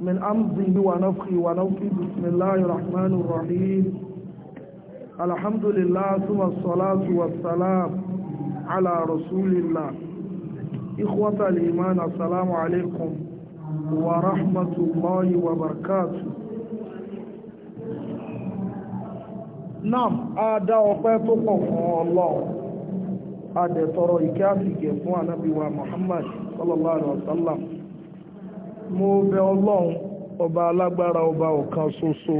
من أمضي ونفخي ونوفي بسم الله الرحمن الرحيم الحمد لله ثم الصلاة والسلام على رسول الله إخوة الإيمان السلام عليكم ورحمة الله وبركاته نعم ada ọpẹ́ tó pọ̀ fún ọlọ́run adẹ̀tọ̀rọ̀ ìkẹ́ àti ìkẹ́ fún ànábì wa mo bẹ ọlọ́run ọba alágbára ọba ọ̀kan ṣoṣo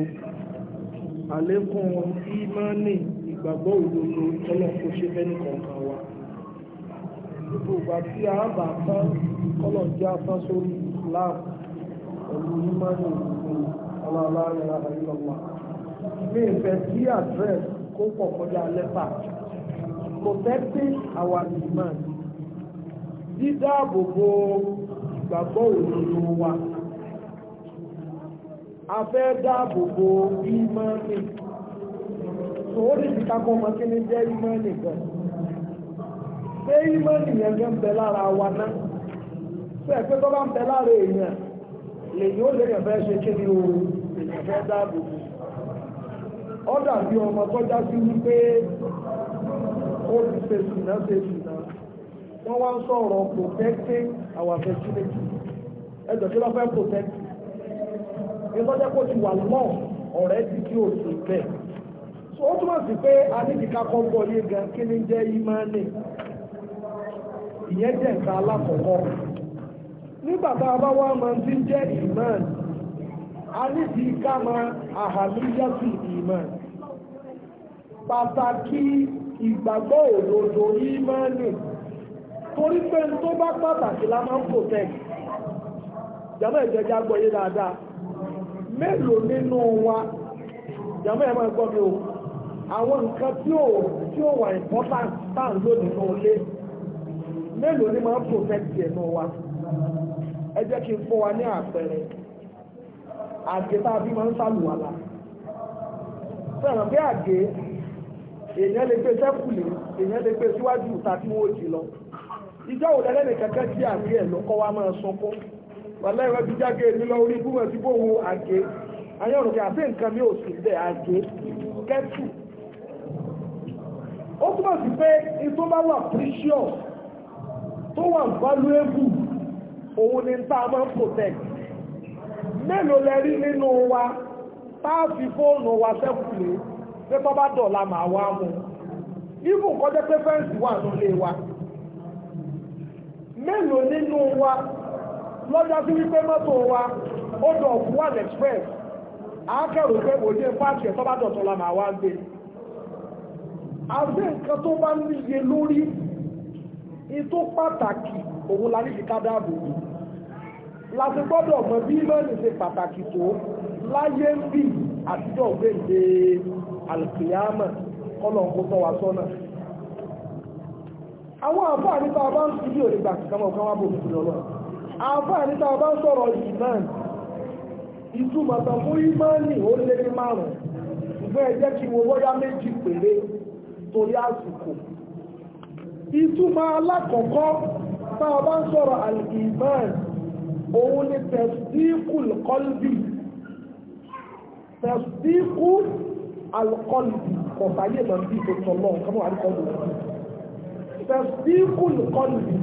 àlékún ìmánì ìgbàgbọ́ òdodo ọlọ́run kò ṣe fẹ́ nìkọ̀ọ̀kan wa gbogbo ìgbà tí a bá tán kọ́lọ̀ jẹ́ afán sórí islam pẹ̀lú ìmánì òdodo ọlọ́lá ìlà ìlọ́lá mi ìfẹ́ sí àdírẹ́s kó pọ̀ kọjá lẹ́tà protecting our demand dídáàbòbò ìgbàgbọ́ òdodo wa a fẹ́ dáàbò bo ìmọ̀ọ́nì tó ó lè fi kakọ́ ọmọ kí ni jẹ́ ìmọ̀ọ́nì gan pé ìmọ̀ọ́nì yẹn gan bẹ lára wa náà pé ẹ̀pẹ́ tó bá ń bẹ lára èèyàn lèyìn ó lè yàn fẹ́ ṣe kí ni o èèyàn fẹ́ dáàbò bo dàbí ọmọ tó sí wípé ó ti ṣe sùn náà ṣe sùn wọ́n wá ń sọ̀rọ̀ protecting our fertility ẹjọ́ kí ló fẹ́ protect ìtọ́jẹ́ kó ti wà lọ́ ọ̀rẹ́ ti kí o sì bẹ̀ so ó túmọ̀ sí pé a ní kíka kọ́ bọ́ yé gan kí ni jẹ́ ìmánì ìyẹn jẹ́ nǹkan alákọ̀ọ́kọ́ nígbà tá a bá wá máa ti jẹ́ ìmánì a ní ti ká máa àhàmíyàtì ìmánì pàtàkì ìgbàgbọ́ òdodo ìmánì torí pé n tó bá pàtàkì la máa ń protect jàmọ́ ìjẹjẹ agbọ̀yé dáadáa mélòó nínú wa jàmọ́ ẹ̀ máa gbọ́ mi o àwọn nǹkan tí ò tí ò wà important tá à ń lò nínú ilé mélòó ni máa ń protect ẹ̀nu wa ẹ jẹ́ kí n fún wa ní àpẹẹrẹ àgé tá a fi máa ń sàlùwàlà fẹ́ràn bí àgé èèyàn lè gbé sẹ́kùlé èèyàn lè gbé síwájú ìta tí wọ́n ó jì lọ ìjọ òun lẹ́lẹ́ kankan tí àmì ẹ̀ lọ́kọ́ wa máa sọkún wàlẹ́ ìwé ti jáde èmi lọ orí búmọ̀ sí bóun àgé ayọ̀rùn kí àti nǹkan mi ò sì bẹ̀ àgé kẹ́tù ó túmọ̀ sí pé ìtọ́ bá wà precious tó wà valuable òun ni tá a máa protect mélòó lẹ rí nínú wa tá a fi fóònù wa sẹ́kù lé pé tó bá dọ̀la màá wá mú ibùn kọjá pé fẹ́ǹsì wà nílé wa mélòó nínú wa lọ́jọ́ sí wípé mọ́tò wa ó dọ̀ fún one express àákẹ́rò pé òye páàkì ẹ̀ tọ́bá dọ̀tọ̀ la máa wá gbé àbẹ́ nǹkan tó bá níye lórí ìtó pàtàkì òun la níbi kádàbò la ti gbọ́dọ̀ mọ̀ bí mẹ́rin ṣe pàtàkì tó láyé ń bì àtijọ́ gbèǹde alùpùyàmà kọ́nà ń kó tọ́ wa sọ́nà àwọn àbọ̀ àníta bá ń fi bí òrìgbà kama ọ̀kan wá bò fún ọlọ́ àfáà níta bá sọ̀rọ̀ ìmán ìtumọ̀ tán fún ìmánì ó lé ní márùn-ún ṣùgbọ́n ẹ jẹ́ kí wo bóyá méjì péré torí àsìkò ìtumọ̀ alákọ̀ọ́kọ́ tá a bá ń sọ̀rọ̀ al-ìmán òun ni tẹ̀síkùl kọ́lbì tẹ̀síkùl alkọ́lbì kọ̀ọ̀tà yé lọ́ọ́ bí ìtòtò náà kọ́mọ́ àríkọ́lbì tẹ̀síkùl kọ́lbì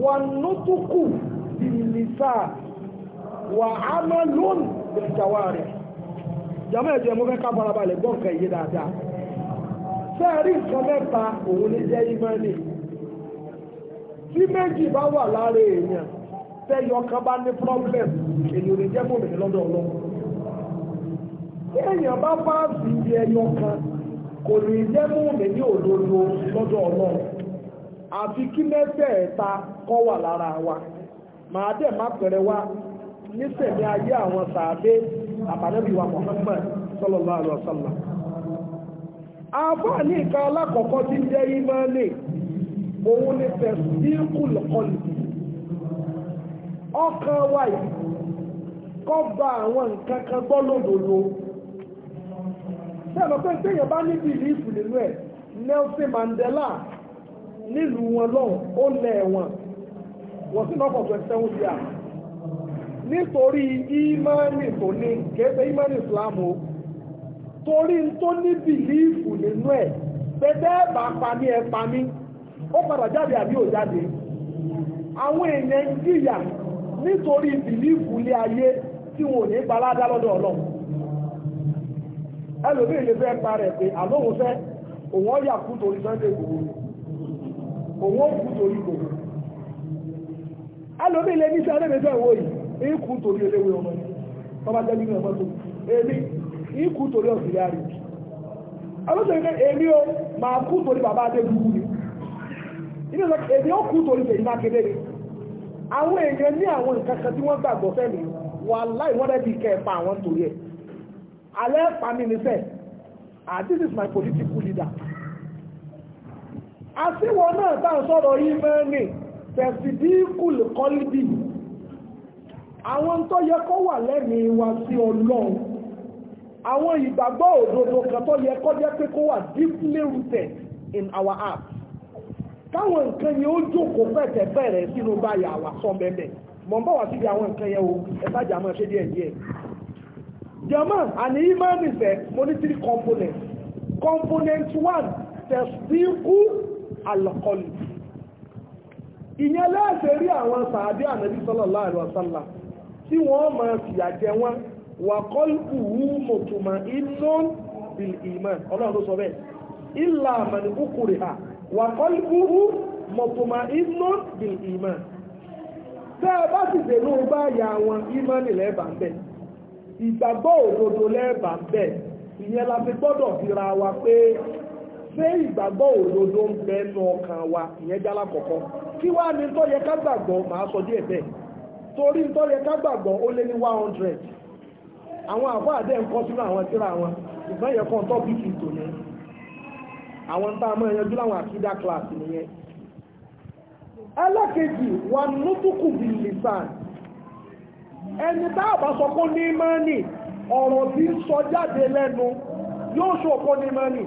wọnútùkù bìlìsà wà á mọ́ lónìí ìjàwá rẹ̀ jàmọ́ ẹ̀jẹ̀ mo fẹ́ ká farabalẹ̀ gbọ́ nǹkan yìí dáadáa sẹ́ẹ̀rí nǹkan mẹ́ta òun ní jẹ́ ìmọ̀ni tí méjì bá wà lára èèyàn tẹ́yọ kan bá ní problem èyí ò ní jẹ́ mòmìnir lọ́dọ̀ ọlọ́run èèyàn bá bá fi ẹyọ kan kò ní jẹ́ mòmìnir òdodo lọ́dọ̀ ọlọ́run àfi kí mẹ́tẹ̀ẹ̀ta kọ́ wà lára wa màá dẹ̀ má pẹ̀rẹ̀ wá nísẹ̀mí ayé àwọn sàádé àbánábì wa Muhammad sallallahu alaihi wasallam àbáà ní ìka alákọ̀ọ́kọ́ tí ń jẹ́ ìmọ̀ọ́lẹ̀ òun ni tẹ̀síkùl kọlùkù ọkàn wa yìí kọ́ bá àwọn nǹkan kan gbọ́ lódodo sẹ́nu pé téèyàn bá ní bìlífù nínú ẹ̀ Nelson Mandela nílùú wọn lọ́hùn ó lẹ̀ ẹ̀wọ̀n wọ́n sì lọ́kọ̀ twenty seven years nítorí ìmánì tó ní kéde ìmánì Islam o torí tó ní nínú ẹ̀ pẹ̀tẹ́ bá pa ẹ pa mí ó padà jáde wọn ò ní gba lọ́dọ̀ ọlọ́run ẹlòmíì lè fẹ́ parẹ̀ pé àlóhùn fẹ́ òun ọ̀yà òun kú torí kò alómi ilé níṣẹ́ alẹ́mẹ́fẹ́ ìwò yìí ikú torí eléwé ọmọ ni ọba jẹ́ nínú ẹ̀mọ́ tó èmi ikú torí ọ̀sìlẹ̀ àrí alóṣèlú pé èmi ó ma kú torí bàbá adé gbogbo ni inú èmi ó kú torí tèyí kéde ni àwọn èèyàn ní àwọn tí wọ́n gbàgbọ́ fẹ́mi wà láì wọ́n kẹfà àwọn torí ẹ̀ ah this is my political leader àsìwọ̀ náà tá à ń sọ̀rọ̀ yìí mẹ́rin ní tẹ̀sídíkùl kọ́líbì àwọn tó yẹ kó wà lẹ́mìí wa sí ọlọ́run àwọn ìgbàgbọ́ òdodo kan tó yẹ kó jẹ́ pé kó wà deeply rooted in our heart káwọn nǹkan yẹn ó jókòó pẹ̀tẹ̀ bẹ̀rẹ̀ sínú báyà wà sọ bẹ́ẹ̀ mọ̀ ń bọ̀ wá síbi àwọn nǹkan yẹn o ẹ bá jà máa ṣe díẹ̀ díẹ̀ jama àní imánìfẹ́ mo ní component one tẹ̀síkú alọ́kọ́lù ìyẹn lẹ́ẹ̀sẹ̀ rí àwọn sàádé ànábì sallallahu alaihi wasallam tí wọ́n máa fìyà jẹ wọn wà kọ́lùkù wú mọ̀tùmá inú bil iman ọlọ́run tó sọ bẹ́ẹ̀ ìlà àmàlì kúkúrì hà wà kọ́lùkù wú mọ̀tùmá inú bil iman tẹ́ ẹ bá sì dènú bá ya wọn ìmánì lẹ́ẹ̀bà ń bẹ̀ ìgbàgbọ́ òdodo lẹ́ẹ̀bà ń bẹ̀ ìyẹn la fi gbọ́dọ̀ fira wa pé ṣé ìgbàgbọ́ òdodo ń bẹ nínú ọkàn wa ìyẹn jálá kọ̀kọ́ kí wá ní tó yẹ ká gbàgbọ́ màá sọ díẹ̀ bẹ́ẹ̀ torí tó yẹ ká gbàgbọ́ ó lé ní one hundred àwọn àbọ̀ àdé ń kọ́ sínú àwọn tíra wọn ìgbọ́n yẹ kàn tọ́pìkì tò ní àwọn tá a máa yanjú láwọn àkídá class nìyẹn ẹlẹ́kejì wà nútùkù bí lìsàn ẹni tá a bá sọ kó ní mọ́nì ọ̀rọ̀ tí ń sọ jáde lẹ́nu yóò sọ ní mọ́nì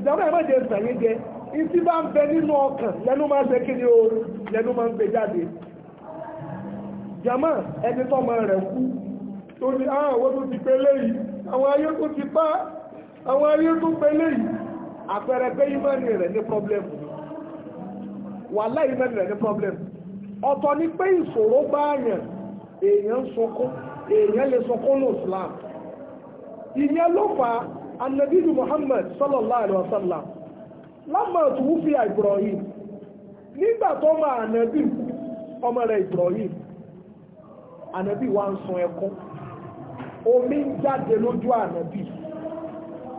ìjàmbá ẹ̀ mọ̀jẹ̀ sàyé jẹ ìtí bá ń bẹ nínú ọkàn lẹ́nu máa ń ṣe kí ni o lẹ́nu máa ń gbé jáde jama ẹni tọ́mọ rẹ̀ kú tó ní àwọn ah, tó ti pé léyìí àwọn ayé tó ti bá àwọn ayé tó pé léyìí àpẹẹrẹ pé ìmọ̀ni rẹ̀ ní pọ́blẹ́mù wàhálà ìmọ̀ni rẹ̀ ní pọ́blẹ́mù ọ̀tọ̀ ni pé ìṣòro bá yàn èèyàn sọkún èèyàn lè sọkún ní Islam ìyẹn ló fà á النبي محمد صلى الله عليه وسلم لما توفي nígbà tó máa ànábì ọmọ rẹ̀ Ibrahim wa ń sun omi ń jáde lójú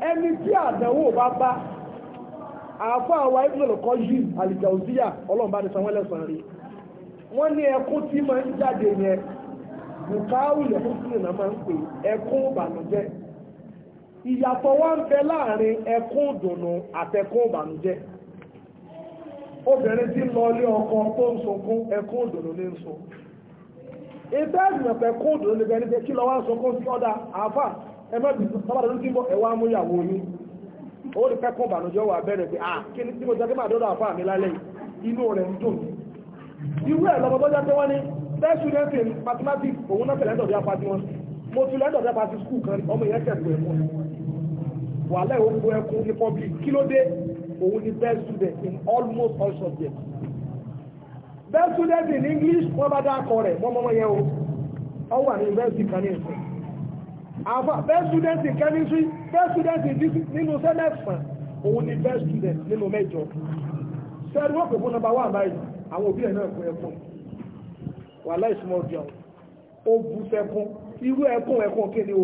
ẹni tí àdánwò bá bá kọ́ ní sanwó ẹlẹ́sàn rí wọ́n ní ẹkún tí máa ń jáde yẹn bùkáwù lẹ́kún ìyàtọ̀ wá ń bẹ láàrin ẹkún ìdùnnú àtẹkún ìbànújẹ́ obìnrin tí ń lọ ilé ọkọ tó ń sunkún ẹkún ìdùnnú ní ń sun ìfẹ́ ìrìnàpẹ̀ ẹkún ìdùnnú ní bẹni pé kí lọ wá ń sunkún sí ọ̀dà àáfà ẹgbẹ́bí sábàdàn tí bọ́ ẹwà amúyàwó yín ó rí pẹ́kún ìbànújẹ́ wà bẹ̀rẹ̀ pé ah, kí ni tí mo jẹ́ kí máa dọ́dọ̀ àáfà mi lálẹ́ inú rẹ̀ ń dùn irú ẹ̀ lọ́mọ wàhálà ìwòkú ẹkún ní public kí òun ni best student in almost all subjects best student in English wọ́n bá dá akọ rẹ̀ mọ́mọ́mọ́ yẹn o wọ́n wà ní university kan ní ẹ̀sìn àfà best student in chemistry best student in physics nínú sẹ́mẹ̀sán òun ni best student nínú mẹ́jọ sẹ́ni wọ́n pè fún number one báyìí àwọn òbí ẹ̀ náà kún ẹkún wàhálà ìsúnmọ́ ọ̀dì àwọn ó bu sẹ́kún irú ẹkún ẹkún kí ni o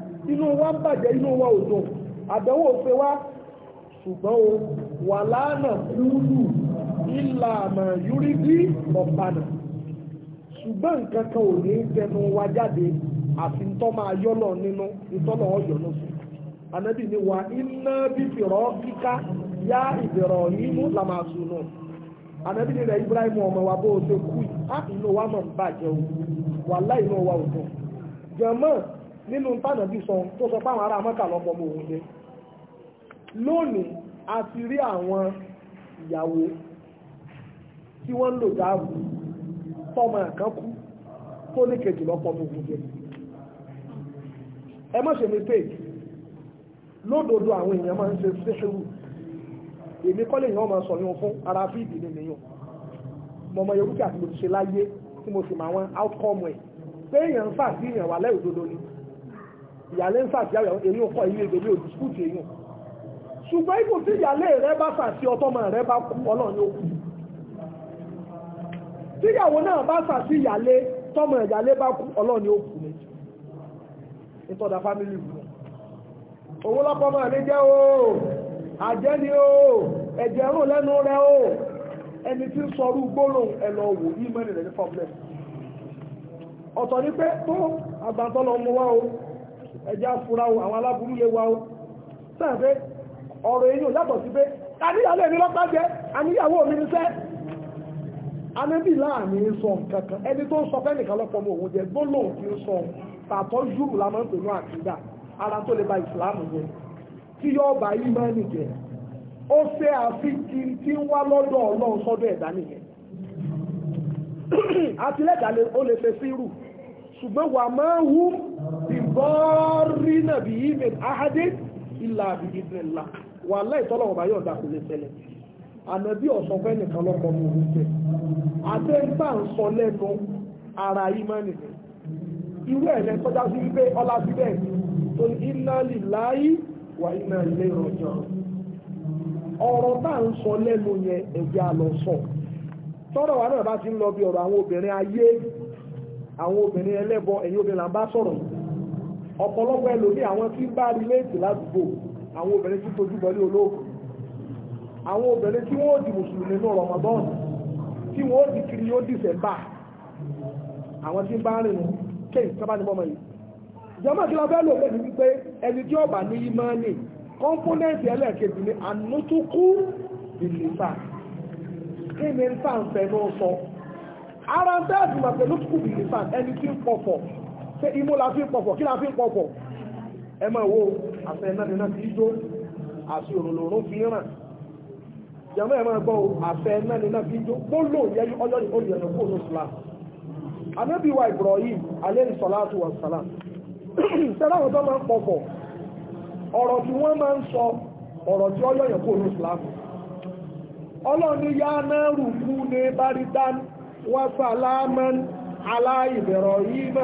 inú wa ń bàjẹ́ inú wa ò dùn àdánwò ṣe wá ṣùgbọ́n o wà lánàá kúrú ìlànà yúrídì ọ̀pànà ṣùgbọ́n nǹkan kan ò ní tẹnu wa jáde àfi ń tọ́ máa yọ́lọ̀ nínú ìtọ́lọ̀ ọ̀yọ́nù sí anabi ni wa iná bí fìrọ́ kíká yá ìbẹ̀rọ̀ yímú làmàṣùnù anabi ni rẹ̀ Ibrahim ọmọ wa bó o ṣe kú yìí á inú wa mọ̀ ń bàjẹ́ o wà láì inú wa ò dùn jẹ̀mọ́ nínú tánàbí sọ tó sọ fáwọn ará mọ́kà lọ́pọ̀ mọ́ òun lé lónìí a ti rí àwọn ìyàwó tí wọ́n ń lò dáàbò tọ́mọ kan kú tó ní kejì lọ́pọ̀ mọ́ òun lé ẹ má ṣe mistake lódodo àwọn èèyàn máa ń ṣe ṣéṣẹ́wù èmi kọ́lé èèyàn máa sọ yún fún ara fíìdì ní nìyàn mo mọ yorùbá àti mo ti ṣe láyé tí mo sì máa wọn outcome ẹ̀ pé èèyàn ń fà sí èèyàn wà lẹ́yìn òdodo ni ìyàlẹ́ ń sàtìyàwó ìyàwó èyí ò ilé ìgbèlè òdì skúùtù èyàn ṣùgbọ́n ipò tí ìyàlẹ́ rẹ bá sàtì ọtọ́mọ rẹ bá kú ọlọ́run yóò kú tíyàwó náà bá sàtì ìyàlẹ́ tọ́mọ ìyàlẹ́ bá kú ọlọ́run yóò kú méjì ìtọ́dà fámílì wù o àjẹ́ ni o ẹ̀jẹ̀ o ẹni tí ń sọrú gbólóhùn ẹ lọ wò ní mẹ́rin rẹ̀ ní pé tó àgbàtọ́ lọ wá o ẹjẹ́ afura o àwọn aláburú lè wa o sáà pé ọ̀rọ̀ èyí ò yàtọ̀ sí pé àníyàwó èmi lọ́pàá jẹ́ àníyàwó mi ní sẹ́ anábì láàrin sọ nǹkan kan ẹni tó ń sọ fẹ́ nìkan lọ́pọ̀ mọ́ òun jẹ́ gbólóhùn tí ń sọ tàtọ́ yúrù la máa ń pè ní àkídà ara tó lè ba ìsìláàmù jẹ́ tí yóò bá yí máa nì jẹ́ ó ṣe àfi tí ń wá lọ́dọ̀ ọlọ́run sọ́dọ̀ ẹ̀dá nìyẹn àtìlẹ́dà ó lè fẹ́ sí rù ṣùgbọ́n wà máa wú bíbọ́ọ̀rí nàbí ìmìn ahadé ìlà àbí ìbìnlá wà láì tọ́lọ̀wọ̀ bá yọ̀ǹda kò lè ṣẹlẹ̀ ànàbí ọ̀sán fẹ́ nìkan lọ́pọ̀ ní orí jẹ́ àtẹ́gbà ń sọ lẹ́nu ara yìí máa nìkan irú ẹ̀ lẹ́ tọ́já sí wípé ọlá sí bẹ́ẹ̀ tó iná lè láyé wà iná ilé ìrọ̀jọ́ ọ̀rọ̀ tá ń sọ lẹ́nu yẹn ẹ̀jẹ̀ àlọ́sọ̀ tọ́rọ̀ wa náà bá ti ń lọ bí ọ̀rọ̀ àwọn obìnrin ayé àwọn obìnrin ẹlẹ́bọ ẹ̀yin obìnrin là ń bá sọ̀rọ̀ ọ̀pọ̀lọpọ̀ ẹlòmí àwọn tí ń bá rìlẹ́ẹ̀tì ládùúgbò àwọn obìnrin tí tojú bọ́lé olóògùn àwọn obìnrin tí wọ́n di mùsùlùmí nínú Ramadan tí wọ́n di kiri yóò December àwọn tí ń bá rìn kéyì sábà ní bọ́mọ yìí jọmọ́ kí lọ fẹ́ lò lẹ́nu wípé ẹni tí ọba ní ìmánì kọ́ńpónẹ́ǹtì ẹlẹ́ẹ̀kejì ni ànútúkú ìlísà kí ni ń tà ń fẹ́ ní ó sọ ara ń tẹ́ẹ̀sì mà pẹ̀lú skul bìlì ẹni tí ń pọ̀fọ̀ la fi ń pọ̀fọ̀ kí la fi ń pọ̀fọ̀ ẹ máa wo àṣẹ náà nínú ti jó àṣì òròlòrò fi ràn jàmọ́ ẹ̀ máa gbọ́ àṣẹ náà nínú ti jó gbólò yẹyí ọjọ́ kó salatu sẹ́lá àwọn tó máa ń pọ̀fọ̀ ọ̀rọ̀ tí wọ́n máa ń sọ ọ̀rọ̀ tí وسلاما على إبراهيم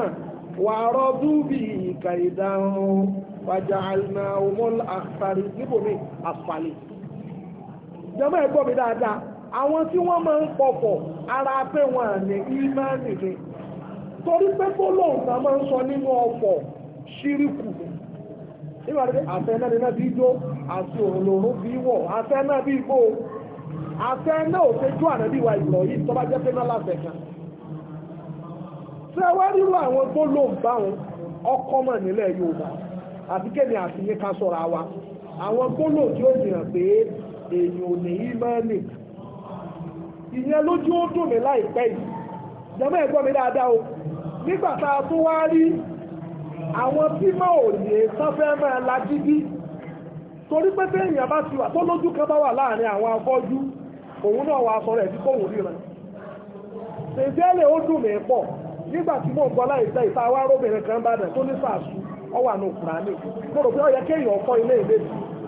ورضوا به كيدا وجعلناهم الأخسرين níbo mi àfàlẹ̀ jẹ́mọ́ ẹ̀gbọ́n mi dáadáa àwọn tí wọ́n máa ń pọ̀pọ̀ ara pé wọn àmì ìmáàmì ni torí pé fọlọ́hùn náà máa ń sọ nínú ọ̀pọ̀ ṣíríkù nígbà àfẹ́ náà bí jó àti òun lòun bí wọ̀ àfẹ́ náà bí gbó àfẹ náà ò fẹ́ jó ànábì wa Ibrahim tó bá jẹ́ pé náà láfẹ́ kan ṣé wá rírú àwọn tó ló ń bá wọn ọkọ mọ̀ nílẹ̀ Yorùbá àti kéde àti ní ká sọ̀rọ̀ àwa àwọn gbólò tí ó jìnà pé èèyàn ò ní í máa nì ìyẹn lójú ó dùn mí láìpẹ́ yìí jẹ́mọ́ ẹ̀gbọ́n mi dáadáa o nígbà tá a tún wá rí àwọn tí mọ̀ ò ní sáfẹ́ máa lagídí torí pé téèyàn bá ti wà tó lójú kan bá wà láàrin àwọn afọ́jú òun náà wà sọ rẹ̀ tí kò wòlíì rẹ̀ ṣèjẹ́lẹ̀ ó dùn mí pọ̀ mò ń gbọ́ láìsẹ́ ìta wá róbìnrin kan bá dẹ̀ tó ní sàásù ọwà mo rò pé ó yẹ kéèyàn ọkọ ilé ilé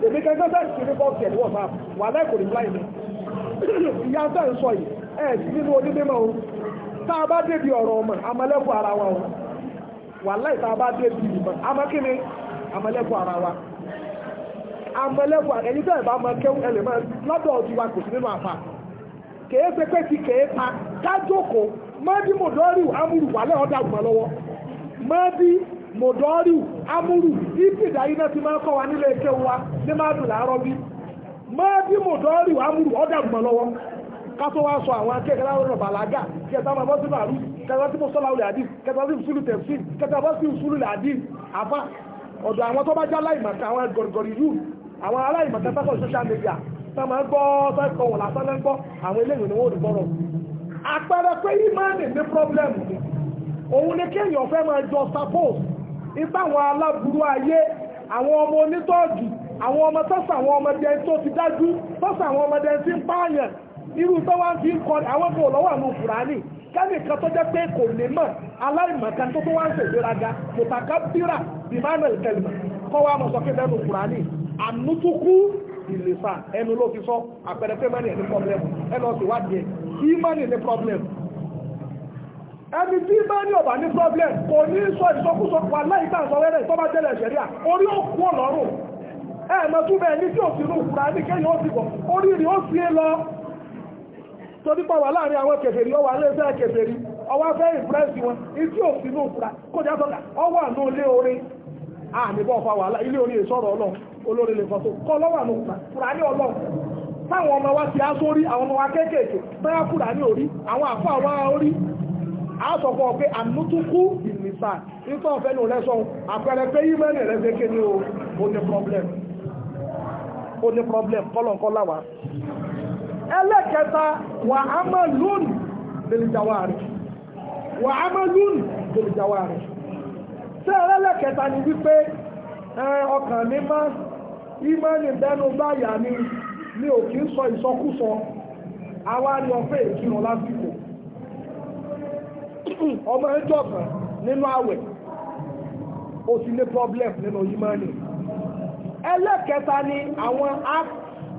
mi èmi kẹ́kẹ́ sẹ́yìn sí ní bọ́ọ̀kì ẹ̀dí wọ̀sá wà lẹ́kùn ní láì mi ìyá sẹ́ ń sọ yìí ẹ̀ sí nínú onímọ̀ o tá a bá débi ọ̀rọ̀ ọmọ ara wa o wà láì tá a bá débi amọ̀lẹ́wà ẹni tẹ́ ẹ̀ bá mọ kéwù ẹlẹ́ mọ́ lọ́dọ̀ ọdún wa kò sí nínú àfà kèé pépé ti kèé pa kájókòó mọ́bí mọ̀dọ́rì amúrù wàlẹ́ ọ̀dà àgùnmọ̀ lọ́wọ́ mọ́bí mọ̀dọ́rì amúrù ìpìdá iná ti máa ń kọ́ wa nílé kéwù wa ní máa dùn láàárọ̀ bí mọ́bí mọ̀dọ́rì amúrù ọ̀dà àgùnmọ̀ lọ́wọ́ kátó wá sọ àwọn akẹ́kẹ́lá ọ̀rọ̀ bàlágà kí ẹ̀ta máa bọ́ sínú àrú kẹta tí sọ́lá olè àdí kẹta tí ìsúlù tẹ̀sí kẹta bọ́ sí ìsúlù lè àdí ọ̀dọ̀ àwọn tó bá já láìmọ̀ta àwọn gọ̀rọ̀gọ̀rọ̀ yìí àwọn aláìmọ̀tẹ́ tọ́kọ̀ social media tọ́ máa gbọ́ tọ́kọ̀ wọ̀ lásán náà gbọ́ àwọn eléyìí ni wọ́n rí bọ́rọ̀ àpẹẹrẹ pé ìmáàmì ní problem ni òun ni kéèyàn fẹ́ máa jọ suppose ipá àwọn aláburú ayé àwọn ọmọ onítọ́ọ̀dù àwọn ọmọ tọ́sà àwọn ọmọdé tó ti dájú tọ́sà àwọn ọmọdé tí ń pààyàn irú tó wá ń fi ń kọ àwọn kò lọ́wọ́ àwọn òfurani kẹ́nìkan tó jẹ́ pé kò lè mọ̀ aláìmọ̀kan tó tó wá ń ṣègbéraga mùtàkà bíra emmanuel kelman kọ́ wa mọ̀ sọ pé bẹ́ẹ̀ ní òfurani ànútukú ìlèsà ẹnu ló fi sọ àpẹẹrẹ pé mẹ́rin ní pọ́blẹ́mù ẹnu ọ̀sìn wádìí ẹ̀ kí mẹ́rin ní pọ́blẹ́mù ẹni tí mẹ́rin ọ̀bà ní problem. kò ní sọ ìsọkúsọ wà láìka ìsọwẹ́rẹ́ ìtọ́bá jẹ́lẹ̀ ṣẹ̀ríà orí òkú ọ̀lọ́rùn ẹ̀ẹ̀mọ́ tún bẹ́ẹ̀ ní tí òsínú ìfura ní kẹ́yìn ó sì bọ̀ orí rí ó sí é lọ torí pọ̀ wà láàrin àwọn kèfèrí ọwà alẹ́sẹ́ kèfèrí ọwá fẹ́ ìfúrẹ́sì wọn ìtí òsínú ìfura kó jásọ́lá olórí lè fọ́tò kọ́ lọ́wọ́ àwọn kùrà ní ọlọ́run táwọn ọmọ wa ti á sórí àwọn ọmọ wa kéékèèké bẹ́ẹ̀ kùrà ní orí àwọn àfọ́ àwa orí àásọ̀kọ́ pé ànútúkú ìnìsà nítorí ọ̀fẹ́ ní olẹ́sọ àpẹẹrẹ pé yí mẹ́rin rẹ̀ ṣe kéde o ó ní problem ó ní problem kọ́lọ̀kọ́lá wa ẹlẹ́kẹta wà á mọ̀ lónìí lèlìjàwà rẹ̀ wà á mọ̀ lónìí lèlìjàwà rẹ̀ sẹ́ẹ̀rẹ́lẹ́kẹta ni wípé ọkàn mi máa ìmọ̀ni bẹ́nu báyà ni mi ò ń sọ ìsọkúsọ awárí ọ̀fẹ́ ìkírun lásìkò ọmọ ẹjọ́ kan nínú àwẹ̀ ó ti ní problem nínú ìmọ̀ni ẹlẹ́kẹta ni àwọn act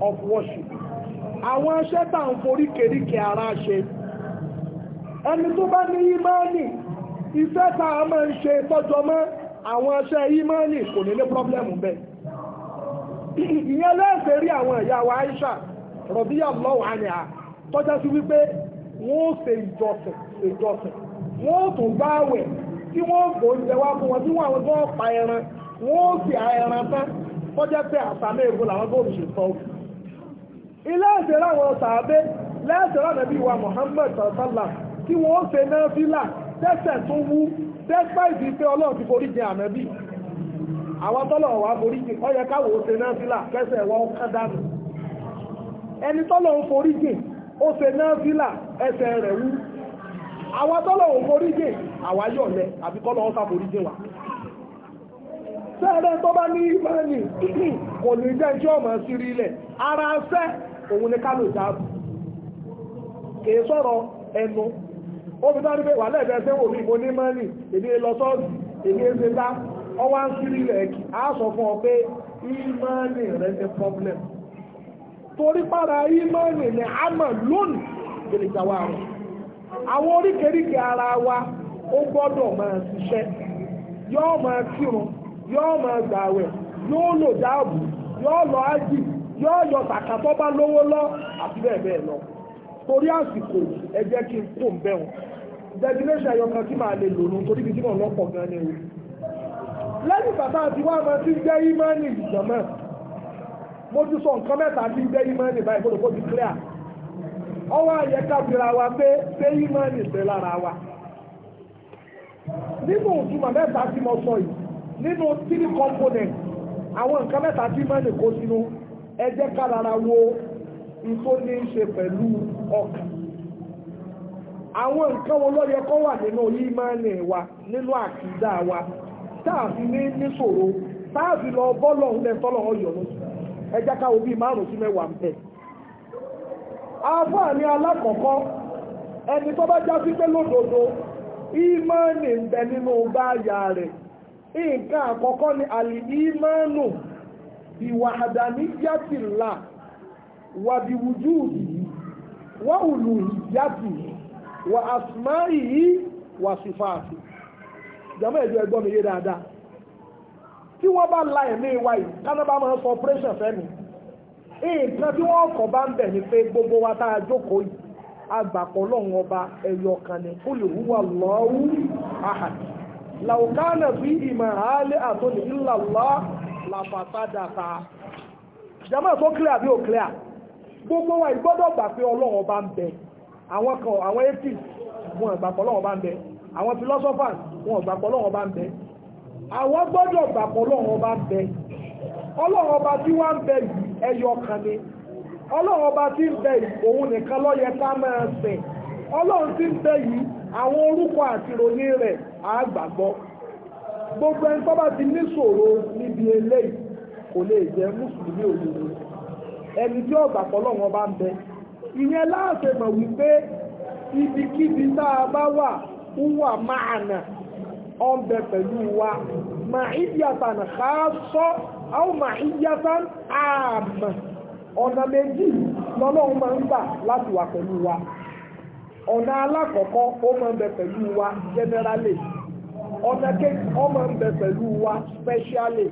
of worship àwọn iṣẹ́ tá ń forí kèríkè ara ṣe ẹni tó bá ní ìmọ̀ni iṣẹ́ tá a máa ń ṣe mọ́ àwọn iṣẹ́ ìmọ̀ni kò ní ní problem bẹ́ẹ̀ ìyẹn lẹ́ẹ̀fẹ́ rí àwọn ẹ̀yà wa Aisha rọ̀bíyà lọ́wọ́ àníà tọ́já sí wípé wọ́n ó ṣe ìjọsìn ìjọsìn wọ́n ó tún bá wẹ̀ tí wọ́n ó oúnjẹ wọn tí wọ́n àwọn tó ń pa ẹran wọ́n ó sì ẹran tán tọ́já pé àtàlẹ́ làwọn tó ń ṣe sọ ilé ẹ̀sẹ̀ láwọn sàábé wa Muhammad tí wọ́n ó ṣe náà fílà tẹ́sẹ̀ wú tẹ́sẹ̀ ìdí pé Ọlọ́run àwọn tọ́lọ̀ wà foríjì ó yẹ káwò ṣe náà sílà kẹsẹ̀ wọ́n kán dànù ẹni tọ́lọ̀ ń foríjì ó ṣe náà sílà ẹsẹ̀ rẹ̀ wú àwọn tọ́lọ̀ ń foríjì àwa yọ̀lẹ̀ àbí kọ́lọ̀ ọ́sà wa sẹ́ẹ̀rẹ́ tó bá ní ìmọ̀ẹ́nì kò ní jẹ́ sí rí ilẹ̀ ara ṣẹ́ òun ni ká lò jáàbù kì í sọ̀rọ̀ ẹnu ó fi dá ní pé wà lẹ́ẹ̀fẹ́ sẹ́wọ̀n mi mo ní lọ sọ́ọ̀sì ń ṣe ọwá nkiri a fún ọ pé ìmánì rẹ̀ ní problem torí para ìmánì ní àmà lónìí gbèrè ìjàwá rẹ̀ àwọn oríkèríkè ara wa ó gbọ́dọ̀ máa ṣiṣẹ́ yóò máa kírun máa yóò lò dáàbò lọ ájì yọọ yọ tàkà bá lówó lọ àti bẹ́ẹ̀ bẹ́ẹ̀ lọ torí àsìkò ẹ jẹ́ kí n ń ayọ̀kan lẹ́yìn bàbá àti wá máa ti ń jẹ́ ìmọ̀ọ́nì ìjọ̀mọ́ mo ti sọ nǹkan ti ń jẹ́ báyìí kó ti clear ọwọ́ àyẹ kábìrà wa pé pé ìmọ̀ọ́nì ṣe lára wa nínú ìtumọ̀ mẹ́ta tí mo sọ yìí nínú three components àwọn nǹkan mẹ́ta tí wo ní í ṣe pẹ̀lú ọkàn àwọn nǹkan wo wa nínú wa. táàfin ní níṣòro táàfin lọ bọ́lọ̀ ńlẹ̀ tọ́lọ̀ ọyọ̀ lọ ẹja ká obi márùn sí mẹ́wàá ń bẹ̀. àfáàní alákọ̀ọ́kọ́ ẹni tó bá já sí pé ń bẹ nínú báyà ni wà jàmọ́ ẹ̀jọ̀ ẹ̀gbọ́n mi yé dáadáa tí wọ́n bá la ẹ̀mí wa yìí kánábà máa ń sọ operation fẹ́mi nǹkan tí wọ́n kọ̀ bá ń bẹ̀ ni pé gbogbo wa tá a jókòó yìí agbàpọ̀ lọ́wọ́ ọba ẹ̀yọ̀ kan ní kúlù wúwà lọ́wọ́ àhàdì làwùkánà fi ìmọ̀ àálẹ́ àtọ́ni ìlàlá làfàtàdàtà jàmọ́ tó clear bí ó clear gbogbo wa ìgbọ́dọ̀ gbà pé ọlọ́wọ́ ọba ń bẹ àwọn kan àwọn apis wọn àgbàpọ̀ ọlọ́wọ́ ọba ń bẹ àwọn philosophers wọn ò gbàgbọ́ lọ́wọ́ bá ń bẹ àwọn gbọ́dọ̀ gbàgbọ́ lọ́wọ́ bá ń bẹ ọlọ́wọ́ bá tí wọ́n ń bẹ yìí ẹyọ kan ni ọlọ́wọ́ bá tí ń bẹ yìí òun nìkan ló yẹ ká máa sìn ọlọ́run tí ń bẹ yìí àwọn orúkọ àti ìròyìn rẹ̀ á gbàgbọ́ gbogbo ẹni tó bá ti ní ṣòro níbi eléyìí kò lè jẹ́ mùsùlùmí òdodo ẹni tí ọ̀gbà pọ̀lọ́wọ́n bá ń bẹ ìyẹn láàṣẹ mọ̀ wípé ibikíbi tá a bá wà wúwà máa nà ọ̀bẹ pẹ̀lú wa máa ìyàtà nà ká sọ àwọn máa ìyàtà àmà ọ̀nà méjì lọ́lọ́run máa ń gbà láti wà pẹ̀lú wa ọ̀nà alákọ̀ọ́kọ́ ó máa ń bẹ pẹ̀lú wa generally ọ̀nà kejì ó máa ń bẹ pẹ̀lú wa specially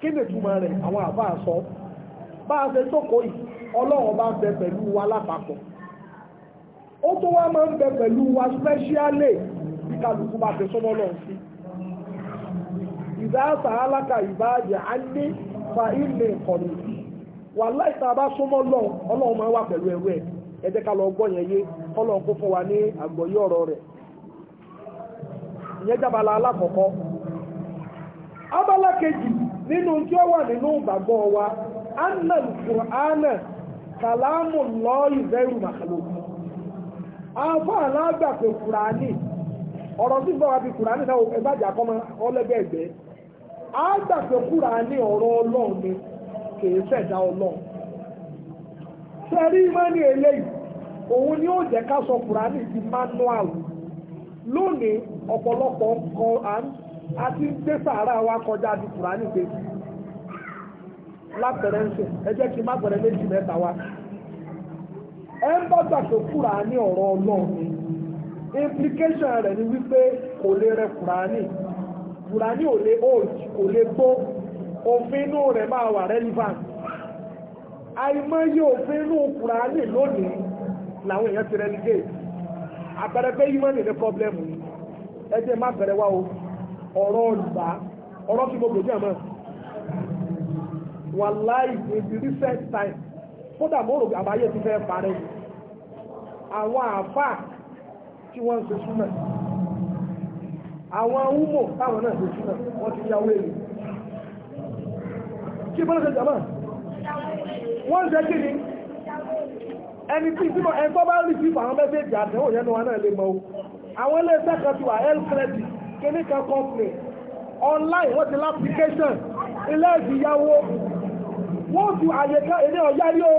kí ni túmọ̀ rẹ̀ àwọn àbá sọ bá a ṣe jókòó yìí bá ń bẹ pẹ̀lú wa lápapọ̀ ó tó wá máa ń bẹ pẹ̀lú wa spẹ́ṣíálì bí kálukú bá ti súnmọ́ lọ sí ìdá á ní fa ilé ìkọ̀lù wà láìta bá súnmọ́ lọ ọlọ́run máa wà pẹ̀lú ẹ̀wẹ̀ ẹ jẹ́ ká lọ gbọ́ yẹn yé ọlọ́run kó fún wa ní abala kejì nínú tí ó wà nínú ìgbàgbọ́ wa kàlámù màkàlùkù afọ́ pé kùránì ọ̀rọ̀ kùránì ẹgbàjà ọlẹ́gbẹ̀ẹ́gbẹ́ pé kùránì ọ̀rọ̀ ọlọ́run ni kìí ọlọ́run sẹ́rí eléyìí òun ni sọ kùránì di manual lónìí ọ̀pọ̀lọpọ̀ a gbé sàárà wa kọjá di kùránì pé lápẹ̀rẹ̀ ń sè wa. ẹ ń bá gbàgbé ọ̀rọ̀ Ọlọ́run ni implication rẹ̀ ni wípé kò lè rẹ Kùránì Kùránì ò lè old kò lè gbó wà relevant àìmọye òfin inú Kùránì lónìí làwọn èèyàn ti relegate àpẹẹrẹ pé yíwọ́ nìyẹn problem yìí ẹ má bẹ̀rẹ̀ o ọ̀rọ̀ olùbá ọ̀rọ̀ tí mo gbòjú the recent time kódà mọ́rò àbáyé ti fẹ́ parẹ́ àwọn àfà tí wọ́n ń ṣe àwọn húmò táwọn náà ṣe wọ́n ti yáwó èlò kí bọ́lá ṣe wọ́n ṣe kí ni ẹni tí ìsìnkọ̀ ẹ̀kọ́ bá rí sí àwọn àwọn iléeṣẹ́ online wọ́n ti lápplication ilé ìdíyàwó wọ́n ti àyẹ̀ká ilé ọ̀yá yóò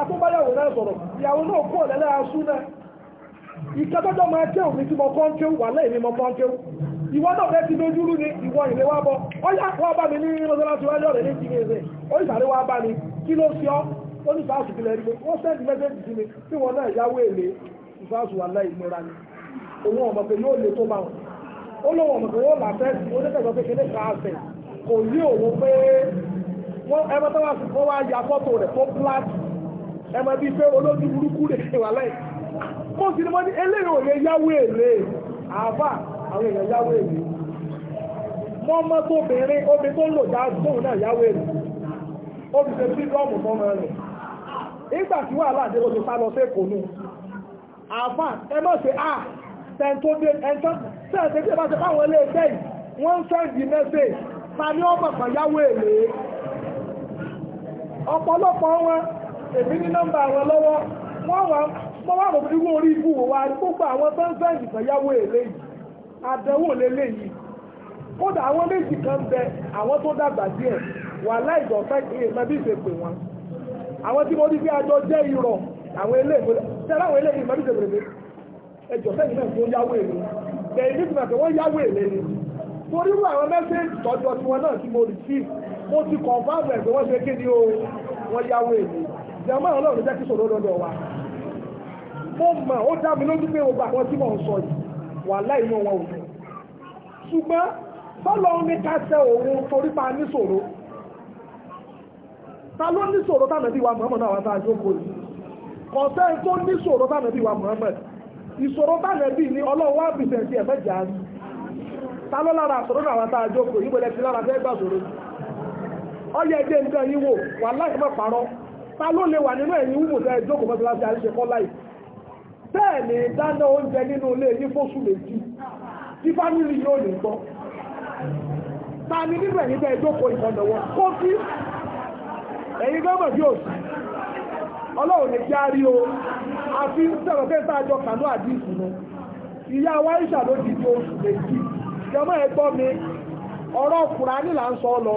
atúbáyàwó náà sọ̀rọ̀ ìyàwó náà kú ọ̀lẹ́lẹ́ aṣú náà ìkẹ́tọ́jọ́ máa kéwù mi tí mo kọ́ ń kéwù wà lẹ́yìn mi mo kọ́ ń kéwù ìwọ náà fẹ́ ti dojúrú ni ìwọ ìlé wa bọ́ ó yà wá bá mi ní mọ́sálásí wájú ọ̀rẹ́ ní ìdíje ẹ̀sẹ̀ ó sì sáré wá bá mi kí ló fi ọ́ ó ní sáàsù kílẹ̀ rí mi wọ́n sẹ́ndì mẹ́sẹ̀jì sí mi tí wọn náà yáwó èlé ìsáàsù wà láì mọ́ra ni òun ọmọ pé yóò lè tó bá wọn ó lóun ọmọ pé yóò là fẹ́ sí oníkẹ́sọ̀ pé kéde káàsẹ̀ kò rí òun pé wọ́n ẹgbẹ́ tó wá sí wọ́n wá ya fọ́tò rẹ̀ tó pláàtì ẹ máa bí pé olójú burúkú lè ṣe wà láì mo sì ni mo ní eléyìí ò lè yáwó èlé àbá àwọn èèyàn yáwó èlé mo mọ tó obìnrin omi tó lò dá tóun náà yáwó èlé omi tó ti dọ́ọ̀mù mọ́mọ rẹ̀ nígbà tí wàhálà àdébò ti sá lọ sí èkó nù àbá ẹ má ṣe à ah, tẹ̀ tó dé ẹ̀ tán tẹ́ẹ̀tẹ́ tí ẹ bá ti fáwọn ilé ẹgbẹ́ yìí wọ́n ń sẹ́ǹdì mẹ́sẹ̀ ta ni ọmọ kan yáwó èlé ọ̀pọ̀lọpọ̀ wọn èmi ní nọ́mbà àwọn lọ́wọ́ wọ́n wà wọ́n wà lóbi irú orí ibú wa gbogbo àwọn tó ń sẹ́yìn ìfẹ̀yàwó èlé yìí àdánwò lélẹ̀ yìí kódà àwọn méjì kan bẹ àwọn tó dàgbà díẹ̀ wà láìdọ̀fẹ́ kiri ìmọ̀ bí ìṣe pè wọn àwọn tí mo rí bí ajọ jẹ́ irọ́ àwọn eléyìí tẹ́lá àwọn eléyìí ìmọ̀ bí ìṣe pè mí ẹjọ́ sẹ́yìn náà tó yáwó èlé bẹ̀rẹ̀ ní ìgbà tó wọ́n yáwó èlé ni torí wọ àwọn mẹ́sẹ̀ẹ́jì tọ́jọ́ tiwọn náà tí mo rìsíìfù mo ti kọ̀ǹfàmù ẹ̀ pé wọ́n ṣe kí ni o wọ́n yáwó èlé jama ọlọ́run jẹ́ kí sọ̀rọ̀ lọ́dọ̀ wa mo mọ̀ ó dá mi lójú pé mo gbà wọn tí mò ń sọ yìí wà láì mú wọn òun ṣùgbọ́n bọ́lọ̀ ní ká òun pa ta ló níṣòro tánàbí wa Muhammad náà wà tá a nko yìí kọ̀ọ̀sẹ́ tó Muhammad ìṣòro ni ọlọ́run wá bìtẹ̀ ẹ̀fẹ́ jà ní ta ló lára náà wà tá a yìí lára fẹ́ gbà ta ló lè wà nínú ẹ̀yìn wùmù tẹ́ ìjókòó mọ́sálásí àríṣe kọ́ láì bẹ́ẹ̀ ni dáná oúnjẹ nínú ilé yín fóṣù méjì tí fámìlì yóò lè gbọ́ ta ni nínú ẹ̀yìn tẹ́ ìjókòó ìkọ̀dọ̀wọ́ kó sí ẹ̀yìn gọ́mọ̀ bí òsì ọlọ́run ní kí á rí o a fi ń sẹ̀rọ̀ pé sáàjọ kànú àdìsù nu ìyá wa ìṣàlójì di oṣù méjì jọmọ́ ẹ̀gbọ́n mi ọ̀rọ̀ ọkùnrin á ń sọ ọ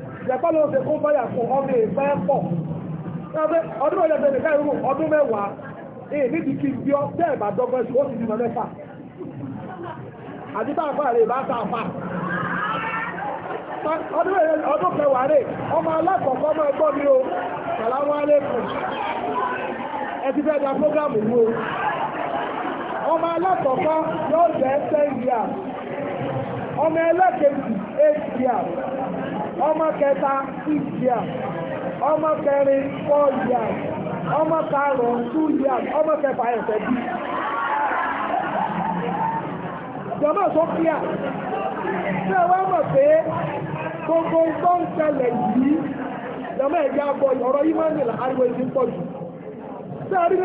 ìjàpá ló ṣe kó fáyà fún ọmọ ìfẹ́ pọ̀ ọdún mẹ́jọ ṣe nìkan ìrú ọdún mẹ́wàá èyí níbi kí n bí ọ bẹ́ẹ̀ bá dọ́gbọ́n sí ó sì bímọ mẹ́fà àti táàfà rè bá táàfà ọdún mẹ́rin ọdún kẹwàá rè ọmọ alákọ̀ọ́kọ́ ọmọ ẹgbọ́n mi o sàlámù alékùn ẹ ti fẹ́ da prógámù wo ọmọ alákọ̀ọ́kọ́ yóò jẹ́ ten years ọmọ ẹlẹ́kẹ̀ẹ́jì eight years Ọma kẹta six ọma kẹrin four ọma ọmọ karùn-ún two years kẹfà ẹ̀fẹ̀ bí. jọ̀mọ́ tó ṣé ẹ wá mọ̀ pé gbogbo tó ń ṣẹlẹ̀ yìí jọ̀mọ́ ẹ̀jẹ̀ abọ́ ọ̀rọ̀ yìí máa ń pọ̀ jù ṣé a rí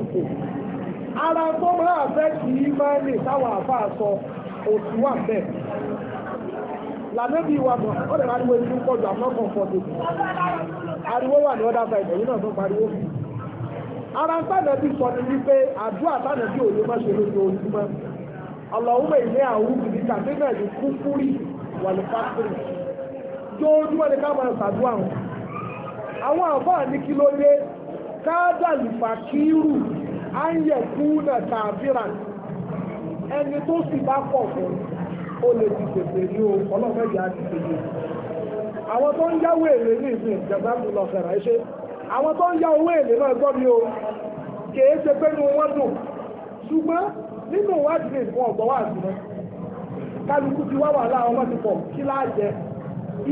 nínú ara tó máa fẹ́ kì í máa lè táwọn àfáà sọ òtún wà bẹ́ẹ̀ lànàbí wa mọ̀ ọ́ lè ariwo ìlú pọ̀jù àmọ́kàn pọ̀jù ariwo wà ní ọ̀dà fàìdẹ̀ yìí náà tó pariwo bí ara ń tànàbí sọ ni wípé àdúrà òye má ṣe ọlọ́wọ́ àwọn òbí náà ní kúkúrì wà ní fásitì ni ká máa àwọn kí á ń yẹ kúnà kàfírà ẹni tó sì bá pọ̀ fún ó lè ti tètè ní o ọlọ́fẹ́ yìí á ti tètè àwọn tó ń yáwó èlé ní ìsìn ìjọba mi lọ fẹ̀rẹ̀ ṣe àwọn tó ń yá owó èlé náà gbọ́ mi o kèé ṣe pé nu wọ́n dùn ṣùgbọ́n nínú ìwádìí lè fún ọ̀gbọ́n wà sílẹ̀ kálukú ti wá wà láwọn ọmọ ti pọ̀ kí láàjẹ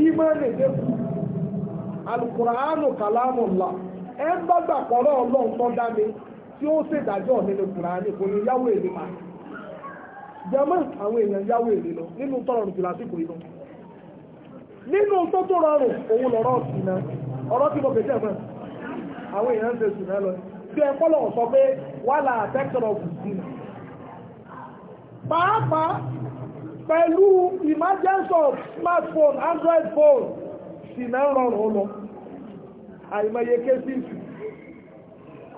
ìmọ̀ lè dé kù alukuraanu kàlámù là ẹ ń bá gbà pọ̀ náà ọlọ́run tó dá mi tí ó ṣèdájọ́ nínú kùránì kò ní yáwó èlé máa jẹmọ́ àwọn èèyàn yáwó èlé lọ nínú tọrọrùn jù lásìkò inú nínú tó tó rọrùn òun lọ̀rọ̀ ìsìnà ọ̀rọ̀ tí mo fẹ́ jẹ́ àwọn èèyàn ń ṣe ìsìnà lọ bí ẹ kọ́lọ̀ sọ pé wà láà tẹ́kọ̀rọ̀ kù sí pàápàá pẹ̀lú emergence of smartphone android phone ìsìnà rọrùn lọ àìmọye kéṣìṣì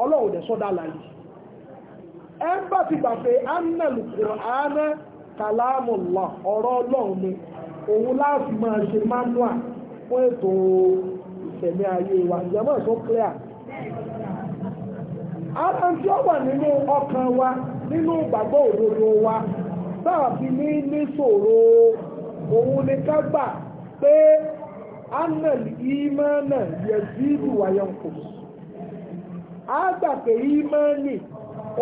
ọlọ́run dẹ̀ sọ́dá láyé ẹ ń bá ti gbà pé annal Qur'ana kalamullah ọ̀rọ̀ ọlọ́run ni òun láti máa ṣe manua fún ètò ìṣẹ̀mí ayé wa ìjọba ìṣó clear ara tí ó wà nínú ọkàn wa nínú ìgbàgbọ́ òdodo wa ní òun ni ká gbà pé á gbà pé ìmánì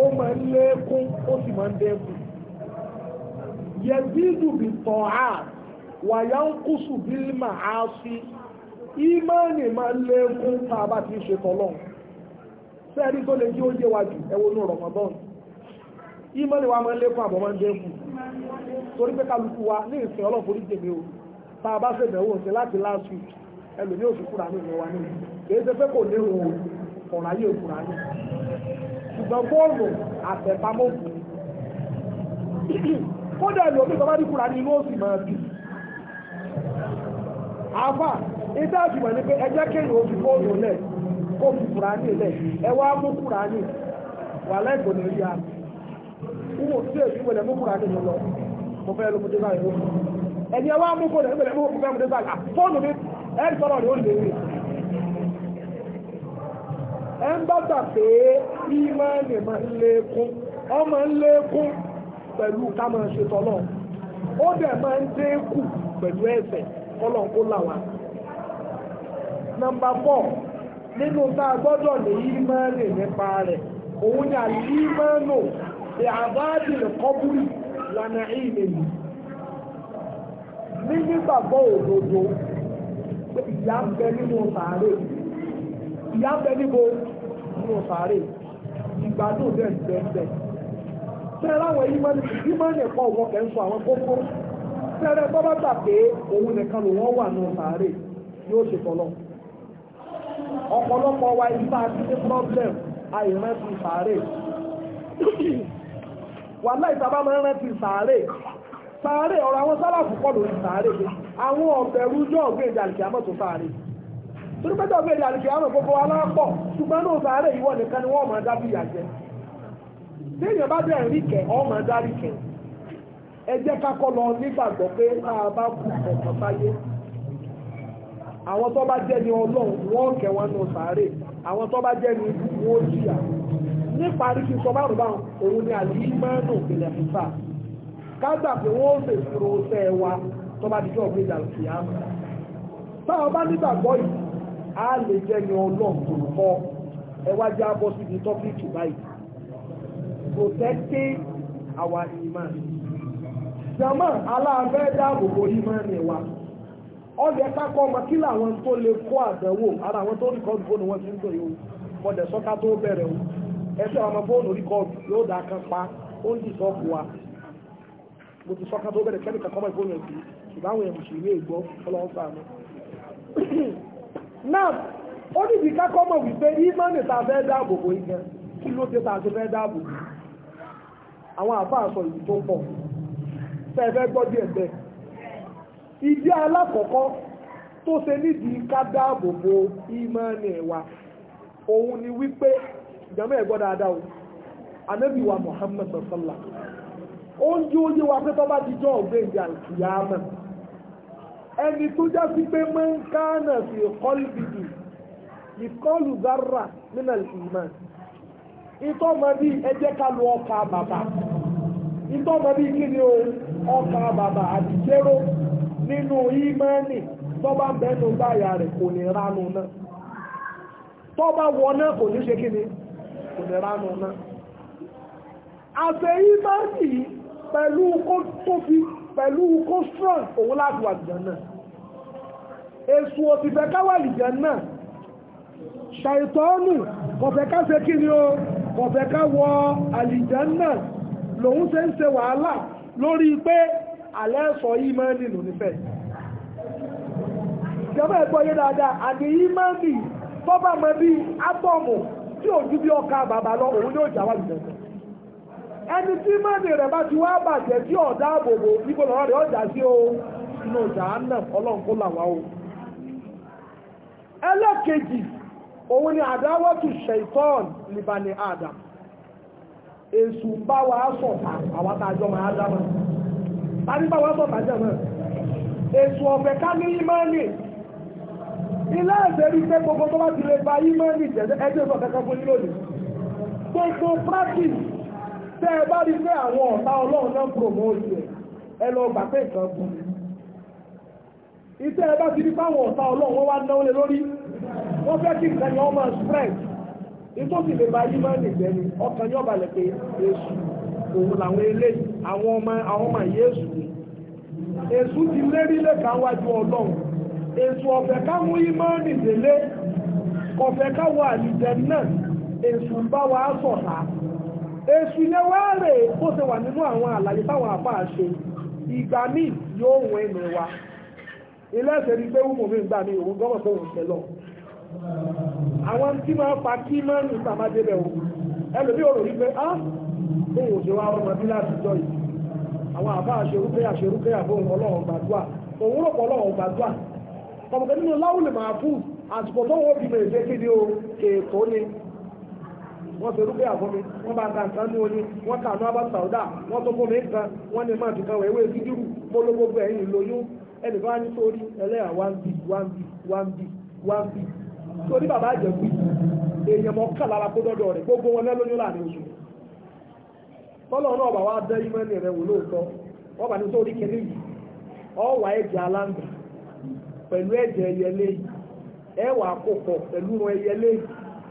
ó máa ń lékún ó sì máa ń dẹ́kun yẹ̀zídù bí tọ̀ wàyà ń kùsù bí mà á sí ìmánì ń lékún ti ṣe tọ́lọ́n sẹ́ẹ̀rí tó lè jí ó yé wa ní wa ma ń lékún àbọ̀ ma ń dẹ́kun torí pé kálukú wa ní ìsìn ọlọ́forí o tá a bá ṣèbẹ̀wò ṣe láti last week ìlú wa ní kì kọ̀ọ̀rọ̀ òkúra ní ṣùgbọ́n fóònù àtẹ̀pamọ́ òkúni kódà ìlú omi tọ́bá dìkúra ní inú òsì máa bì àfà ìdá àfihàn ni pé ẹjẹ́ kéèyàn ó fi fóònù lẹ̀ kó fi kúra ní ẹ wá mú kúra ní wà lẹ́gbọ̀n ní wúwo sí èyí mú kúra ní lọ mo fẹ́ lóko ẹni ẹ wá mú kúra ní lọ ẹ ń bàtà pé ìmọ̀ọ́nì ń lékún ọmọ ń lékún pẹ̀lú ká ṣe tọ́lọ̀ ó dẹ̀ máa ń dínkù pẹ̀lú ẹ̀ṣẹ̀ kọ́lọ̀ kó là wá. nọmba fọ nínú tá a gbọ́dọ̀ lè ìmọ̀ọ́nì nípa rẹ̀ òun ni àlè ìmẹ̀lì ìyá bẹ níbo ní òsàárè ìgbádùn dẹ̀ bẹ́ẹ̀ tẹ́ láwọn ìmọ̀ni ìmọ̀ni ẹ̀kọ́ wọn kẹ́ ń sọ àwọn kókó tẹ́rẹ tó bá gbà pé òun nìkan ló wọ́n wà ní òsàárè yóò ṣe tọ́lọ́ ọ̀pọ̀lọpọ̀ wa ìfà àti ní problem àìrántí sàárè wàhálà ìtàbá máa ń rántí sàárè sàárè ọ̀rọ̀ àwọn sálàfù pọ̀ lórí sàárè àwọn ọ̀bẹ̀rú jọ́ ọ̀gbìn torí pẹ́jọ́ ọ̀gbẹ́ ìdí àlùkè àwọn gbogbo alápọ̀ ṣùgbọ́n náà sáré ìwọ nìkan ni wọ́n máa dá jẹ tí èèyàn bá dẹ̀ rí kẹ̀ ọ máa ẹ jẹ́ lọ nígbàgbọ́ pé a bá kú ọ̀kan báyé àwọn tó bá jẹ́ ni ọlọ́run wọ́n kẹ́ wọn àwọn tó bá jẹ́ ni wọ́n jìyà sọ òun ni àlè a lè jẹ́ yan ọlọ́run tó kọ́ ẹ wá já bọ́ síbi tọ́pìkì báyìí protecting our iman jama aláàbẹ̀ dáàbòbò iman ni wa ọ̀dẹ̀ kákọ́ ọmọ kí làwọn tó lè kó àdánwò ara àwọn tó rí wọn ti ń o mọ̀dẹ̀ sọ́ká tó bẹ̀rẹ̀ o ẹsẹ̀ àwọn ọmọ rí yóò dá kan pa ó ń dì wa mo ti sọ́ká tó bẹ̀rẹ̀ kẹ́míkà kọ́mọ̀ ẹ̀sìn ṣùgbọ́n àwọn èèyàn mùsùlùmí ègbọ́ sáà náà ó ní ìdí kákọ́ mọ̀ ta fẹ́ dáàbò bò yìí gan kí ló dé ta ti fẹ́ dáàbò bò àwọn àfáà sọ tó pọ̀ fẹ́ fẹ́ ìdí alákọ̀ọ́kọ́ tó ṣe nídìí ká wa òun ni wípé ìjàmọ́ ẹ̀gbọ́ dáadáa o wa Muhammad ó ń yé wa pé ẹni tó já sí pé máa ń káànà sí ìkọlù bìbì ìkọlù zara nínú ìmọ̀ ìtọ́ mọ bí ẹjẹ́ ká lu ọkà bàbà ìtọ́ mọ bí kí ni o ọkà bàbà àti jéró nínú ìmọ̀ọ́nì tọ́ba ń bẹ́ẹ̀ rẹ̀ kò ní ránu náà tọ́ba wọ náà kò ní ṣe kí ni kò ní ránu náà àṣẹ ìmọ̀ọ́nì pẹ̀lú kó tó fi pẹ̀lú kó strong òun láti wà lìjẹ́ náà èsù òtìfẹ́ káwà lìjẹ́ náà ṣàìtọ́nù kọ̀fẹ́ ká ṣe kí ni o kọ̀fẹ́ ká wọ àlìjẹ́ náà lòun ṣe ń ṣe wàhálà lórí pé alẹ́ sọ yìí máa ń nì lò nífẹ̀ ìjọba ẹ̀gbọ́ yé dáadáa àdè yìí máa ń nì tọ́bà mọ́ ẹni tí mẹ́rin rẹ̀ bá ti wá bàjẹ́ tí ọ̀dá àbòbò ibo lọ́rọ̀ rẹ̀ sí o inú ọjà náà ọlọ́run kó làwá o. ẹlẹ́kejì òun ni àdáwọ́tù ṣẹ̀tọ́n libani adam èṣù ń bá wa sọ̀tà àwọn àtàjọ máa adam ta ní bá wa sọ̀tà jẹ́ mọ́ èṣù ọ̀fẹ́ ká ní ilé ẹ̀sẹ̀ rí gbogbo tó bá ba jẹ́ ẹgbẹ́ fún yín lónìí gbogbo practice tẹ́ ẹ bá rí pé àwọn ọ̀tá ọlọ́run náà promote ẹ lọ gbà pé nǹkan bù mí iṣẹ́ ẹ bá ti rí fáwọn ọ̀tá ọlọ́run wọ́n wá náwó lé lórí wọ́n fẹ́ kí nǹkan yẹn wọ́n spread ìtò sì lè ba yín máa ń nìgbẹ́ ni ọkàn yóò balẹ̀ pé èṣù òun làwọn eléyìí àwọn ọmọ àwọn ọmọ yìí ni èṣù ti lérí lẹ́ka wájú ọlọ́run èṣù ọ̀fẹ́ káwọn yín máa ń nìgbẹ́lé ọ̀fẹ́ káwọn àlìjẹ náà èṣù bá wa sọ̀tà èsù yẹn wá rè bó ṣe wà nínú àwọn àlàyé táwọn àbá ṣe ìgbà míì yóò wọn ẹnu wa ilé ẹsẹ̀ rí pé wúmọ̀ mi ń gbà mí òun gbọ́dọ̀ tó ń tẹ̀lọ̀ àwọn tí máa fa kí máa ń ní sàmájẹ́ bẹ̀ wò ẹlòmí ò rò wípé á bó wò ṣe wá ọmọ bí látijọ́ yìí àwọn àbá àṣerúkẹ́ àṣerúkẹ́ àbó ọlọ́run gbàdúrà òun rò pọ̀ ọlọ́run gbàdúrà ọmọkẹ́ nínú láwùlẹ̀ màá fún àsìkò tó wọ́n fi mèrè ṣe kí ni o kèèkó ni wọ́n fi rúgbẹ́ àfọ́ mi wọ́n bá ga nǹkan ní oyin wọ́n kà ní abá sàúdà wọ́n tó fún mi nǹkan wọ́n ní máa dùkan wẹ̀wé dídúrù mo ló gbogbo ẹ̀yìn lóyún ẹnìkan á ní sórí ẹlẹ́yà one b one b bàbá àjẹkù èèyàn mọ́ kó dọ́dọ̀ rẹ̀ gbogbo wọn lẹ́lóyún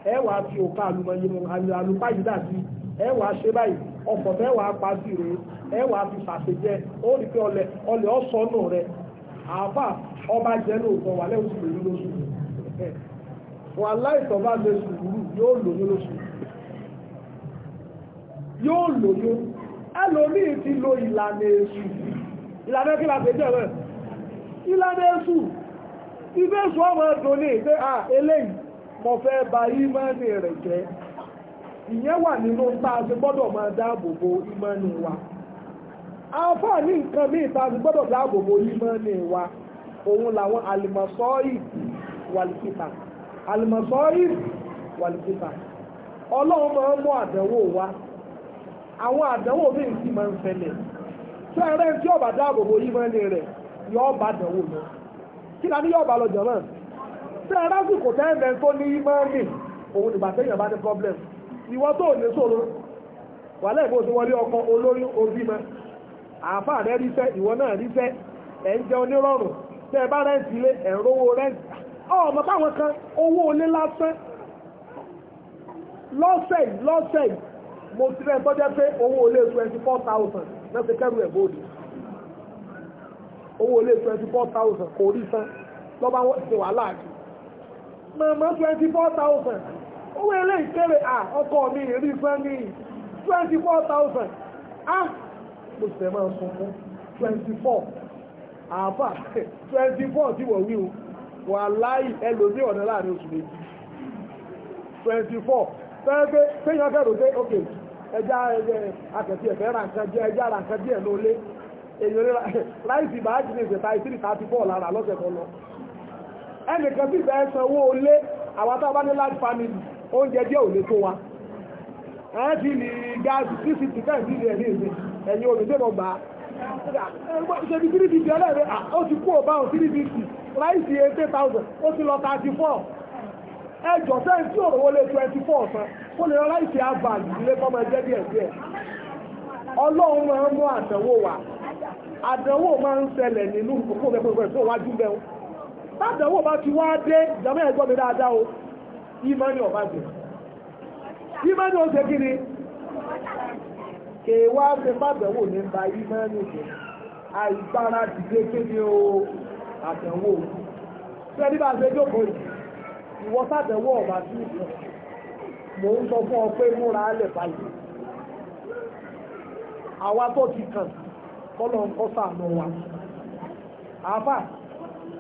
ẹ wà á fi òkà àlùmọ̀yé mu àlùpàyí dà sí ẹ wà á ṣe báyìí ọkọ̀ tẹ́ wà á pa sí rèé ẹ wà á fi ṣàṣejẹ ó rí pé ọlẹ̀ ọlẹ̀ ọ̀sọ́nù rẹ̀ àbá ọba jẹ́ lóòótọ́ wà lẹ́yìn oṣù lóyún lóṣù wà láìsọ̀ bá lè sùúrù yóò lóyún lóṣù yóò lóyún ẹlòmíì ti lo ìlànà èṣù ìlànà kí láti jẹ́ rẹ̀ ìlànà èṣù ibé èṣù ọmọ ẹ̀dùn ní ìpé à eléyìí mo fẹ́ ba ìmánì rẹ̀ jẹ́ ìyẹn wà nínú tá a ti gbọ́dọ̀ máa dáàbò bo ìmánì wa àǹfààní nǹkan míì tá a ti gbọ́dọ̀ dáàbò bo wa òun làwọn alìmọ̀sọ́ọ̀ì wàlìkìtà alìmọ̀sọ́ọ̀ì wàlìkìtà ọlọ́run máa ń mú àdánwò wa àwọn àdánwò míì sì máa ń ẹrẹ́ tí ọba dáàbò bo rẹ̀ yọ ọba àdánwò lọ ọba lọ tí arásìkò tẹ́ẹ̀mẹ́ tó ní ìmọ̀ọ́nì òun ìgbà tẹ́yìn bá ní problem ìwọ tó ní sọ̀rọ̀ wà lẹ́ẹ̀kọ́ tó wọlé ọkọ olórí ozima àfà rẹ̀ ìwọ náà ríṣẹ́ ẹ̀ ń jẹ onírọ̀rùn tẹ́ ẹ bá rẹ́ǹtì ilé ẹ̀ ń rẹ́ǹtì ọmọ báwọn kan owó olé lásán lọ́sẹ̀ lọ́sẹ̀ mo ti rẹ̀ tọ́jẹ́ pé owó olé mọ̀mọ́ twenty four thousand owó ilé ìkéré à ọkọ mi rí fẹ́ twenty four thousand á mo sì máa twenty four àbá twenty four ti wí o wà láì ẹlòmí ọ̀nà láàrin oṣù méjì twenty four fẹ́ẹ́fẹ́ fẹ́yàn ok ẹja akẹ́tì ẹ̀fẹ́ ra nǹkan jẹ́ ẹja ra nǹkan díẹ̀ lólé èyí rẹ̀ láìsí bàájì ní ẹnìkan sì fẹ́ sanwó olé àwọn tó bá ní large family oúnjẹ díẹ̀ ò lè tó wa ẹ̀ẹ́ ti ní gáàsì tí sì ti fẹ́ẹ̀ nílẹ̀ ní ìsìn ẹ̀yìn omi tí mo gbà á ṣèbí three fifty ọlẹ́rẹ́ ó ti kú ọba òun three fifty láìsí eight thousand ó ti lọ thirty four ẹjọ́ sẹ́yìn tí òun wọlé twenty four ọ̀sán ó lè lọ láìsí abàlì ilé kọ́mọ ẹgbẹ́ díẹ̀ díẹ̀ ọlọ́run máa ń mú àdánwò wá àdánwò máa ń ṣẹlẹ̀ nínú òkú òkú tádàwò bá ti wá dé ìjàmẹ́ ẹ̀gbọ́n mi dáadáa o ìmọ́ni ọ̀bá jẹ́ ìmọ́ni ó ṣe kíni kèwà ṣe pàdàwò ní ba ìmọ́ni jẹ́ àìgbára dìde kí ni o àtẹ̀wò tí ẹni bá ṣe jókòó yìí ìwọ sádẹ̀wò ọ̀bá tí ìfẹ́ mò ń sọ fún ọ pé múra lẹ̀ báyìí àwa tó ti kàn kọ́lọ̀ ń kọ́ sàánú wa àáfàá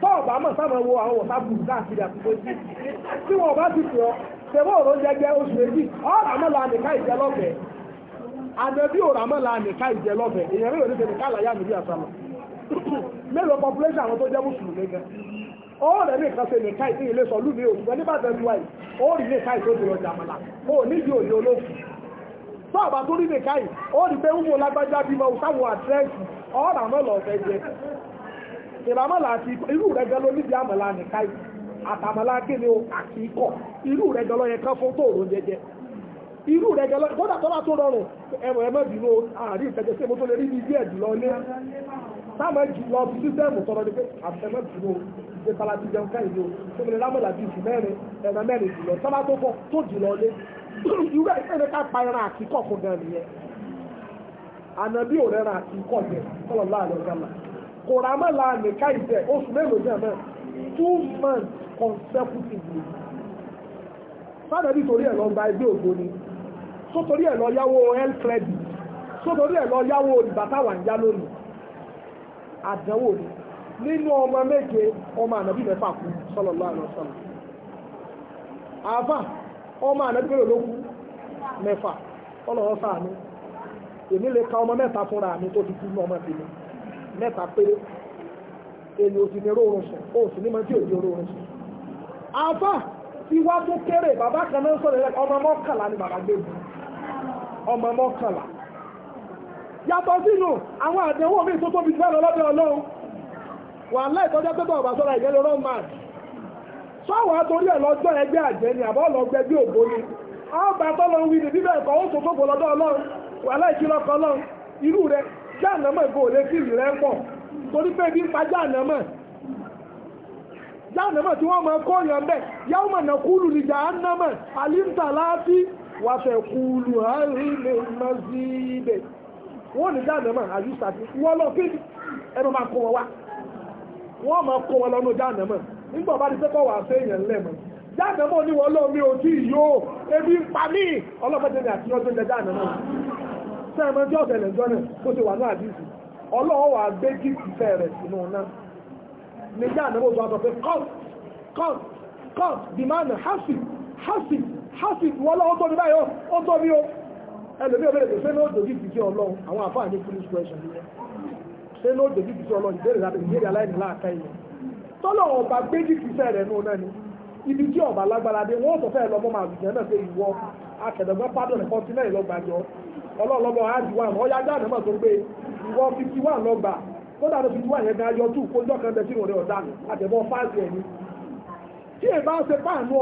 tọ mọ̀ sáàmà wo àwọn wọ̀sáàpù káàkiri àtúgbò sí tí wọ́n bá ti fi ọ́ tẹ̀wọ́ òrò jẹjẹ oṣù méjì ọ̀rà mọ́la nìka ìjẹ́ lọ́fẹ̀ẹ́ àdẹ́bí òrà mọ́la nìka ìjẹ́ lọ́fẹ̀ẹ́ èèyàn mẹ́rin oníṣẹ́ nìka àlàyé àmì bí population àwọn tó jẹ́ mùsùlùmí gan ó rẹ̀ ṣe nìka ìdí ilé sọ nígbà tẹ́lú wáyé ó ìràmọ́là àti ikọ̀ irú rẹ̀ gan ló níbi àmàlà nìka yìí àtàmàlà kéde o àti ikọ̀ irú rẹ̀ gan ló yẹ kán fún tóòrò jẹjẹ irú rẹ̀ gan ló kódà tó bá tó rọrùn ẹ̀rọ ẹ̀mọ́ ìdìbò àárín ìtẹ̀jẹ̀ sí mọ́tò lè rí ibi díẹ̀ jùlọ ní sáàmù jùlọ sísẹ́mù tọrọ ni pé àtẹ̀mọ́ jùlọ ìgbé salati jẹun ká ìlú sóbìnrin lámọ̀lá bíi jù mẹ́rin ẹ̀rọ mẹ́rin jùlọ sábà tó kọ tó jùlọ lé irú ẹ̀ ẹ̀rẹ́ ká pa ẹran àkíkọ̀ fún gan nìyẹn ànàbí ò rẹ́ran àkíkọ̀ jẹ sọ́lọ́ láàrin ọ̀gá náà kò rà mọ́ la nìka ìfẹ́ oṣù mélòó náà two months consecutively sábà bí torí ẹ̀ lọ gba ẹgbẹ́ ògbóni só torí ẹ̀ lọ yáwó health credit só torí ẹ̀ lọ yáwó bàtà wà ń yá lónìí àdánwò ni nínú ọmọ méje ọmọ ànábì mẹ́fà kú àfà ọmọ ànábì ló kú mẹ́fà ka ọmọ mẹ́ta fúnra mi tó ti kú mẹ́ta pere èlò òsì ní róorun sùn òsì ní mọ́tí òjò róorun sùn. àfà tí wá tó kéré bàbá kan náà sọ̀rọ̀ ọmọ mọ́kànlá ni bàbá gbé mi ọmọ mọ́kànlá. yàtọ̀ sínú àwọn àdéhùn mi tó tóbi bẹ́ẹ̀ ọlọ́run wà láìtọ́jọ́ pé bàbá máa sọ́wọ́ àtòrí ẹ̀ lọ́jọ́ ẹgbẹ́ àjẹ́ ni àbọ̀ lọ́gbẹ́ bí ògbó ni ọba tọ́lọ́ wí ni bíbẹ̀ ẹ̀kọ́ ó ja ìgò ò lè fi ìrì rẹ pọ̀ torí pé ibi ń pa jáànàmọ̀ jáànàmọ̀ tí wọ́n máa kóyàn bẹ́ẹ̀ yàwó mọ̀nà kúlù ní jáànàmọ̀ àlíńtà láti wàfẹ̀ kúlù àrílẹ̀ mọ́síbẹ̀ wọ́n ní jáànàmọ̀ àyíṣàtì wọ́n lọ kí ẹnu máa kó wọn wá wọ́n máa kó wọn lọ́nu jáànàmọ̀ nígbà bá ti sẹ́kọ̀ wà séèyàn sẹ́ẹ̀mọ́ tí ọ̀sẹ̀lẹ̀ jọ́nà tó ti wà ní àdìsí ọlọ́wọ́ wà gbé gíìtì fẹ́ rẹ̀ sínú náà nígbà àdánwò tó wà sọ pé cut cut cut demand hasi hasi hasi wọ́n lọ́wọ́ tó ní báyọ̀ ó tó bí o ẹlòmí òbẹ̀rẹ̀ pé sẹ́ni ó dòdì fi sí ọlọ́run àwọn àfáà ní police question ni sẹ́ni ó dòdì fi sí ọlọ́run ìbéèrè láti ìbéèrè aláìní láàká ìyẹn tọ́lọ̀ ọba gbé gíìtì fẹ́ rẹ̀ nù náà ni ibi tí ọba lágbára dé wọ́n sọ fẹ́ lọ́mọ́ màlúù jẹ́ náà pé ìwọ akẹ̀dọ̀gbẹ́ pádọ̀ nìkan sí náà ìlọgbàjọ́ ọlọ́ọ̀lọ́bọ̀ áàdì wà mọ́ ọyá jáde mọ̀ tó pé ìwọ fifty one lọ́gbà kódà ló fifty one yẹn gan ayọ́ tù kójọ́ kan bẹ sínú rẹ̀ ọ̀dà àtẹ̀bọ̀ fáàsì tí ṣe páànù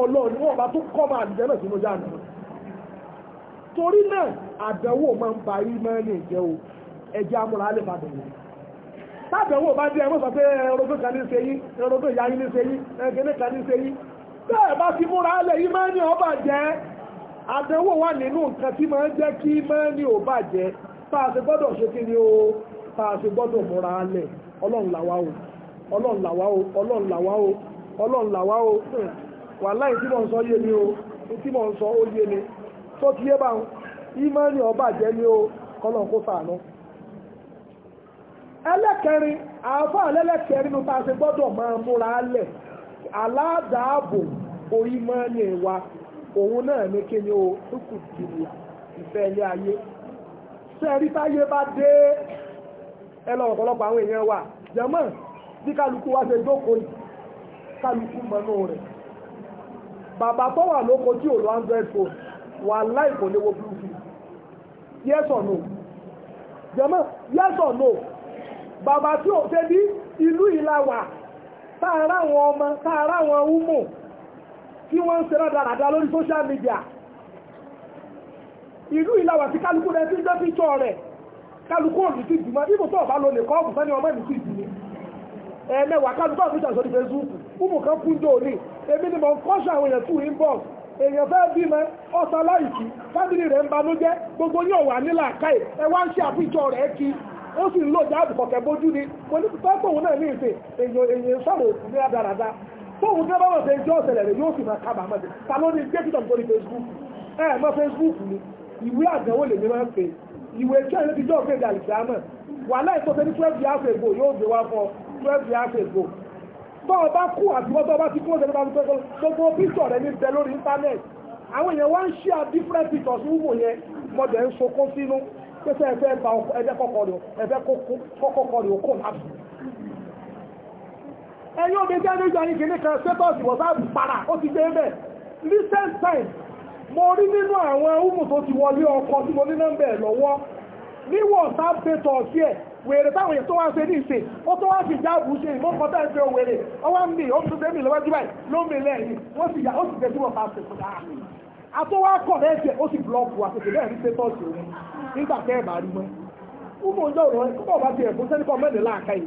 bá tó kọ́ bá àdìjẹ́ náà sínú jáde o amúra alẹ́ tábẹ̀wò bá dé ẹmọ́ sọ pé àdánwò wà nínú nǹkan tí máa ń jẹ́ kí mẹ́rin ní ò gbọ́dọ̀ ṣe ni o tá gbọ́dọ̀ múra alẹ̀ ọlọ́run làwa hmm. o tí ni ni ni o ẹlẹ́kẹrin ní gbọ́dọ̀ máa múra alẹ̀ aládàábò orí òun náà ní kí ni o tókù dìbò ìfẹ́ ilé ayé sẹ́ẹ̀rí táyé bá dé ẹlọ ọ̀pọ̀lọpọ̀ àwọn èèyàn wà jẹ́mọ́ bí kálukú wá ṣe jókòó kálukú mọ́nú rẹ̀ bàbá tó wà lóko tí ò lọ android phone wà láì kò léwo yes or no jẹ́mọ́ yes or no bàbá tí ò ṣe bí ìlú ìlà wà táàrà àwọn ọmọ táàrà àwọn húmọ̀ tí wọ́n ń ṣe rádaràdá lórí social media ìlú ìlàwà tí kálukú rẹ̀ tí ń jẹ́ píṣọ́ rẹ̀ kálukú òní sí ìdìmọ́ ibò tó ọ̀bá lónìí kọ́ ọ̀bùsọ́ ni ọmọ ìlú sí ìdìmọ́ ẹ̀ẹ̀mẹ́wàá kálukú àwọn ìjà sórí Facebook fúnmù n kún dò ní èmi ni mo ń kọ́ṣọ́ àwọn ó sì ń lò jáàbù kọ̀kẹ́ bójú ni tó òun gẹ́gẹ́ bá wọ̀ pé ìjọ ọ̀sẹ̀lẹ̀ rẹ̀ yóò sì máa kábà máa jẹ ta ló ní jẹ́ títọ̀ nítorí Facebook ẹ ẹ̀ mọ́ Facebook ni ìwé àdánwò lèmi máa ń pè ìwé ìjọ ìlú ìjọ òfin ìdàlì ìdámọ̀ wà láì tó fẹ́ ní twelve years ago yóò gbé wá fọ twelve years ago tó o bá kú àtiwọ́ tó o bá ti kú ọ̀sẹ̀ nípa gbogbo píṣọ̀ rẹ̀ ní bẹ lórí internet. àwọn èèyàn wá ń ṣe à different pictures wúwo yẹn mọ̀dẹ̀ ń sokó sínú pé sẹ́ ẹ fẹ́ ba ẹ̀fẹ́ kọ́kọ́ rẹ̀ kó láàbù ẹ̀yọ́ omi jẹ́ níjọ ní kìíní kan status wọ̀sáàbù para ó ti gbé bẹ̀ recent time mo rí nínú àwọn ọmọ tó ti wọlé ọkọ tí mo ní nọ́mbẹ̀ lọ́wọ́ ní wọ̀sáàbù status yẹ wèrè táwọn èèyàn tó wá ń ṣe ní ìṣe ó tó wá sì jáàbù ṣe ìmọ̀kọ́tà ẹ̀ṣẹ̀ wèrè ọwọ́ ń bì ó tún tẹ́mì lọ́wọ́jú báyìí ló ń bè lẹ́yìn wọ́n sì yà ó sì tẹ́jú ọ̀pá ṣe kọjá àtọwọ́ akọ̀ lẹ́ẹ̀ṣẹ̀ ó sì blọ́ọ̀kù àtẹ̀tẹ̀ bẹ́ẹ̀ ní sẹ́tọ̀ọ̀sì òun nígbà tẹ́ ẹ̀ bá rí mọ́ ó mọ̀ ń jọ ọ̀rọ̀ ẹ̀ kọ́ bá ti ẹ̀fún sẹ́nìkọ́ mẹ́rin láàká yìí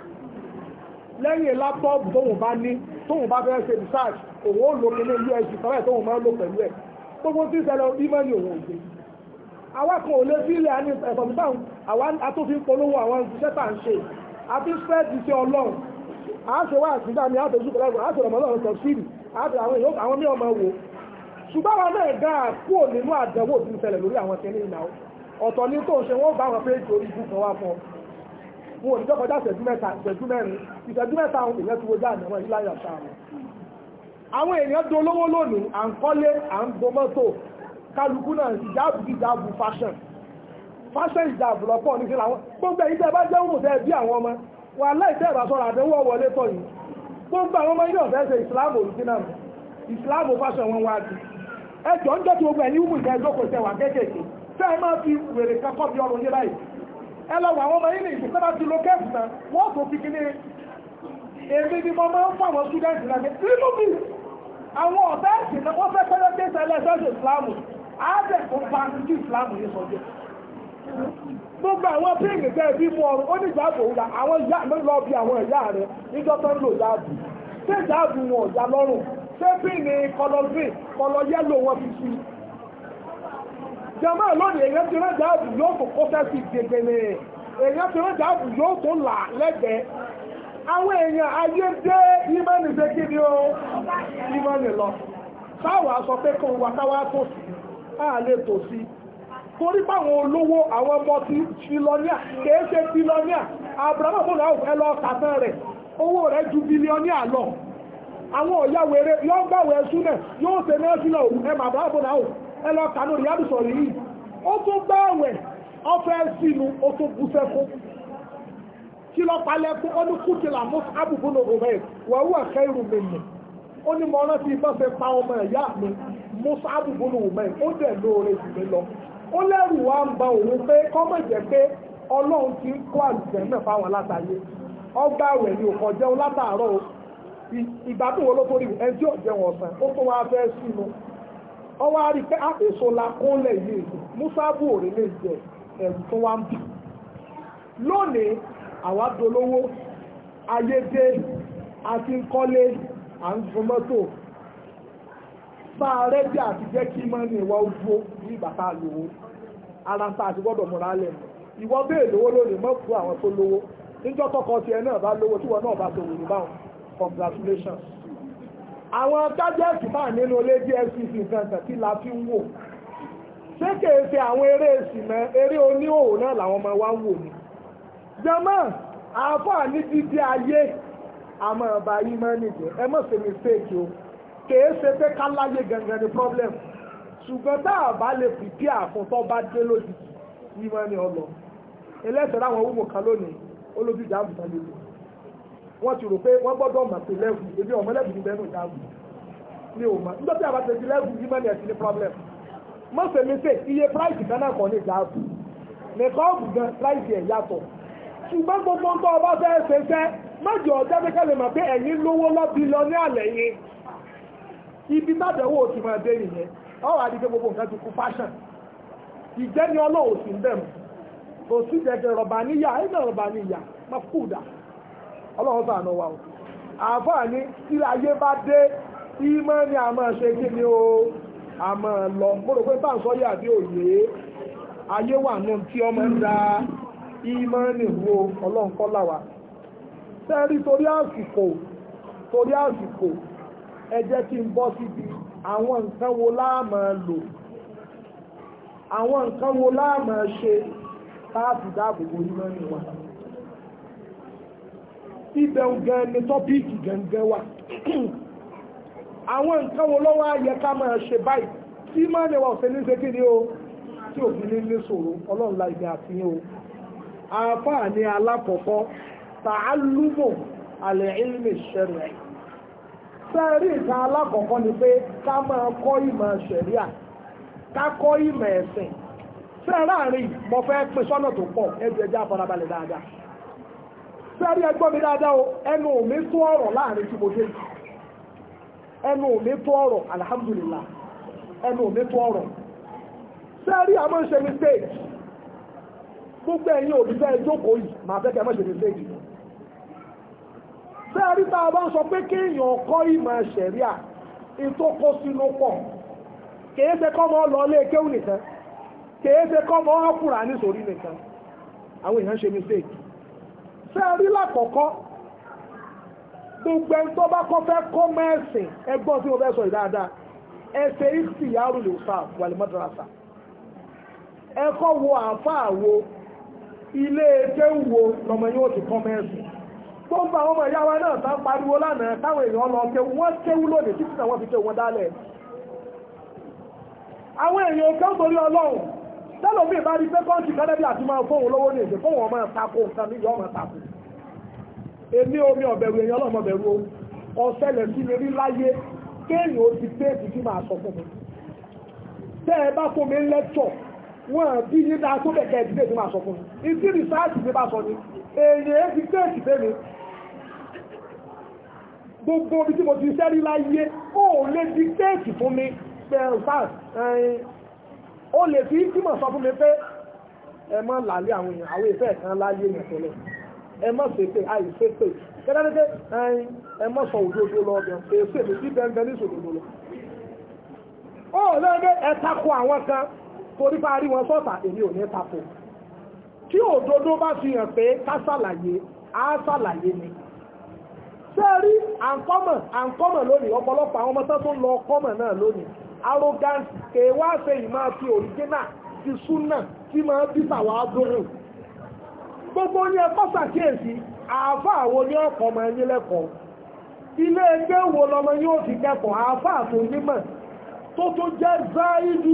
lẹ́yìn láptọ́ọ̀bù tóun bá ní tóun bá fẹ́ ṣe research òun ó lò nínú usd kọ́lá tóun máa ń lò pẹ̀lú ẹ̀ gbogbo tí ìṣẹ̀lẹ̀ ìmọ̀ ni òun òde àwa kan ò lè sí ilẹ̀ àní ẹ̀fọ̀mùtà àwa atúnfi polówó àwọn iṣẹ́ tà ń ṣe àti spread iṣẹ́ ọlọ́run a ṣe wá àtúndà mi àtẹ̀jú pẹ̀lú àwọn àṣọ ọmọ ọlọ́run sọ sílì àti àwọn mí ọmọ wò ṣùgbọ́n àwọn náà gá kú ò nínú àdánwò tí ń ṣẹlẹ̀ lórí àwọn tẹ́lẹ̀ ìnáwó ọ̀tọ̀ ní tó ń ṣe wọ́n bá wọn pé ìtòrí ìbùkún wá fún ọ wọn ò ní tọ́kọjá ìṣẹ́jú mẹ́ta ìṣẹ́jú mẹ́rin ìṣẹ́jú mẹ́ta àwọn èèyàn ti wọjá àmì àwọn ìlà ìyàtà àwọn èèyàn do olówó lónìí à ń kọ́lé à ń do mọ́tò kálukú náà ìjáàbù ìjáàbù fashion fashion ìjáàbù lọ́pọ̀ ní sílẹ̀ àwọn gbogbo ẹ̀yin tẹ́ bá jẹ́ òmùtẹ́ ẹbí àwọn ọmọ wà láìsẹ́ ìbásọ́ra àdéhùn ọ̀wọ́lé tọ̀ yìí gbogbo àwọn ọmọ yìí ọ̀fẹ́ ṣe ìsìláàmù òrùsínàmù ìsìláàmù fashion wọn wá sí ẹjọ́ ń jọ́ tí gbogbo ẹ̀yin ìwùmù ìjẹ́ ìjókòó tẹwà kéékèèké tẹ́ ẹ máa fi wèrè kakọ́ bí ọrùn yé báyìí ẹ lọ wọ àwọn ọmọ yìí ní ìsìn sábà ti lo kẹ́ẹ̀sì náà wọ́n tó fi kíní èmi ni mo máa ń fún àwọn students náà nínú mi àwọn ọ̀tá ẹ̀sìn náà wọ́n fẹ́ pẹ́lẹ́ pé sẹ́lẹ̀ sọ́jọ́ ìsìláàmù àádẹ́ fún pàṣípì ìsìláàmù yìí sọ́jọ́ gbogbo àwọn píìngì tẹ́ ẹbí mú ọrùn ó ní ìjáàbò ńlá àwọn ìyá mi lọ bí àwọn ìyá rẹ níjọ́ tó ń lò jáàbù ṣé ìjáàbù wọn ọ̀yà lọ́rùn ṣé píìngì kọlọ green kọlọ yẹ́lò wọn fi sí jama lónìí èèyàn ti rán dáàbù yóò tó kó sẹ́sì gbègbèlè èèyàn ti rán dáàbù yóò tó là lẹ́gbẹ̀ẹ́ àwọn èèyàn ayé dé ìmọ̀nì ṣe kí ni ó ìmọ̀nì lọ táwa sọ pé kó wa táwa tó sí á lè tó sí torí báwọn abrahamu fúnra lọ rẹ̀ owó rẹ̀ ju lọ àwọn súnẹ̀ yóò ṣe ẹ̀ ẹ lọ kànú ìyáàdù sọ̀rọ̀ yìí ó tún gbá ẹ̀wẹ̀ ọfẹ́ sínú ó tún bú sẹ́kún kí lọ palẹ̀ fún ó ní kúkìlà mú abùkù lòrò rẹ̀ wẹ̀wú ẹ̀kẹ́ irun mèmè ó ní mọ̀ọ́rán ti bọ́ fẹ́ pa ọmọ ẹ̀yà mi mú abùkù lòrò rẹ̀ ó dẹ̀ lóore jù mí lọ ó lẹ́rù wa ń ba òun pé kọ́mọ̀ jẹ́ pé ọlọ́run ti ń kọ́ àlùfẹ́ mẹ́fà wọn látàyé ọgbà ẹ̀wẹ̀ ni òkò jẹun látàárọ̀ ìgbádùn wo ló torí ẹjọ́ jẹun ọ̀sán ó tún wá fẹ́ sínú ọwọ́ àrí pé àpèso ah, la kúnlẹ̀ yìí musabu òrè lè jẹ ẹ̀rù tó wá ń bì lónìí àwa dolówó ayédè àti nkọ́lé à ń gun mọ́tò bá a rẹ́dí àti jẹ́ kí mọ́ ní ìwà ojú ní bàtà lówó ara ń ta àti gbọ́dọ̀ múra lẹ̀ ìwọ bẹ́ẹ̀ lówó lónìí mọ́ fún àwọn tó lówó níjọ́ tọkọ tiẹ̀ náà bá lówó tí wọn náà bá tó wò ní báwọn congratulations àwọn tájẹ́ẹ̀tì máa nínú ilé DSTV kankan tí la fi ń wò ṣé kèé ṣe àwọn eré ìsìnmọ́ eré oníhòòhò náà làwọn ọmọ wa ń wò ni jọmọ́ àáfàá ní dídí ayé àmọ́ ọba yìí máa ń nìjẹ́ ẹ mọ̀ sí mistake o kèé ṣe pé káláyé gangan ni problem ṣùgbọ́n tá a bá lè pìpì àfún tó bá dé lójijì yìí máa ń ní ọlọ ẹlẹ́sẹ̀ láwọn wúwo kan lónìí olójújà àbùtà lè lò wọ́n ti rò pé wọ́n gbọ́dọ̀ mọ̀ sí lẹ́gùn ebi ọmọ lẹ́gùn ti bẹ́nu ìdáàbò ní òmọ nígbà tí a bá ti di lẹ́gùn yìí mẹ́rin ẹ̀sìn ní problem mọ́ fẹ́ mi iye price kan náà kọ́ ní ìdáàbò nìkan ọ̀bù gan price ẹ̀ yàtọ̀ ṣùgbọ́n gbogbo ń tọ́ ọba fẹ́ ṣe fẹ́ mọ́jọ ọjọ́ kékeré mọ̀ pé ẹ̀yin lówó lọ́bi lọ ní àlẹ́ yẹn ibi bàdẹ̀wò ti máa dé nìyẹn ọ̀rọ̀ àdìgbẹ́ gbogbo nǹkan ti kú fashion ìjẹ́ni ọlọ́wọ́ sí ń bẹ̀rù òsì jẹ́jẹ́ rọ̀bà níyà ẹ̀yìn rọ̀bà níyà máa kú ọlọ́run bá àná wa o àfáà ní tí ayé bá dé ìmọ̀ ni a máa ṣe kí ni o a máa lọ mo pé bá yà bí òye ayé wà nù tí ọmọ ń da ìmọ̀ ni wo ọlọ́run kọ́ là wá sẹ́rí torí àsìkò torí àsìkò ẹ jẹ́ kí n bọ́ síbi àwọn nǹkan wo la máa lò àwọn nǹkan wo la máa ṣe táàbù dáàbò bo ìmọ̀ ni wa ibẹ̀ gan ni tọ́píìkì gangan wà àwọn nǹkan wo lọ́wọ́ ayẹ ká máa ṣe báyìí tí máa lè wà ọ̀sẹ̀ ní ṣe kíni o tí òfin ní ní sọ̀rọ̀ ọlọ́run la ìgbà àti yín o àáfàá ni alákọ̀ọ́kọ́ tààlùmọ̀ àlẹ́ ìlmi ṣẹ̀rẹ̀ sẹ́rí ìta alákọ̀ọ́kọ́ ni pé ká máa kọ́ ìmọ̀ ṣẹ̀ríà ká kọ́ ìmọ̀ ẹ̀sìn sẹ́ẹ̀ láàrin mo fẹ́ pín sọ́nà tó pọ̀ ẹ̀jẹ̀ jẹ́ dáadáa sáré ẹgbọ́n mi dáadáa o ẹnu òmí tó ọ̀rọ̀ láàrin tí mo dé ẹnu òmí tó ọ̀rọ̀ alhamdulillah ẹnu òmí tó ọ̀rọ̀ sáré àmọ́ ṣe gbogbo ẹ̀yin òbí fẹ́ jókòó yìí màá fẹ́ kẹ́ mọ́ ṣe a bá ń sọ pé kéèyàn kọ́ ìmọ̀ ṣẹ̀ríà ìtókó sínú pọ̀ kèé ṣe kọ́ mọ́ lọ kéwù nìkan kèé ṣe kọ́ mọ́ nìkan àwọn èèyàn ṣe ṣé ẹ rí lákọ̀ọ́kọ́ gbogbo ẹni tó bá kọ́ fẹ́ kọ́ mọ́ ẹ̀sìn ẹgbọ́n tí mo fẹ́ sọ yìí dáadáa ẹsẹ̀ ìsì yàrá lè fà wàlẹ̀ mọ́dàrásà ẹkọ́ wo àáfàá wo ilé ẹgbẹ́ wo lọmọ yóò ti kọ́ mọ́ ẹ̀sìn tó ń bá àwọn ọmọ ìyá wa náà tá pariwo lánàá táwọn èèyàn lọ pé wọ́n kéwú lónìí títí náà wọ́n fi kéwú wọn dálẹ̀ àwọn èèyàn kan torí ọlọ́run tẹ́lọ̀ mi bá rí pé kọ́ńtì kánẹ́bí àti máa fóun lówó ní èdè fóun ọmọ ìtako nǹkan mi yọ ọmọ ìtako èmi omi ọ̀bẹ̀rù èèyàn ọlọ́mọ bẹ̀rù o ọ̀sẹ̀lẹ̀ sí mi rí láyé kéèyàn ó ti pé ètùtù máa sọ fún mi tẹ́ ẹ bá fún mi ń lẹ́tọ̀ wọ́n bí yín dáa tó bẹ̀ kẹ́ẹ̀tì pé ètùtù máa sọ fún mi ìdí rìsáàtì mi bá sọ ni èèyàn ti pé ètùtù pé mi gbogbo ibi tí mo ti sẹ́rí láyé ó lè di kéètì fún mi pẹ̀lú ó lè fi kímọ̀ sọ fún mi pé ẹ mọ́ làálẹ́ àwọn èèyàn àwọn ìfẹ́ kan láyé èèyàn tẹ́lẹ̀ ẹ mọ́ ṣèpè àìṣèpè kẹ́lẹ́ ní pé ẹ mọ́ sọ òdodo lọ ọbẹ̀ èsè mi sí bẹ́ńbẹ́ ní sòdodo lọ. ó lẹ́gbẹ́ ẹ tako àwọn kan torí bá rí wọn sọ́ọ̀tà èmi ò ní tako tí òdodo bá fi hàn pé ká ṣàlàyé á ṣàlàyé ni sẹ́ẹ̀rí àǹkọ́mọ̀ àǹkọ́mọ̀ lónìí ọ̀pọ̀lọpọ̀ àwọn ọmọ tó ń lọ ọkọ́mọ̀ náà lónìí arrogance kèé wá sẹ́yìn máa fi original ti súnà tí máa bí tàwa dúró gbogbo ní ẹ̀kọ́ sàkíyèsí àáfà àwọn ní ọkọ̀ ma ilé ẹgbẹ́ wo lọmọ yóò fi kẹ́kọ̀ọ́ àáfà tó nímọ̀ tó tó jẹ́ záìdù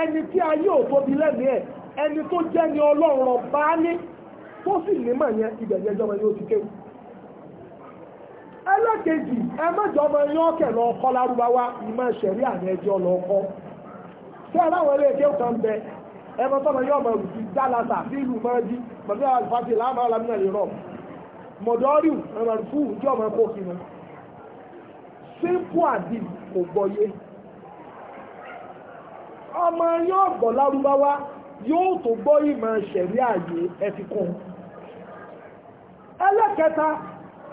ẹni tí ayé ò tóbi lẹ́nu ẹ̀ ẹni tó jẹ́ ni ọlọ́run bá ní tó sì nímọ̀ yẹn ibẹ̀ yẹn jọmọ yóò ẹlẹ́kejì ẹ mẹ́jọ ọmọ ẹyán ọ̀kẹ́ lọ kọ́ lárúbáwá ìmọ̀ ẹ̀ṣẹ̀rí àmì ẹjọ́ lọ kọ́ tí ẹ láwọn eré èké kan bẹ ẹ mọ́ tọ́mọ yọ ọmọ ẹ̀rù ti dálásà sí ìlú mọ́ẹ́dí pẹ̀lú àlùfáàtì láàmú alámínà lè rọ̀ mọ̀dọ́rìù ẹ̀rọ fún ìjọ ọmọ ẹ̀kọ́ kìnnà simple àdì kò gbọ́yé ọmọ ẹyán ọ̀gbọ̀ lárúbáwá yóò tó gbọ́ ìmọ̀ ẹ̀ṣẹ̀rí àyè ẹ̀fikún ẹlẹ́kẹta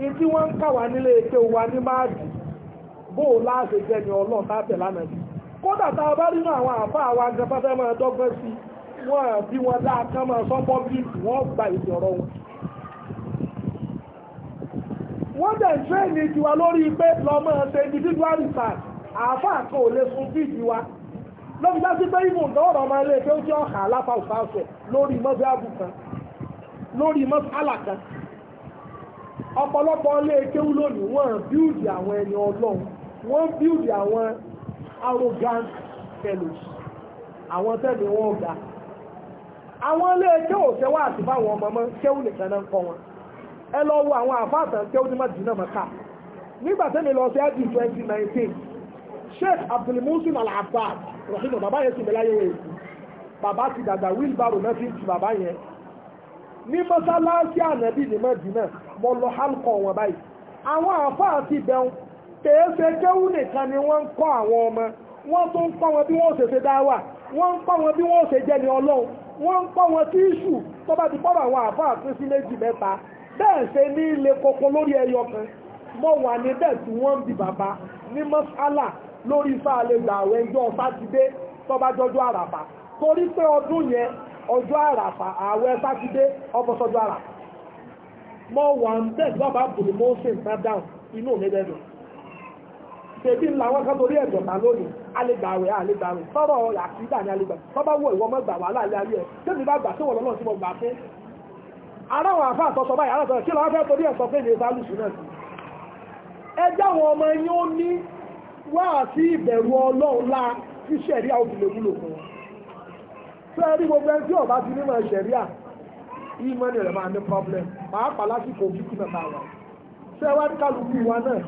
ìtí wọ́n ń kàwà nílé ètò wa ní máàdì bó láàṣẹ jẹ́ ní ọlọ́run tábẹ̀ lánàá bí kódà tá a bá rí náà àwọn àbá àwọn agbẹ́fẹ́ fẹ́ máa dọ́gbẹ́ sí wọ́n bí wọ́n dá kán máa sọ pọ́bílìkì wọ́n gba ìdí ọ̀rọ̀ wọn. wọ́n dẹ̀ tírẹ́ẹ̀nì tiwa lórí pé lọ́mọ ṣe individual research àáfà kan lè sun bíi tiwa lọ́bi já sí pé ìmọ̀ nǹkan máa lè pé ó jẹ́ ọ̀hà aláfa lórí mọ́bí àbùkan lórí mọ́bí àlàkan ọ̀pọ̀lọpọ̀ ilé kéwú lónìí wọ́n bíúdì àwọn ẹni ọlọ́run wọ́n bíúdì àwọn arrogant fellows àwọn tẹ́lẹ̀ wọn ga àwọn ilé kéwú kẹwà àti báwọn ọmọ mọ́ kéwú nìkan náà ń kọ́ wọn ẹ lọ wo àwọn àfáàtàn kéwú ní Madina Maka nígbà tẹ́lẹ̀ lọ sí ẹ́dì 2019 Sheikh Abdulmusin Al-Abbad rahim bàbá yẹn sì bẹ́láyé wẹ̀ bàbá ti dàgbà wheelbarrow mẹ́fì ti bàbá yẹn ní mọ́sálásí ànábì ní mọ́dínà mo lọ hálùkọ̀ wọn báyìí àwọn àfáà ti bẹun kèése kéwú nìkan ni wọ́n ń kọ́ àwọn ọmọ wọ́n tún ń wọn bí wọ́n ṣe ṣe dáwà wọ́n ń kọ́ wọn bí wọ́n ṣe jẹ́ ni ọlọ́run wọ́n ń kọ́ wọn tí ìṣù tó bá ti pọ́rọ̀ àwọn àfáà pín sí méjì mẹ́ta bẹ́ẹ̀ ṣe ní ilé koko lórí ẹyọ kan mo wà níbẹ̀ tí wọ́n ń bi bàbá ní mọ́sálà lórí ifá àlejò àwẹ̀ sátidé tó bá jọjọ́ àràbà torí pé ọdún yẹn ọjọ́ àràfà ààwẹ̀ sátidé ọbọ̀ sọ́jọ́ àràfà mọ́ wà ń tẹ̀sí bàbá bùrù mọ́sìn náà dáhùn inú mi bẹ́ẹ̀ tèbí làwọn kan torí ẹ̀dọ̀ ta lónìí alẹ́gbàwẹ̀ alẹ́gbàwẹ̀ sọ́rọ̀ àkídà ní alẹ́gbà bọ́bá wọ ìwọ mọ́gbà wà láàrin ayé ẹ̀ tẹ́bí bá gbà tí wọ́n lọ́nà tí mo gbà fún aráwọ̀ àfá àtọ́sọ báyìí aráwọ̀ kí lọ́wọ́ fẹ́ torí ẹ̀sọ pé ní ìsálùsù náà sí ẹjá wọn ọmọ yín ó ní tó ẹrí gbogbo ẹni tí ọba ti nímọ̀ ṣẹ̀ríà ìmọ̀ ni rẹ̀ máa ní problem máa pa lásìkò fífi mẹ́ta wà tó ẹ wá ní kálukú wa náà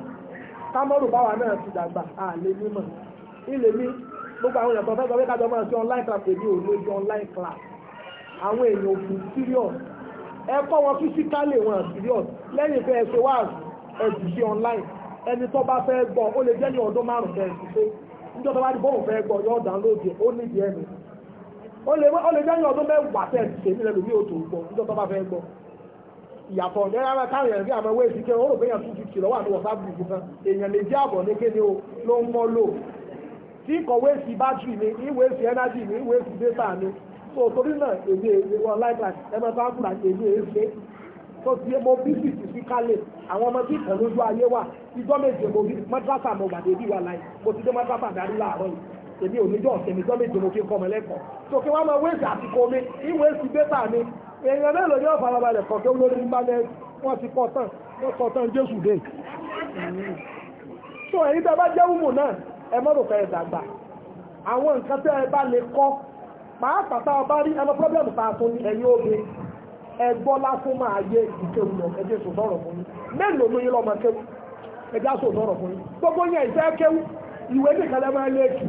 kámọ́rù báwa náà ti dàgbà àlè mímọ̀ ilé mi gbogbo àwọn èèyàn tó fẹ́ sọ pé kájọ máa ṣe online class èmi ò lè ṣe online class àwọn èèyàn ò fún serious ẹ kọ́ wọn physically wọn serious lẹ́yìn pé ẹ ṣe wá ẹ̀sùn sí online ẹni tó bá fẹ́ gbọ́ ó lè jẹ́ ní ọdún márùn-ún bẹ́ẹ̀ sí pé níjọ́ tó bá di bóun fẹ́ gbọ́ yóò download ó nídìí ẹ̀mí ó lè jẹ́ ọdún mẹ́wàá tẹ̀ ṣe nílẹ̀ lómi òtò gbọ́ níjọ́ tó bá fẹ́ gbọ́ ìyàtọ̀ ẹ̀rọ káwọn èèyàn àmọ́ ewé ìdíkẹ ó rò tún ti kìlọ̀ wà ní wọ̀sá gbùgbù kan èèyàn lè jẹ́ àbọ̀ ní kéde o ló ń mọ́ lò tí kọ̀wé sí bátìrì ni ìwé sí ẹnájì ni ìwé sí dẹ́tà ni torí náà èmi èmi wọn láìpẹ́ ẹmọ bá ń kúrà èmi èéfé tó ti mo bísí sí sí kálẹ̀ àwọn ọmọ tí ìkànnì ojú ayé wà ìjọ méje mo bí mọ́tàkà mo gbàdébí wà láì mo ti dé mọ́tàkà darí láàárọ̀ yìí èmi ò níjọ́ ọ̀sẹ̀ mi jọ́ méje mo fi kọ́ ọmọ lẹ́kọ̀ọ́ tó kí wọ́n máa wéèsì àsìkò mi ìwé èsì bébà mi èèyàn mélòó ni ọ̀fà alábalẹ̀ kọ̀ kí olórí ń bá lẹ wọ́n ti kọ́ tán wọ́n kọ́ tán jésù dé. tó èyí tẹ́ bá jẹ́ wúmù náà ẹ mọ́ rò fẹ́ẹ́ dàgbà àwọn nǹkan tẹ́ ẹ bá lè kọ́ máa pàtà ọba rí ẹnu pọ́blẹ́mù tá a tún ní ẹ̀yìn obe ẹgbọ́ lásán máa yé ìkéwu lọ ẹjẹ́ sọ sọ̀rọ̀ fún yín mélòó ló yín lọ́mọ kéwu ẹjẹ́ sọ sọ̀rọ̀ fún yín gbogbo yẹn ìfẹ́ kéwu ìwé nìkan lẹ́ máa lé kìí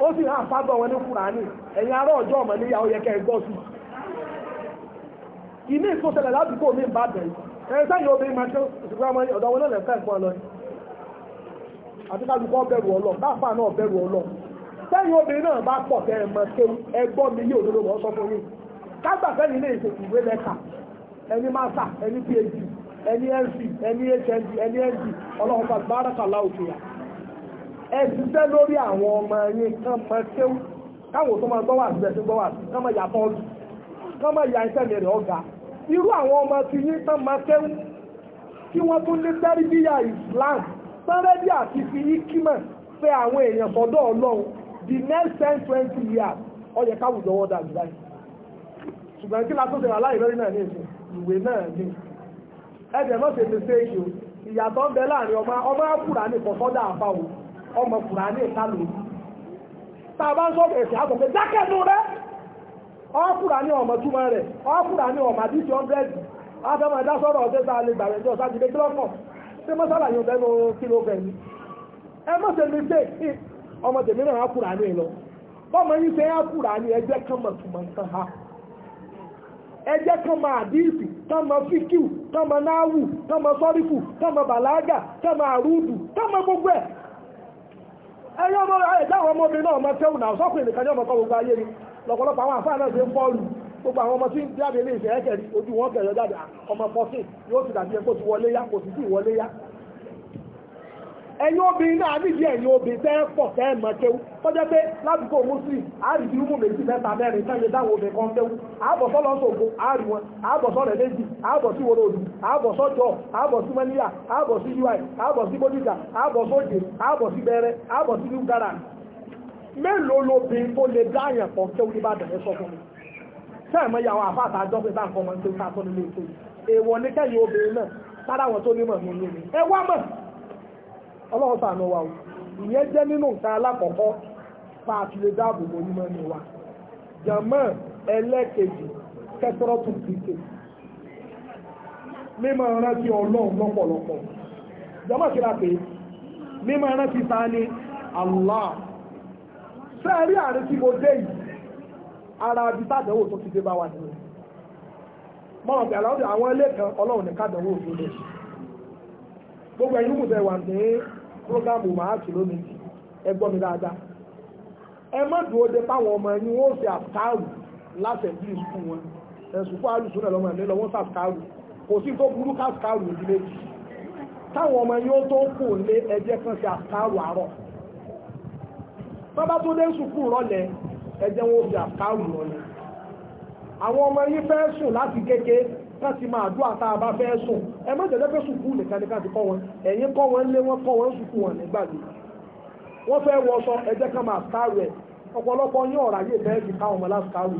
ó sì hàn fábọ̀ wọn ní kùránì ẹ̀yìn ará ọjọ́ ọmọ níyà ó ka kẹ́ gbọ́ sí ilé ìsọ́sẹ̀lẹ̀ ládùúgbò mi bá bẹ̀rẹ̀ ẹ̀rẹ́ sẹ́yìn obìnrin máa ṣe ìṣùgbọ́n ọmọ ọ̀dọ́ wọn lọ́lẹ̀ fẹ́ẹ̀ lọ àti kálukọ́ bẹ̀rù ọlọ báfà náà bẹ̀rù ọlọ sẹ́yìn obìnrin náà bá pọ̀ tẹ́ ẹ mọ pé ẹgbọ́ mi yóò lọ́dọ̀ wọ́n sọ fún yín kágbà fẹ́ni ilé ìwé lẹ́ka ẹni nc ẹni hnd ẹni nd ọlọ́run bá gbára kàlá ẹ ṣiṣẹ́ lórí àwọn ọmọ yín kán mọ kéwù káwọn tó máa gbọ́ wà síbẹ̀ tó gbọ́ kán máa yà kán máa yà iṣẹ́ ọmọ ti yín kán mọ kéwù kí wọ́n tún ní sẹ́ríbíyà Islam sẹ́rẹ́dì àti fi ikímọ̀ pé àwọn èèyàn sọ́dọ̀ Ọlọ́run the next ten twenty years ó yẹ káwùjọ wọ́n dà ṣùgbọ́n kí náà ní ìwé náà ní ọmọ kùránì ìtàlù tá a bá ń sọ̀rọ̀ ẹ̀sìn àkọ́kọ́ jákẹ́nu rẹ ọkùnrin ní ọmọ túmọ̀ rẹ ọkùnrin ní ọmọ àdìsí ọ̀ndẹ́ẹ̀dì afẹ́mọ̀ ẹ̀dá sọ̀rọ̀ ọ̀dẹ́ tá a lè gbà bẹ́nu kíló ẹ ọmọ tèmi náà ọkùnrin ní lọ bọ́mọ yín ní kan mọ̀ túmọ̀ ha kan àdìsí kan fíkìw kan kan sọ́rífù kan gbogbo ẹ̀ ẹyọ ọmọ ẹ̀dáwọn ọmọbìnrin náà ọmọ tẹ́wù náà sọ́kùn ìnìkan ní ọmọkọ gbogbo ayé ni lọ́pọ̀lọpọ̀ àwọn àfáà náà ṣe ń fọ́ọ̀lù gbogbo àwọn ọmọ tí ń jáde ní ìṣẹ́ ẹ̀kẹ́rì ojú wọn kẹ̀yọ jáde ọmọ fọ́sìn yóò ti dàbí ẹ̀kọ́ ti wọlé yá yá ẹ̀yin obìnrin náà níbi ẹ̀yin obìnrin tẹ́ pọ̀ tẹ́ mọ̀ kéwú tó jẹ́ pé ládùúgbò muslim àrídìí rúmù méjì mẹ́ta mẹ́rin sáyé dáwọn obìnrin kan kéwú àbọ̀sọ́ lọ́sọ̀gbọ̀ àrí wọn àbọ̀sọ́ rẹ̀ méjì àbọ̀sí wọlé òdù àbọ̀sọ́ jọ àbọ̀sí mẹ́líà àbọ̀sí ui àbọ̀sí bódìjà àbọ̀sí àbọ̀sí mélòó tó lè kéwú ní bàdàn ọlọ́run sàánú wa o jẹ́ nínú nǹkan alákọ̀ọ́kọ́ fa àfilè dáàbò bò ní wa jàmọ́ ẹlẹ́ẹ̀kejì kẹsọ́rọ́tù dìde mímọ́ rántí ọlọ́run lọ́pọ̀lọpọ̀ jàmọ́ kíra pé mímọ́ ta ní gbogbo ẹ̀yin kùtẹ̀ wà ní prógámù màáàtì lónìí ẹ gbọ́ mi dáadáa ẹ má dúró de páwọn ọmọ ẹni wọn ò fi àtàrù láṣẹ bí ìsúkú wọn ẹ̀sùn fún àlùsùn náà lọ́mọ ẹ̀mí lọ wọ́n sàkàrù kò sí tó burú kàkàrù ìdílé jù táwọn ọmọ ẹni ó tó kù lé ẹjẹ́ kan sí àkàrù àárọ̀ bábá tó dé sùkú rọlẹ̀ ẹjẹ́ wọn ò fi àkàrù rọlẹ̀ àwọn ọmọ yìí fẹ́ sùn láti kékeré láti máa dúà tá a bá fẹ́ sùn ẹ má jẹ́ pé sùkúù nìkan nìkan ti kọ́ wọn ẹ̀yin kọ́ wọn lé wọn kọ́ wọn sùkúù wọn nígbàgbé wọ́n fẹ́ wọṣọ ẹ jẹ́ ká máa sáré ẹ̀ ọ̀pọ̀lọpọ̀ yín ọ̀rọ̀ ayé bẹ́ẹ̀ fi káwọn ọmọ láti sáré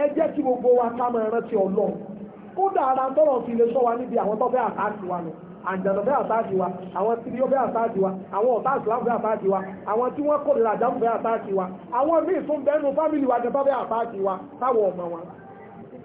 ẹ jẹ́ kí gbogbo wa ká máa rántí ọlọ́run kódà ara tọ́lọ̀ fi lè sọ wa níbi àwọn tó fẹ́ àtàkì wa nù àjànà fẹ́ àtàkì wa àwọn tí ó fẹ́ àtàkì wa àwọn ọ̀tá ìsìlámù fẹ́ àtàkì wa àwọn tí wọ́n kórìíra àjàmù fẹ́ àtàkì wa àwọn míì tún bẹ́nu fámìlì wa jẹ́ tó fẹ́ àtàkì wa táwọn ọmọ wọn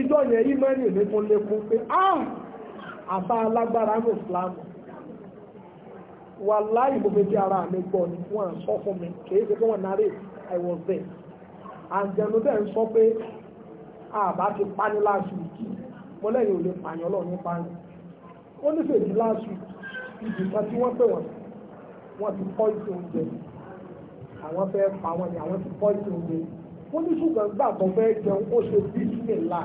ìjọ yẹn yí mẹ́rin ní fún lékún pé ah! àbá alágbára ní ìsìlámù wà láì mo fẹ́ ara mi gbọ́ ni wọ́n à ń sọ fún mi kì í ṣe pé wọ́n narí I was there àjẹnu bẹ́ẹ̀ ń sọ pé àbá ti pani last week mo lẹ́yìn ò lè pààyàn lọ nípa rẹ̀ wọ́n ní fèjì last week ìdìbò tí wọ́n pè wọ́n wọ́n ti pọ́ ìṣe oúnjẹ àwọn fẹ́ pa wọ́n ni àwọn ti pọ́ ìṣe oúnjẹ yìí ó ní ṣùgbọ́n gbà tó fẹ́ jẹun ó ṣe bísímìlà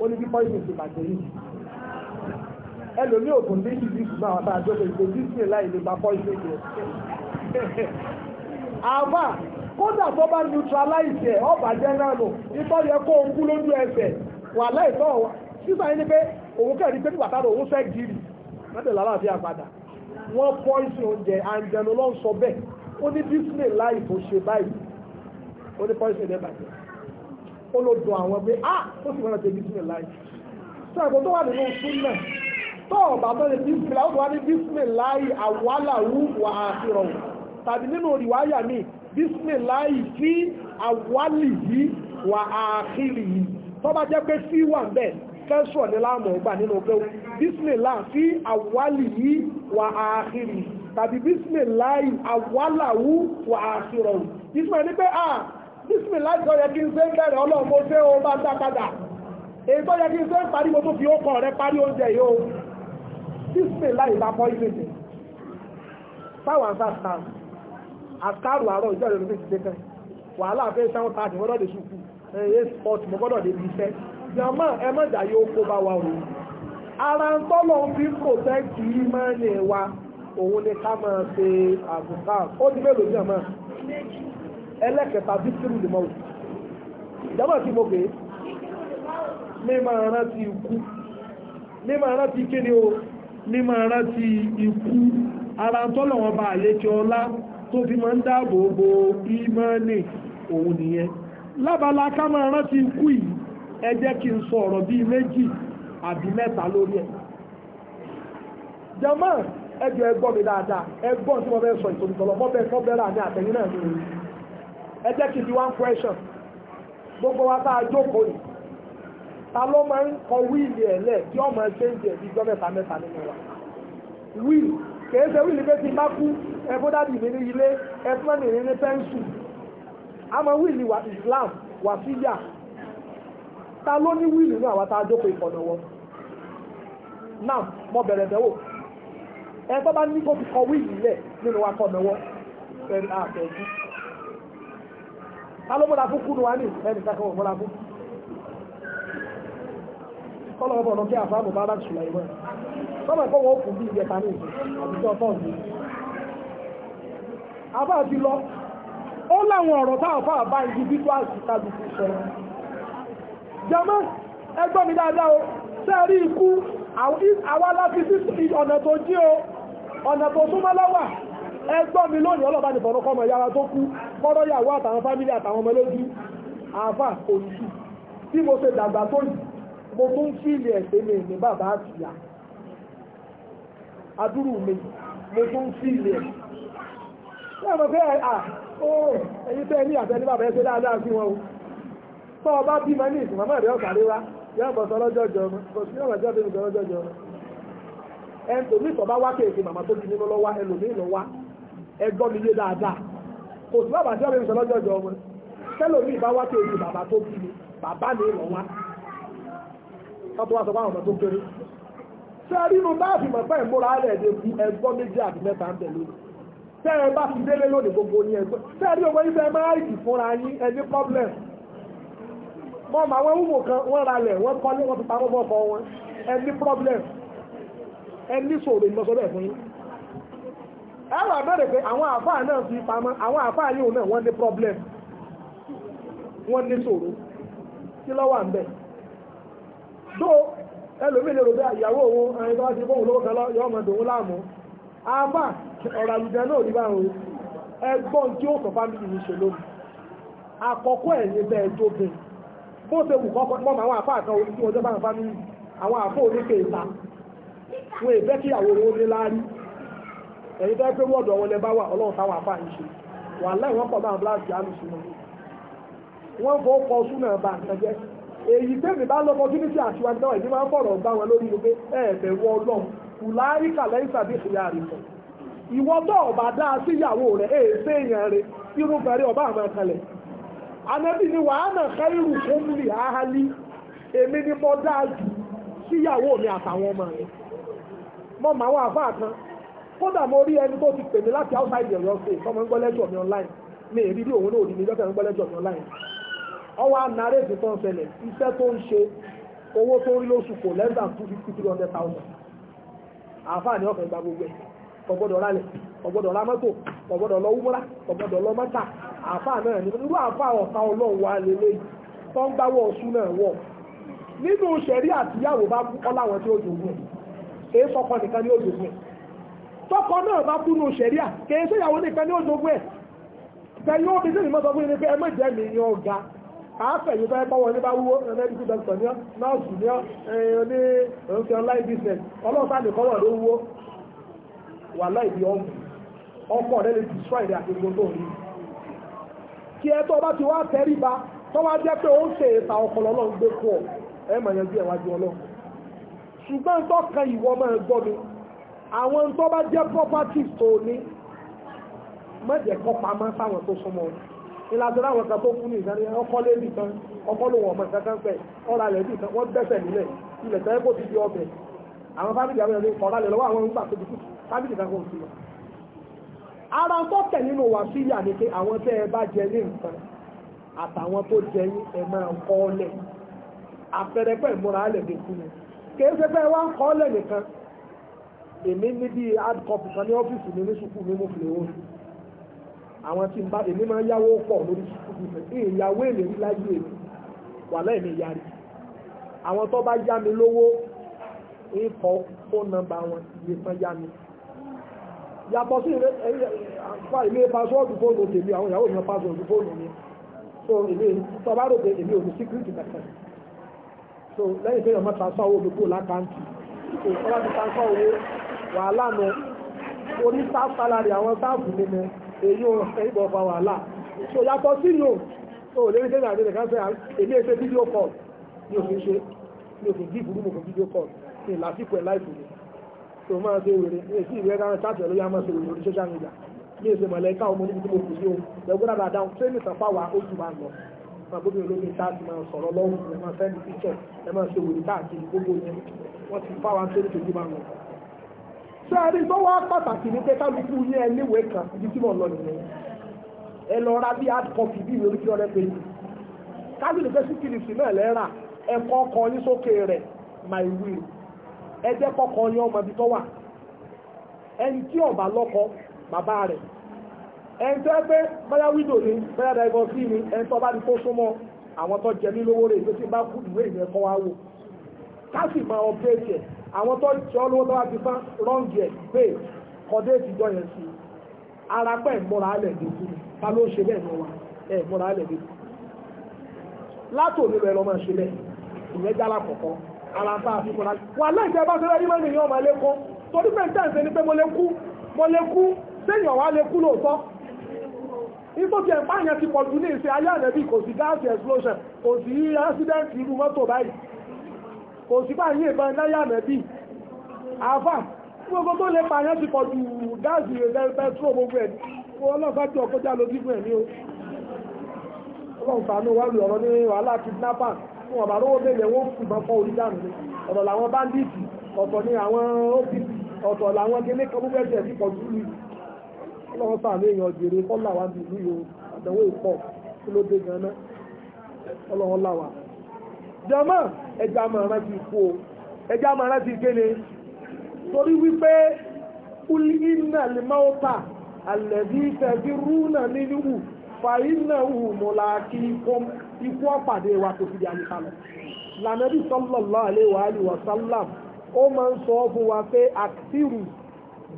ó ní bí pọ́ìsì ti bàjẹ́ yìí ẹlòmí ògùn méjì bí ṣùgbọ́n àwọn àtàjọ lè ṣe bísímìlà ìlú bá pọ́ìsì jẹ àbá kódà tó bá neutralize ẹ̀ ọba jẹ́ náà nù ìtọ́ yẹ kó ń kú lójú ẹsẹ̀ wà láìtọ́ wa sísà yìí ni pé òun kẹ́rin pé nígbà táwọn òun fẹ́ gírì mẹ́tẹ̀lá láti àpadà wọ́n pọ́ìsì oúnjẹ àǹjẹ̀nù lọ́n sọ bẹ́ẹ̀ ó ní bísímìlà ìfòṣe báyìí ó ní pọ́lísì ẹ̀dẹ́ bàjẹ́ ó ló dùn àwọn pé ah ó sì mọ́ra tẹ̀lé bísí láì tó ẹ̀kọ́ tó wà nínú súnà tó ọ̀bà tó lè bísí láì ó tó wà ní bísí láì àwálàwú wà á fi rọ̀ tàbí nínú ìwáyà mi bísí láì fi àwálì yìí wà á kiri yìí tó bá jẹ́ pé fi wà ń bẹ̀ kẹ́sọ̀ ní láàmú ọgbà nínú ọgbẹ́ bísímìlá fi àwálì yìí wà áàkìrì tàbí bísímìlá àwálàwú wà áàkìrọ̀ ìsìnkú ẹni pé a ah, bísmì láìsọ yẹ kí n ṣe ń bẹ̀rẹ̀ ọlọ́run ṣe o bá ń dá padà èyí tó yẹ kí n ṣe ń parí mo tó fi ókọ̀ rẹ parí oúnjẹ yìí o bísmì láìsọ pọ́ ìfèsì táwọn àǹsà sàn àkárò àárọ̀ ìjọ ìrìn òfin ti dé fẹ́ wàhálà fẹ́ sẹ́wọ́n ta àti mọ́dọ̀ dé ṣùkú ẹ̀yẹ sport mo gbọ́dọ̀ dé bí iṣẹ́ jọmọ́ ẹ mọ́jà yóò kó bá wa o ara ń tọ́lọ̀ fi ń protect ìmọ̀ ní wa òun ni ká máa ṣe àbùkà ó ti mélòó jọmọ́ eleketa bíkírù the mọ́wù ìjọba ti mo pè é mímọ̀ rántí o mímọ̀ rántí ikú ara ń tọ́lọ̀ wọn bá àlékè ọlá tó fi máa ń dáàbò bo ìmọ̀ọ́nì òun nìyẹn lábala ká máa rántí ikú yìí ẹ jẹ́ kí n sọ ọ̀rọ̀ bíi méjì àbí mẹ́ta lórí ẹ̀ jọmọ́ ẹjọ́ ẹgbọ́n mi dáadáa ẹgbọ́n tí mo fẹ́ sọ ìtòmítọ́lọ́ mọ́ bẹ́ẹ̀ kọ́ bẹ́ẹ̀ rà ní àtẹ̀yìn náà ní ẹ jẹ́ kí n one question gbogbo wa tá a jókòó yìí ta ló máa ń kọ wíìlì ẹ̀ lẹ̀ tí ọmọ ẹ ṣe ń jẹ ìjọ mẹ́ta mẹ́ta nínú wa wíìlì kìí ṣe wíìlì pé tí n bá kú ẹ fún dáàbì mi ní ilé ẹ fún mi ní pẹ́ńsù àmọ́ wíìlì wa Islam wà síyà ta ló ní wíìlì náà àwọn tá a jókòó ìkọ̀nà wọn náà mo bẹ̀rẹ̀ bẹ̀wò ẹ tó bá ní kó fi kọ wíìlì lẹ̀ nínú wa kọ̀nà wọn pẹ̀lú àtẹ̀jú ta ló múra fún kúrò wá ní ẹni kankan òmúra fún kọ́lọ̀ ọmọ ọ̀nà kí àfáà Mubarak Sulaiman sọ́mọ̀ ẹ̀kọ́ wọn ó kù bí ìjẹta ní ìsìn àbíjọ tọ́ọ̀dù àfáà ti lọ ó láwọn ọ̀rọ̀ táwọn fáà bá individuals tàbí fún sọ̀rọ̀ jẹmọ́ ẹgbọ́n mi dáadáa o sẹ́ẹ̀rí ikú àwa láti sí ọ̀nà ẹgbọ́n mi lónìí ọlọ́bá ní fọ̀rọ̀ kọmọ ìyára tó kú fọ́rọ̀ yàwó àtàwọn fámílì àtàwọn ọmọ lójú àáfà tí mo ṣe dàgbà tó yìí mo tún ẹ̀sẹ̀ bàbá adúrú mi mo tún ẹ̀ pé à ó tẹ́ ní ní bàbá dáadáa sí o tọ́ ọba ní ìsìn mọ́mọ́ sọ bá wá kéèké màmá tó ẹgbọ́n mi yé dáadáa kò sí bàbá tí wọ́n fi sọ lọ́jọ́jọ́ ọmọ tẹ́lò mi ìbá wá kí èdè bàbá tó bí mi bàbá mi lọ wá wọ́n tó wá sọ fún àwọn ọmọ tó kéré ṣé nínú báàfì mọ̀ pẹ́ ìmúra rẹ̀ lè fi ẹgbọ́n méjì àbí mẹ́ta ń bẹ̀ lónìí tẹ́ ẹ bá fi délé lónìí gbogbo ní ẹgbẹ́ tẹ́ ẹ ní ọgbọ́n yín fẹ́ máa fúnra yín ẹni problem mọ́ mà wọ́n wúwo kan wọ́n ralẹ̀ wọ́n kọ́lé wọ́n fi pamọ́ fọ́ wọn ẹni problem ẹni sòrò ìlọsọ́dọ̀ ẹ̀fún yín ẹ wà bẹ̀rẹ̀ pé àwọn àfáà náà fi pamọ́ àwọn àfáà yìí náà wọ́n ní problem wọ́n ní ṣòro kí lọ́wọ́ a, ń bẹ̀ tó ẹlòmíì lè rò pé ìyàwó òun ẹni tó bá kan láàmú ẹ̀yin tẹ́ pé wọ́ọ̀dù ọ̀wọ́ lẹ bá wà ọlọ́run táwọn afá yìí ṣe wà láì wọ́n pọ̀ náà bláàsì alùsùnmọ̀ wọ́n fọ́ kọ súnà bá àtẹ̀jẹ́ èyí tẹ́mi bá lọ́kọ́ kínísì àtiwájú náà èmi máa ń fọ̀rọ̀ gbá wọn lórí pé ẹ̀ẹ̀bẹ̀ wọ ọlọ́run kùlárí kàlẹ́yìn sàbí ìyá rẹ̀ sọ ìwọ tó ọba dáa sí ìyàwó rẹ̀ èè sí èèyàn rẹ̀ irúfẹ́ rẹ̀ ọba àmọ́ kalẹ̀ anabi ni wàhánà kẹ́rù kúmùlì ahálí èmi ni mo dáa jù síyàwó mi àtàwọn ọmọ rẹ̀ mọ́ màá wà fáà kan kódà mo rí ẹni tó ti pè mí láti outside the Ọ̀yọ́ state ọmọ ń gbọ́ lẹ́jọ́ mi online mi èrí bí òun náà rí mi lọ́tẹ̀ ń gbọ́ lẹ́jọ́ mi online ọwọ́ anárèsì tó ń ṣẹlẹ̀ iṣẹ́ tó ń ṣe owó tó ń rí lóṣù kò less than two fifty three hundred thousand àáfàá ni ọ̀fẹ́ gba gbogbo ẹ̀ kọ̀gbọ́dọ̀ rálẹ̀ kọ̀gbọ́dọ̀ ra mọ́tò kọ̀gbọ́dọ̀ lọ wúmúrá kọ̀gbọ́dọ̀ lọ mọ́tà àáfàá náà ni irú àáfàá ọ̀tá ọlọ́run wa lélẹ́yìí tó ń gbáwọ́ ọ̀ṣun náà wọ̀ nínú ṣẹ̀rí àtìyàwó bá kú ọláwọn tí ó jogún ẹ̀ èé sọkọ nìkan ni ó jogún ẹ̀ tọ́kọ náà bá kú nù ṣẹ̀ríà kèé sí ìyàwó nìkan ní òjògbé ẹ̀ pẹ̀lú omi sí ìmọ̀ sọfún ilé pé ẹ mọ̀jẹ́ mi yan ọ̀gá àáfẹ̀yìn bá ẹgbọ́ wọn ní bá wúwo ẹ̀mẹ́dìkú dọ́kítọ̀ ní nọ́ọ̀sì ní ọ̀ní ọ̀nṣẹ́ online business ọlọ́ọ̀sá nìkan wọ̀ ló wúwo wà láì bí ọmọ ọkọ̀ rẹ̀ lè destroy rẹ̀ àti gbogbo rí kí ẹ tó bá ti wá tẹ́rí ba tó wá jẹ́ pé ó ń ṣe ìta ọpọlọ náà ń gbé kú ọ ẹ mọ̀ yẹn bí ẹ̀wájú ọlọ́run ṣùgbọ́n tó kan ìwọ máa gbọ́ mi àwọn tó bá jẹ́ properties tó ní mọ́jẹ̀ kọ́ pamọ́ sáwọn tó súnmọ́ ìlàjọ́lá àwọn kan tó kú ní ìdáni ọkọ́ lébì kan ọkọ́ lòun ọmọ kankan pẹ̀ ọ̀rà lẹ́bì kan wọ́n gbẹ́sẹ̀ nílẹ̀ ilẹ̀ tẹ́lẹ̀ kó ti di ọbẹ̀ àwọn fábìlì àwọn ẹ̀rọ ọ̀rà lẹ̀ lọ́wọ́ àwọn ń gbà tó dùkú fábìlì kan kò sí lọ. ara tó tẹ̀ nínú wà sí ìyá ni pé àwọn tẹ́ ẹ bá jẹ ní nǹkan àtàwọn tó èmi ní bíi hard copy kan ní ọ́fíìsì mi ní sùkúù mi mú fìlè wọn àwọn tí n bá èmi máa ń yáwó pọ̀ lórí sùkúù mi ní ìyàwó èlé láyé èmi wà lẹ́ẹ̀mí yarí àwọn tó bá yá mi lówó ń fóònù nọ́mbà wọn iye kan yá mi yàtọ̀ sí ilé pàṣọ́ọ̀dù fóònù tèmi àwọn ìyàwó mi pàṣọ́ọ̀dù fóònù mi so ilé tọba rò pé èmi ò ní síkírìtì kẹsẹ̀ so lẹ́yìn pé ọmọ transfer owó mi kúrò wàhálà nu oní staff salary àwọn sáàfù mi nu èyí ò ẹ̀yìnbọ̀ fa wàhálà so yàtọ̀ sí yóò so lórí sẹ́yìn àti ẹ̀ka sẹ́yìn èmi èsè fídíò call ní òfin ṣe ní òfin gíìfù rúmù fún fídíò call ní ìlàsìkò ẹ̀ láìpù mi so máa ṣe wèrè ní èsì ìwé ẹ̀ka sáàtì ẹ̀ ló yá máa ṣe wèrè lórí social media ní èsè mọ̀lẹ́ ká ọmọ níbi tí mo kù sí o lẹ́gbọ́n náà dáadáa ṣé ní sàfà wà ó jù máa lọ máa gbóbi olómi táàtì máa sọ̀rọ̀ lọ́wọ́ ẹ máa sẹ́ni píṣọ̀ ẹ máa ṣe wèrè káàkiri gbogbo yẹn wọ́n ti fáwọn tó ní tòjú máa lọ ṣé a rí tó wá pàtàkì ní pé kálukú yé ẹ léwèé kan ibi tí mo lọ nìyẹn ẹ lọ ra bí hard copy bí ìwé oríṣi ọ̀rẹ́ pé kábìlì fẹ́ síkìlìsì náà lẹ́ra ẹ̀kọ́ ọkọ̀ yín sókè rẹ̀ my will ẹ jẹ́ kọ́kọ́ yín ọmọ ibi tó wà ẹni tí ọ̀bà lọ́kọ bàbá rẹ̀ ẹni tó ẹ pé bóyá wídò ni bóyá dàgbọ́sí ni ẹni tó bá ní kó súnmọ́ àwọn tó jẹ mí lówó rẹ̀ ló ti bá kú ìwé ìyẹn kọ́ wá wò ká sì máa ọ̀pẹ́ àwọn tó ṣe ọ́ lówó tó wá ti fán rọ́ǹgì ẹ̀ pé kọ́dé ìtìjọ yẹn sí ara pẹ́ ìmúra alẹ̀ dé fún mi ta ló ṣe bẹ́ẹ̀ náà wà ẹ̀ ìmúra alẹ̀ dé fún mi látò nílò ẹ̀rọ máa ṣe bẹ́ẹ̀ ìyẹn jálá kọ̀ọ̀kan ara ń bá a fi múra wà láìpẹ́ bá ṣe rẹ́rí mẹ́rin ni ọmọ ẹlẹ́kọ́ torí pé níta ìṣe ni pé mo lè kú mo lè kú séèyàn wá lè kú lóòótọ́ ipò tí ẹ̀pá yẹn ti pọ̀ jù ní ìṣe ayé ànẹ́bí kò sí gáàsì explosion kò sí accident irú mọ́tò báyìí kò sí bá yí ìbọn láyà mẹ́bí àfà gbogbo tó lè pààyàn ti pọ̀ ju gáàsì pẹtrol gbogbo ẹ̀ wọ́n lọ́fà tí ọkọ̀ já lójú fún ẹ̀mí o ọlọ́run tàánú wà lù ọ̀rọ̀ ní wàhálà kidnapper fún ọ̀bà lówó bèèrè wọ́n fún ìbọn fọ́ orí dànù ní ọ̀rọ̀ làwọn báńdíìtì ọ̀tọ̀ ní àwọn òbí ọ̀tọ̀ làwọn gẹ́lé kan gbogbo ẹ̀jẹ̀ ti pọ̀ jùlọ ọlọ́run tàánú èèyàn jèrè kọ́là wa bí ìlú yòó àdánwò ìpọ̀ kí ló dé gan-an ọlọ́run láwàá jọmọ́ ẹjá mọ̀ràn ti kó ẹjá mọ̀ràn ti kéde torí wípé ulina limauta alẹ́bí tẹ̀bí rúnà nínú fàínà hùmùlà kí ikú ọ̀pàdé wa tó fi di àyíkalẹ̀ lànàbí sallallahu alaihi wa sallam ó máa ń sọ fún wa pé àkírù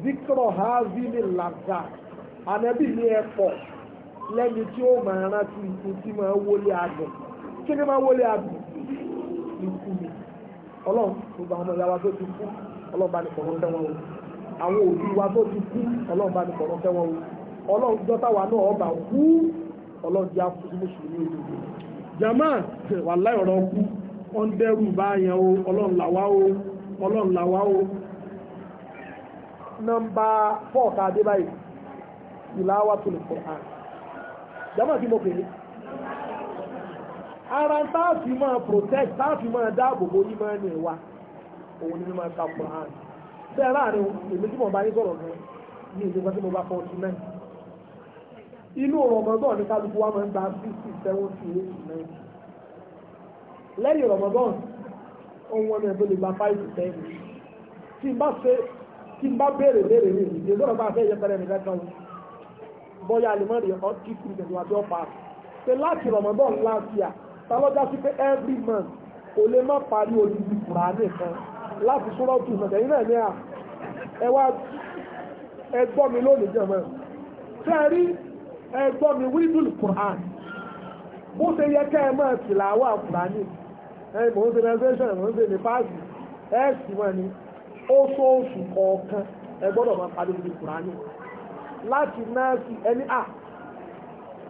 zikro hazili laza ànábì ní ẹ̀pọ̀ lẹ́ni tí ó máa rántí ikú tí máa wọlé àgbẹ̀ kí ni máa wọlé àgbẹ̀ ikú mi ọlọ́run gbogbo àwọn ọmọ ìyá wa tó ti kú ọlọ́run bá ní kọ̀ọ̀rọ̀ fẹ́ wọn o àwọn òbí wa tó ti kú ọlọ́run bá ní kọ̀ọ̀rọ̀ fẹ́ wọn o ọlọ́run jọ́tà wa náà ọba kú ọlọ́run jẹ́ akú mùsùlùmí òdodo jama wàláì ọ̀rọ̀ kú ó ń dẹ́rù báyẹn o ọlọ́run làwa o ọlọ́run làwa o nọ́mbà fọ́ọ̀ká adébáyé ìlàwà tó lè kọ̀ jama kí mo pè é ara táàfì máa protect táàfì máa dáàbò bo yí máa ní ẹ̀wà òun ni máa ka Quran bẹ́ẹ̀ láàrin èmi tí mo bá yín sọ̀rọ̀ gan ní ìjọba tí mo bá forty nine inú Ramadan ní kálukú wa máa ń gba fifty seventy eighty nine lẹ́yìn Ramadan ohun wọn náà lè gba five to ten tí n bá ṣe tí n bá béèrè béèrè ní ìdíje lọ́rọ̀ bá fẹ́ yẹpẹrẹ nìkan kan bọ́yá alimọ́rì ọtí kìrìtẹ̀tì wájú ọ̀pá ṣe láti Ramadan láti à tálọ́já sí pé every month kò lè má parí odidi kùránì kan láti súrọ́tù ìsọ̀tẹ̀yìn náà ní à ẹwà ẹgbọ́ mi lónìí jẹ́ mọ́ sẹ́rí ẹgbọ́ mi wíìdùn kùránì bó ṣe yẹ kẹ́ ẹ máa tìlà wà kùránì ẹ mò ń ṣe reservation mò ń ṣe ní páàsì ẹ sì mọ́ ni oṣooṣù kọ̀ọ̀kan ẹ gbọ́dọ̀ máa parí odidi kùránì láti náà sí ẹni à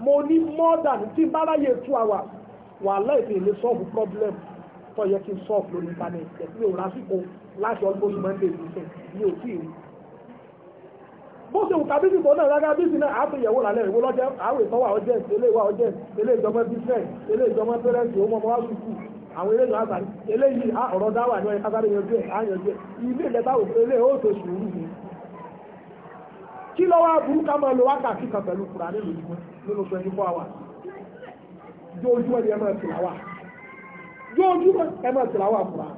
mo ní more than tí n bá ráyè two hours wàhálà ètò ìlé solve problem tó yẹ kí n solve lórí internet ẹ̀sìn mi ò lásìkò láti almost monday nìkan mi ò tí ì rí bó ṣe wùkà bísí bọ́ náà rárá bísí náà àpò ìyẹ̀wò lálẹ́ ìwò lọ́jẹ́ àwọn ìtọ́ wà ọjẹ́ ilé ìwà ọjẹ́ ilé ìjọba bísẹ̀ ilé ìjọba pẹ́rẹ́ǹtì ó mọ̀mọ́ wá sùkú àwọn ilé ìjọba àgbà eléyìí ọ̀rọ̀ dáwà ní ọ̀yẹ́ kásáre yẹn bẹ́ẹ̀ á yẹn bẹ́ẹ̀ ilé ìlẹ́ta kí ló wá burú ká máa lo wákàtí kan pẹ̀lú kura nínú ìjúmọ́ nínú twenty four hours jó ojúmọ́ ni ẹ máa tìlà wà jó ojúmọ́ ẹ máa tìlà wà kura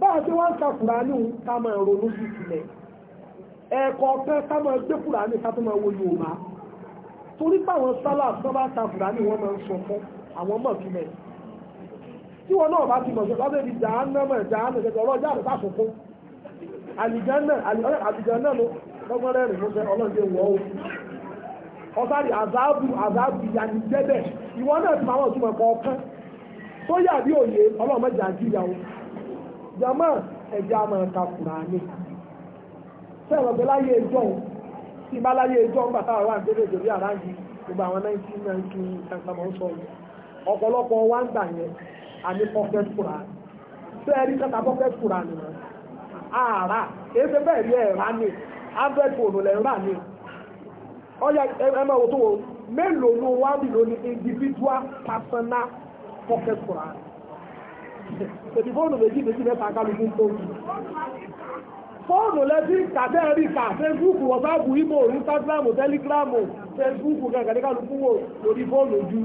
bá a ti wá ń ka kura ní òun ká máa ronú sí ìtìlẹ̀ ẹ̀kọ́ pẹ́ ká máa gbé kura ní ká tó máa wo Yorùbá torí páwọn sálà tó bá ta kura ní máa ń sọ fún àwọn mọ̀ túmẹ̀ tí wọn náà bá ti mọ̀ sọ lọ́dẹ̀ di jàánà mọ̀ jàánà kẹ̀kẹ́ ọlọ́jà àlìjánà àlìjánà ló lọ́gbọ́n rẹ̀ múṣẹ́ ọlọ́dẹ wọ́ o ọ̀sáàrì àzáàbù àzáàbù ìyàní jẹ́bẹ̀ ìwọ náà ti máa wọ́n túnmọ̀ kọ̀ọ̀kan tó yà bí òye ọlọ́mọdé àjíyàwó jama ẹ̀jẹ̀ àmọ̀ ẹ̀ka Kùránì sẹ́wọ̀n pé láyé ẹjọ́ tí bá láyé ẹjọ́ ń bàtà wà nítorí èdè bí àrájì gbogbo àwọn 1990 ẹ̀sàmọ̀ ń sọ yìí ọ̀pọ̀lọpọ̀ wá ń gbà yẹn àní pocket Kùránì sẹ́ẹ̀rí kẹta pocket Kùránì nìyẹn ààrà èéfẹ́ bẹ́ẹ̀ rí ẹ̀rá ni hundred fóònù lẹ̀ ń rà ni ọ̀yà ẹ̀mọ́ òtò wò mélòó ló wá bí lóní individual personal pocket Quran èdè fóònù méjì méjì mẹ́ta kálukú tó ń fóònù lẹ́sí kàtẹ́ẹ̀rí kà Facebook WhatsApp Imo Instagram Telegram Facebook kankan ní kálukú wò lórí fóònù ojú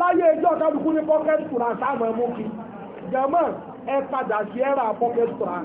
láyé ẹjọ́ kálukú ní pocket Quran sáàmù ẹmú kí jẹ́mọ́ ẹ padà sí ẹ̀rà pocket Quran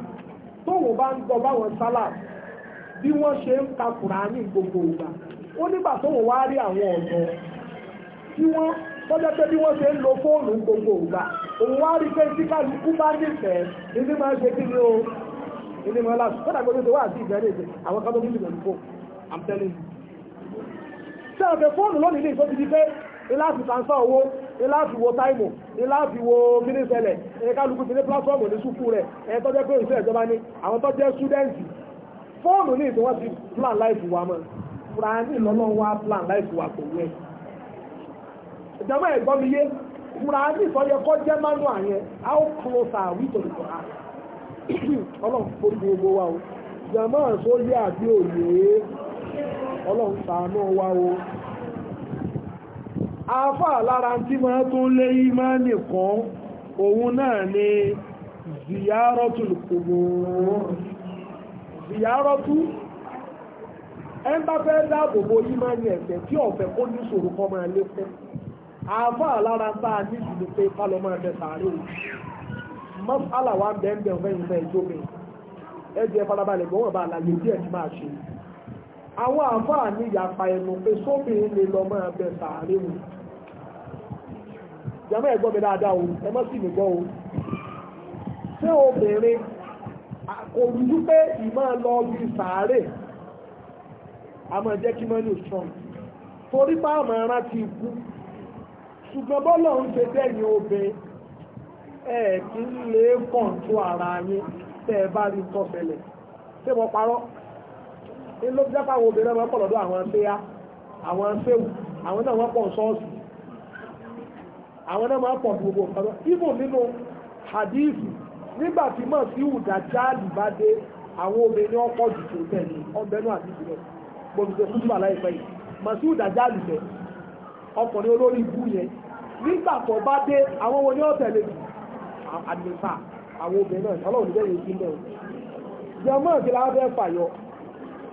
tóun bá ń gbọ́ báwọn sálà bí wọ́n ṣe ń ka kùránì gbogbo ìgbà ó nígbà tóun wá rí àwọn ọ̀dọ́ tí wọ́n tọ́jọ́ pé bí wọ́n ṣe ń lo fóònù gbogbo ìgbà òun wá rí pé tí kálukú bá nífẹ̀ẹ́ ilé máa ń ṣe kí ni o ilé máa láti kọ́dà gbogbo ìṣòwò àti ìbẹ̀rẹ̀ èdè àwọn kan tó bí ìbẹ̀rẹ̀ fóònù iláàfi transfer owó iláàfi wo táìmù iláàfi wo mínísẹ̀lẹ̀ ẹ̀kálukú ti ní pílásọ́ọ̀mù ní sùkú rẹ̀ ẹ̀ tọ́jẹ́ pé ìṣẹ́ ìjọba ní àwọn tọ́jẹ́ súdẹ́ǹtì fóònù ní ìtọ́wọ́ ti plan life wa mọ́ fúrání lọ́nà wa plan life wa pẹ̀lú ẹ̀ ìjọba ẹ̀gbọ́n mi yé fúrání sọ́yẹ kọ́ jẹ́ mánú àyẹn how close are we to the Quran ọlọ́run forí gbogbo wa o jẹ̀mọ́ àṣọ yé àbí òye ọlọ́run afá lára tí ma tó lé ìmáni kan òun náà ni ziyaratul qubur ziyaratu ẹn bá fẹ́ dáàbòbò ìmáni ẹ̀fẹ́ tí ọ̀fẹ́ kó ní ṣòro kọ́ máa lékún afá lára sáà ní ìdílé pé kálọ máa bẹ sàárè o mọ́sálà wa bẹ́ẹ̀ bẹ́ẹ̀ fẹ́ ìfẹ́ ìjómi ẹ̀jẹ̀ farabalẹ̀ gbọ́wọ́ bá àlàyé díẹ̀ tí máa ṣe àwọn àfáà ní ìyapa ẹnu pé sóbìnrin lè lọ máa bẹ sàárè wọn jẹ́mọ́ ẹ̀gbọ́n mi dáadáa o ẹmọ́ sì mi gbọ́ o ṣé obìnrin kò rújú pé ìmọ̀ lọ ju sàárè a máa jẹ́ kí mọ́nì strong torí bá àmọ́ ara ti kú ṣùgbọ́n bọ́lọ̀ ń ṣe tẹ́yìn obìnrin ẹ̀ kí ń lè kàn tó ara yín tẹ́ ẹ bá rí tọ́ fẹlẹ̀ ṣé mo parọ́ ní ló fi jápá obìnrin ọmọ pọ̀ lọ́dọ̀ àwọn ṣéyá àwọn ṣéwù àwọn náà wọ́n pọ̀ ṣọ́ọ̀ṣì àwọn náà máa pọ̀ gbogbo nǹkan lọ ibò nínú hadith nígbà tí mọ̀ sí ìdájáàlì bá dé àwọn obìnrin ọkọ̀ jù tó tẹ̀lé ọbẹ̀nú àdìsí rẹ̀ gbogbo tó túbà láìpẹ́ yìí mọ̀ sí ìdájáàlì bẹ̀ ọkùnrin olórí ibú yẹn nígbà tó bá dé àwọn wo ni ó tẹ̀lé àdìsá àwọn obìnrin náà ọlọ́run níbẹ̀ yìí sí mẹ́rin jẹmọ́ ìfìlà abẹ́ fàyọ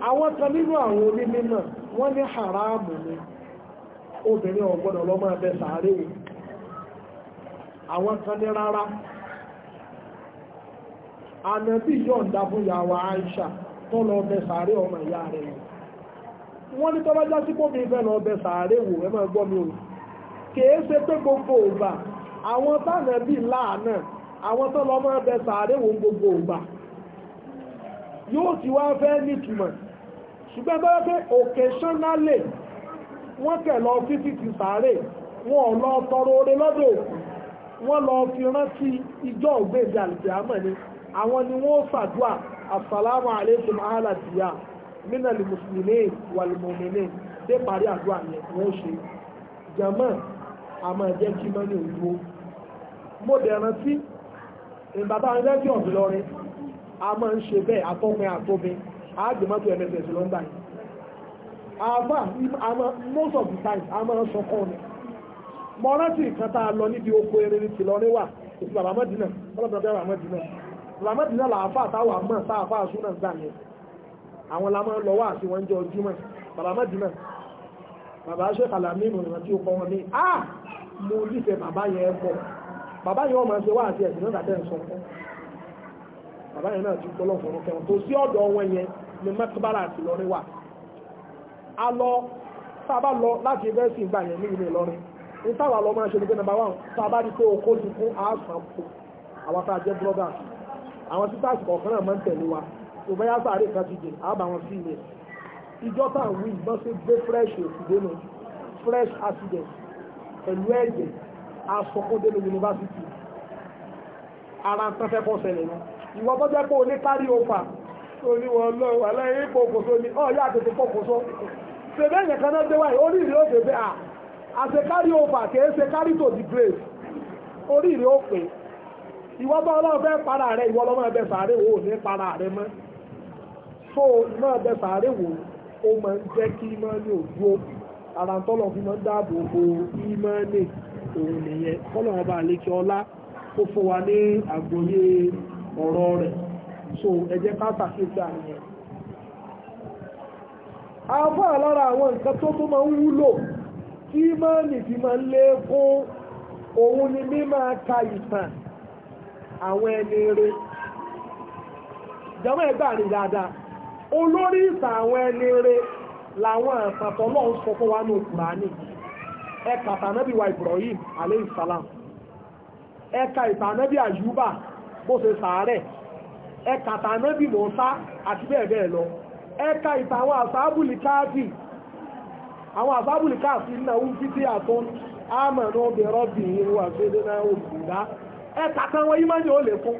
àwọn kan nínú àwọn onímọ̀ wọ́n ní haramu ni obìnrin ò gbọ́dọ̀ lọ máa bẹ sàárè wò àwọn kan ní rárá ànàbí yọ̀ǹda fún yàwó Aisha tó lọ bẹ sàárè ọmọ ìyá rẹ̀ wọ́n ní tọ́bájá tí kò bí fẹ́ lọ bẹ sàárè wò ẹ máa gbọ́ mi o kìí ṣe pé gbogbo ògbà àwọn tànàbí láàánà àwọn tó lọ máa bẹ sàárè wò gbogbo ògbà yóò ti wá fẹ́ nítumọ̀ ṣùgbọ́n bá pé occasionally wọ́n kẹ̀ lọ fífìtì sàárè wọn ò lọ tọrọ oore lọ́dọ̀ òkú wọ́n lọ fi rántí ìjọ ògbèdè àlùjáàmọ̀ ni àwọn ni wọ́n fàdúà àsàlámù àlékún àhàlàdìyà mínàlì mùsùlùmí wàlùmọ̀mìnì dé parí àdúrà yẹn wọ́n ṣe jẹ̀mọ́ àmọ́ ẹ̀jẹ̀ kí mọ́ ní òyìnbó mo dẹ̀ rántí ìbàbá ẹlẹ́bí ọ̀dún lọ́rin a máa ń ṣe bẹ́ẹ̀ àtọ́pin àtóbi àágbèmọ́tò ẹ̀mẹ́sẹ̀ sí lọ́ńdà yìí àbá most of the time a máa ń sọ kọ́ mo rántí nǹkan tá a lọ níbi oko erin ti lọ rí wà èsì bàbá mọ́dínà ọlọ́dún bàbá mọ́dínà bàbá mọ́dínà làáfà táwà mọ̀ táàfà súnà gbà yẹn àwọn la máa ń lọ wá àti wọn jẹ ojúmọ́ bàbá mọ́dínà bàbá ṣe kàlàmí ìmọ̀ ìrántí ọkọ̀ wọn ní à mo nífẹ̀ẹ́ bàbá yẹn pọ̀ bàbá yẹn ọmọ ṣe wá àti ẹ̀sìn náà dàbẹ́ ǹsọ fún bàbá yẹn náà ti gbọ́lọ̀ fọ̀rọ̀ kẹwọn tó sí ọ̀dọ̀ wọn yẹn ni mẹ́kúbára àti lọ́rin wà a lọ sábà lọ láti ẹgbẹ́ sí ìgbà yẹn ní ìlú Ìlọrin ní táwa lọ máa ṣe ní pé nàbà wà tá a bá rí pé okó ti fún àásán àwọn tá a jẹ́ brothers àwọn sisters kọ̀ọ̀kan náà máa ń tẹ̀lé wa tó bá yá sáré kan ti jẹ àbá wọn sí ilé ìjọ tá à ń wí ìbọn ṣe gbé fresh òṣùdénú fresh accident pẹ̀lú ẹ̀jẹ̀ asọ̀kúndénú yunifásitì ara ń tẹ́fẹ́ kọ́ ṣẹlẹ̀ ní ìwọ tó jẹ́ pé o ní kárí òfà tó ní wọn lọ aláìní pòkòso ní ọ̀ọ́yà àtẹ̀tẹ̀ pòkòso ṣèbẹ́yìn kan náà as a carry over kì í ṣe carry to the grave orí rẹ̀ ó pè ìwọ bá ọlọ́run fẹ́ para rẹ̀ ìwọ lọ́mọ ẹbẹ̀ sàárè wò ní para rẹ̀ mọ́ so náà ẹbẹ̀ sàárè wò ó máa ń jẹ́ kí iná ní òdúró ara ń tọ́lọ̀ fi máa ń dáàbò bo iná ní òun nìyẹn kọ́lọ̀ ọba àlekí ọlá ó fún wa ní àgbọ́yé ọ̀rọ̀ rẹ̀ so ẹ jẹ́ ká ṣàkíyèsí àyẹn. àwọn lára àwọn nǹkan tó tó máa ń wúlò tí máa nì fi máa lé fún òun ni mí máa ka ìtàn àwọn ẹni rẹ̀ jọmọ́ ẹgbà ní dáadáa olórí ìtàn àwọn ẹni rẹ̀ làwọn àpàtọ̀ lọ́n sọ fún wa ní Kùránì ẹka tànábì wa Ibrahim alayhi salam ẹka ìtànábì Àyùbá bó ṣe sàárẹ̀ ẹka tànábì Mùsá àti bẹ́ẹ̀ bẹ́ẹ̀ lọ ẹka ìtàwọn àsáàbùlì káàkiri àwọn àbábùlì káàfin náà ń títí àtún àmọ̀nà obìnrin ọ̀bì ìwà gbélé náà òbúdá ẹ̀ka kan wọ́n yí máa ń yóò lè fún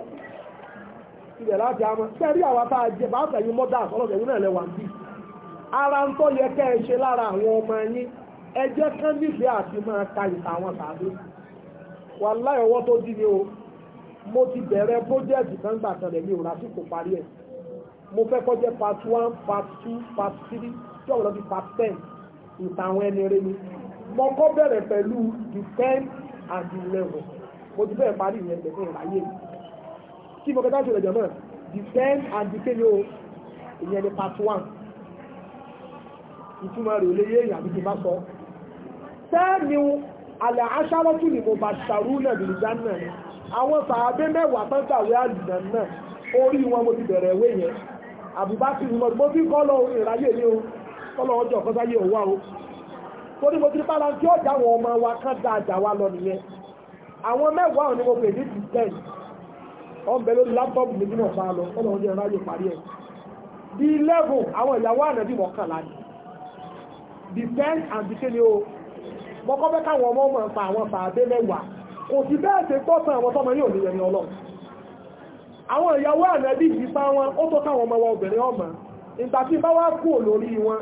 ilẹ̀ láti àmọ́ sẹ́rí àwọn afá jẹ bá fẹ̀yìn mọ́dà ọlọ́dẹ̀ ìwé náà lẹ́wà bí ara ń tọ́ yẹ kẹ́ ẹ ṣe lára àwọn ọmọ yín ẹ jẹ́ kán mo fẹ́ kọ́ part one part two part three tí ọ̀rọ̀ fi part ten ìtàwọn ẹni rẹ ni mo kọ́ bẹ̀rẹ̀ pẹ̀lú the ten and the eleven mo ti bẹ̀rẹ̀ parí ìyẹn pẹ̀lú ìráyè mi kí mo kẹta ṣẹlẹ̀ jọ̀mọ́ the ten and the kéde o ìyẹn ni part one ìtumọ̀ rẹ̀ ò lè yé èèyàn àbí ti bá sọ tẹ́ẹ̀mí alẹ́ aṣáwọ́tù ni mo bá ṣàrú náà lè já náà àwọn sàábé mẹ́wàá tán tàwé àjùdà náà orí wọn mo ti bẹ̀rẹ̀ ìwé yẹn àbúbá ti mọ̀ mo fi kọ́ lọ ìráyè ní o kọ́lọ́wọ́ jọ ọ̀kan sáyé òwá o torí mo ti bára tí ó já àwọn ọmọ wa kán dáadáa wá lọ nìyẹn àwọn mẹ́wàá ò ní mo pè ní ti ten ọ̀nbẹ lórí lápọ́ọ̀bù mi nínú ọ̀pá lọ kọ́lọ́wọ́ jẹ́ ráyè parí ẹ̀ di eleven àwọn ìyàwó ànàbí mọ̀kànlá ni the ten and the ten o mọ́kọ́ fẹ́ káwọn ọmọ ọmọ pa àwọn bàbá mẹ́wàá kò sì bẹ́ẹ̀ ṣe tọ́sán àwọn tọ́mọ yóò ní ẹni ọlọ́run àwọn ìyàwó ànàbí ìfipá wọn ó tó káwọn ọmọ wa obìnrin ọmọ ìgbà tí bá wá kú lórí wọn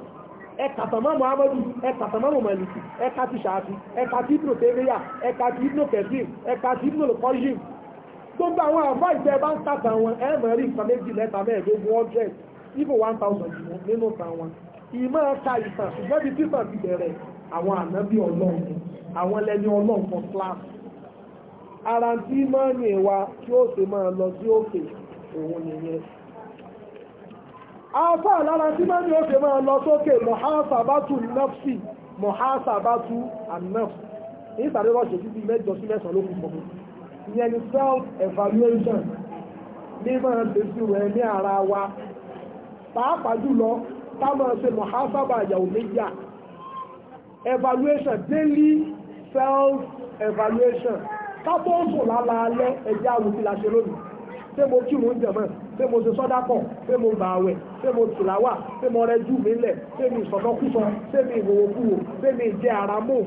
ẹka tàmá muhammadu ẹka tàmá mọ̀mọ̀lìkì ẹka ti ṣáàfi ẹka ti ibùdó tẹ́lẹ̀yà ẹka ti ibùdó kẹfìm ẹka ti ibùdó kọ́yìm gbogbo àwọn àbá ìfẹ́ bá ń tàkà wọn ẹ mọ̀ rí nǹkan méjì lẹ́ta mẹ́ẹ̀ẹ́dógún hundred even one thousand nínú ìtàn wọn ìmọ̀ ẹ̀ka ìtàn ṣùgbọ́n bí títàn ti bẹ̀rẹ̀ àwọn ànábì ọlọ́run àwọn ẹlẹ́ni ọlọ́run kan class ara tí mọ́ọ̀nì wa tí ó ṣe máa lọ sí òkè òun nìyẹn afá lára tí máa ní oṣù máa lọ sókè mọ̀hásàbátù nọ́fsì mọ̀hásàbátù ànọ́fsì ní ìsàlẹ̀ rọ̀ṣẹ̀ títí mẹ́jọ sí mẹ́sàn ló kù fún mi ìyẹn ni self evaluation ní máa ṣe sí rẹ̀ ní ara wa pàápàá jùlọ tá máa ṣe mọ̀hásàbà àyàwó evaluation daily self evaluation kábọ́ọ̀sù lálaalẹ́ ẹ̀jẹ̀ àwòkí la ṣé mo kí mò ń jẹ̀mọ́ ṣé mo ṣe sọ́dá pọ̀ ṣé mo gbà àwẹ̀ ṣé mo tìláwà ṣé mo rẹ jù mí lẹ̀ ṣé mi ìsọ̀tọ́kùsọ ṣé mi ìwòwòkúwò ṣé mi ìjẹ ara mò.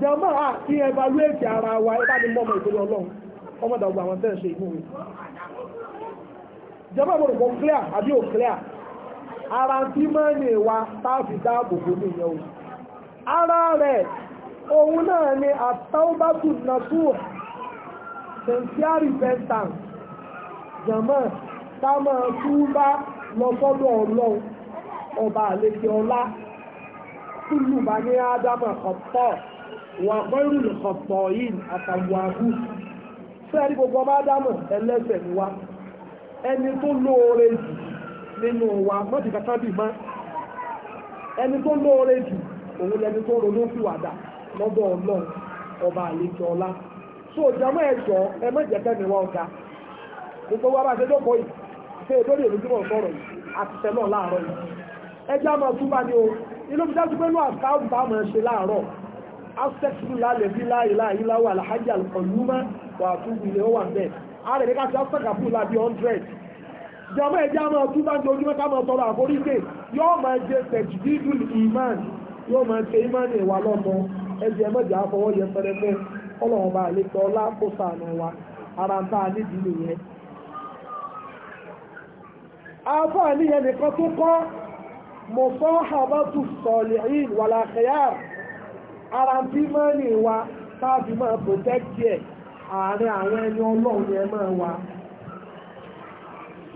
jẹ̀mọ́ à kí ẹ bá lú èkì ara wa ẹ bá ní mọ́ ọmọ ìtòlú ọlọ́run ọmọ ìdàgbà àwọn tẹ́ ń ṣe ìmúwe. jẹ̀mọ́ mo rò kó clear àbí ò clear ara tí máa ń wa táàfì dáàbòbò ní ìyẹn o ara rẹ̀ òun náà ni àtàwọ́bátù nàṣúwọ̀ sincere repentance jàmọ́ ká máa túbá lọ sọ́dọ̀ ọlọ́run ọba àlejò ọlá kúlù bá ní ádámà kọ̀pọ̀ wà gbọ́rùn kọ̀pọ̀ yìí àtàwọn àbú fẹ́ẹ̀rí gbogbo ọba ádámà ẹlẹ́sẹ̀ ni wa ẹni tó lóore jù nínú wa mọ́tì kàkà bì mọ́ ẹni tó lóore jù òun lẹni tó ronú fìwàdà lọ́dọ̀ ọlọ́run ọba àlejò ọlá so ìjàmọ́ ẹ̀jọ́ ẹ mọ̀jẹ̀kẹ́ mi wọ́n ga gbogbo wa bá ṣe jókòó yìí ṣe ìdórí èmi tí mo sọ̀rọ̀ yìí àti tẹ̀lọ́ láàárọ̀ yìí ẹjẹ́ àmọ́ túbà ni o inú mi dájú pé ní àkáùntì ẹjẹ́ àmọ́ túbà ní fẹ́rẹ́fẹ́ ọlọ́run bá àlejò ọlá kó sàánú ara ń tá a nídìí nìyẹn afọ níyẹn nìkan tó kọ́ mọ̀sọ́hàbátù sọ̀lẹ̀hìn wàlàkẹ́yàr ara tí mọ́ ní wa táàbí máa protect ẹ̀ ààrẹ àwọn ẹni ọlọ́run yẹn wa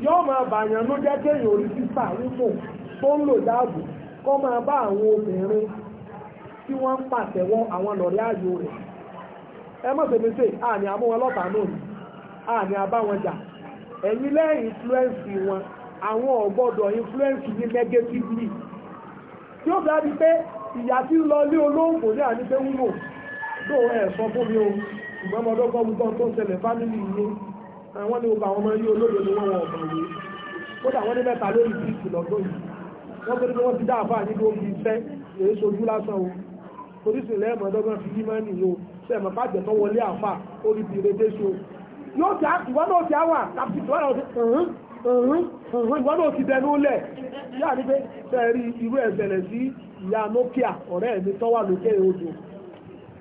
yóò ma bàyàn ló jẹ́ kéèyàn orí sísà wípò tó ń lò dáàbò máa bá àwọn obìnrin tí wọ́n ń pàtẹ́wọ́ àwọn ààyò rẹ̀ ẹ tèmi sè náà ni jà ẹ̀yin lẹ́yìn àwọn ọ̀gbọ́dọ̀ influence ní negatively tí ó bá di pé ìyá tí ń lọ lé olóògbò ní àníbẹ́ wúlò tó ẹ̀ sọ fún mi o ṣùgbọ́n ọmọdé ọgbọ́n gbogbo tó ń ṣẹlẹ̀ fámìlì ilé àwọn ní gbogbo àwọn ọmọ yìí olóògbò ni wọ́n wọ̀ ọ̀gbọ̀n kódà wọ́n ní mẹ́ta lórí bíìsì lọ́dún yìí wọ́n tó ní pé wọ́n ti dá àfáà ní lórí iṣẹ́ èyí sojú lásán o polisi lẹ́ẹ̀mọ́dọ́gbọ́n fi yí máa nìyó sẹ́ẹ̀mọ́ bá jẹ̀tọ́ wọlé àfáà ó rí bí ìrẹ́dẹ́sọ yóò ti àwọn náà ti àwọn àtàkùn òun ti dẹnu lẹ̀ yáà ní pé irú ẹ̀ sí ìyá nokia ọ̀rẹ́ mi tó wà lókè odò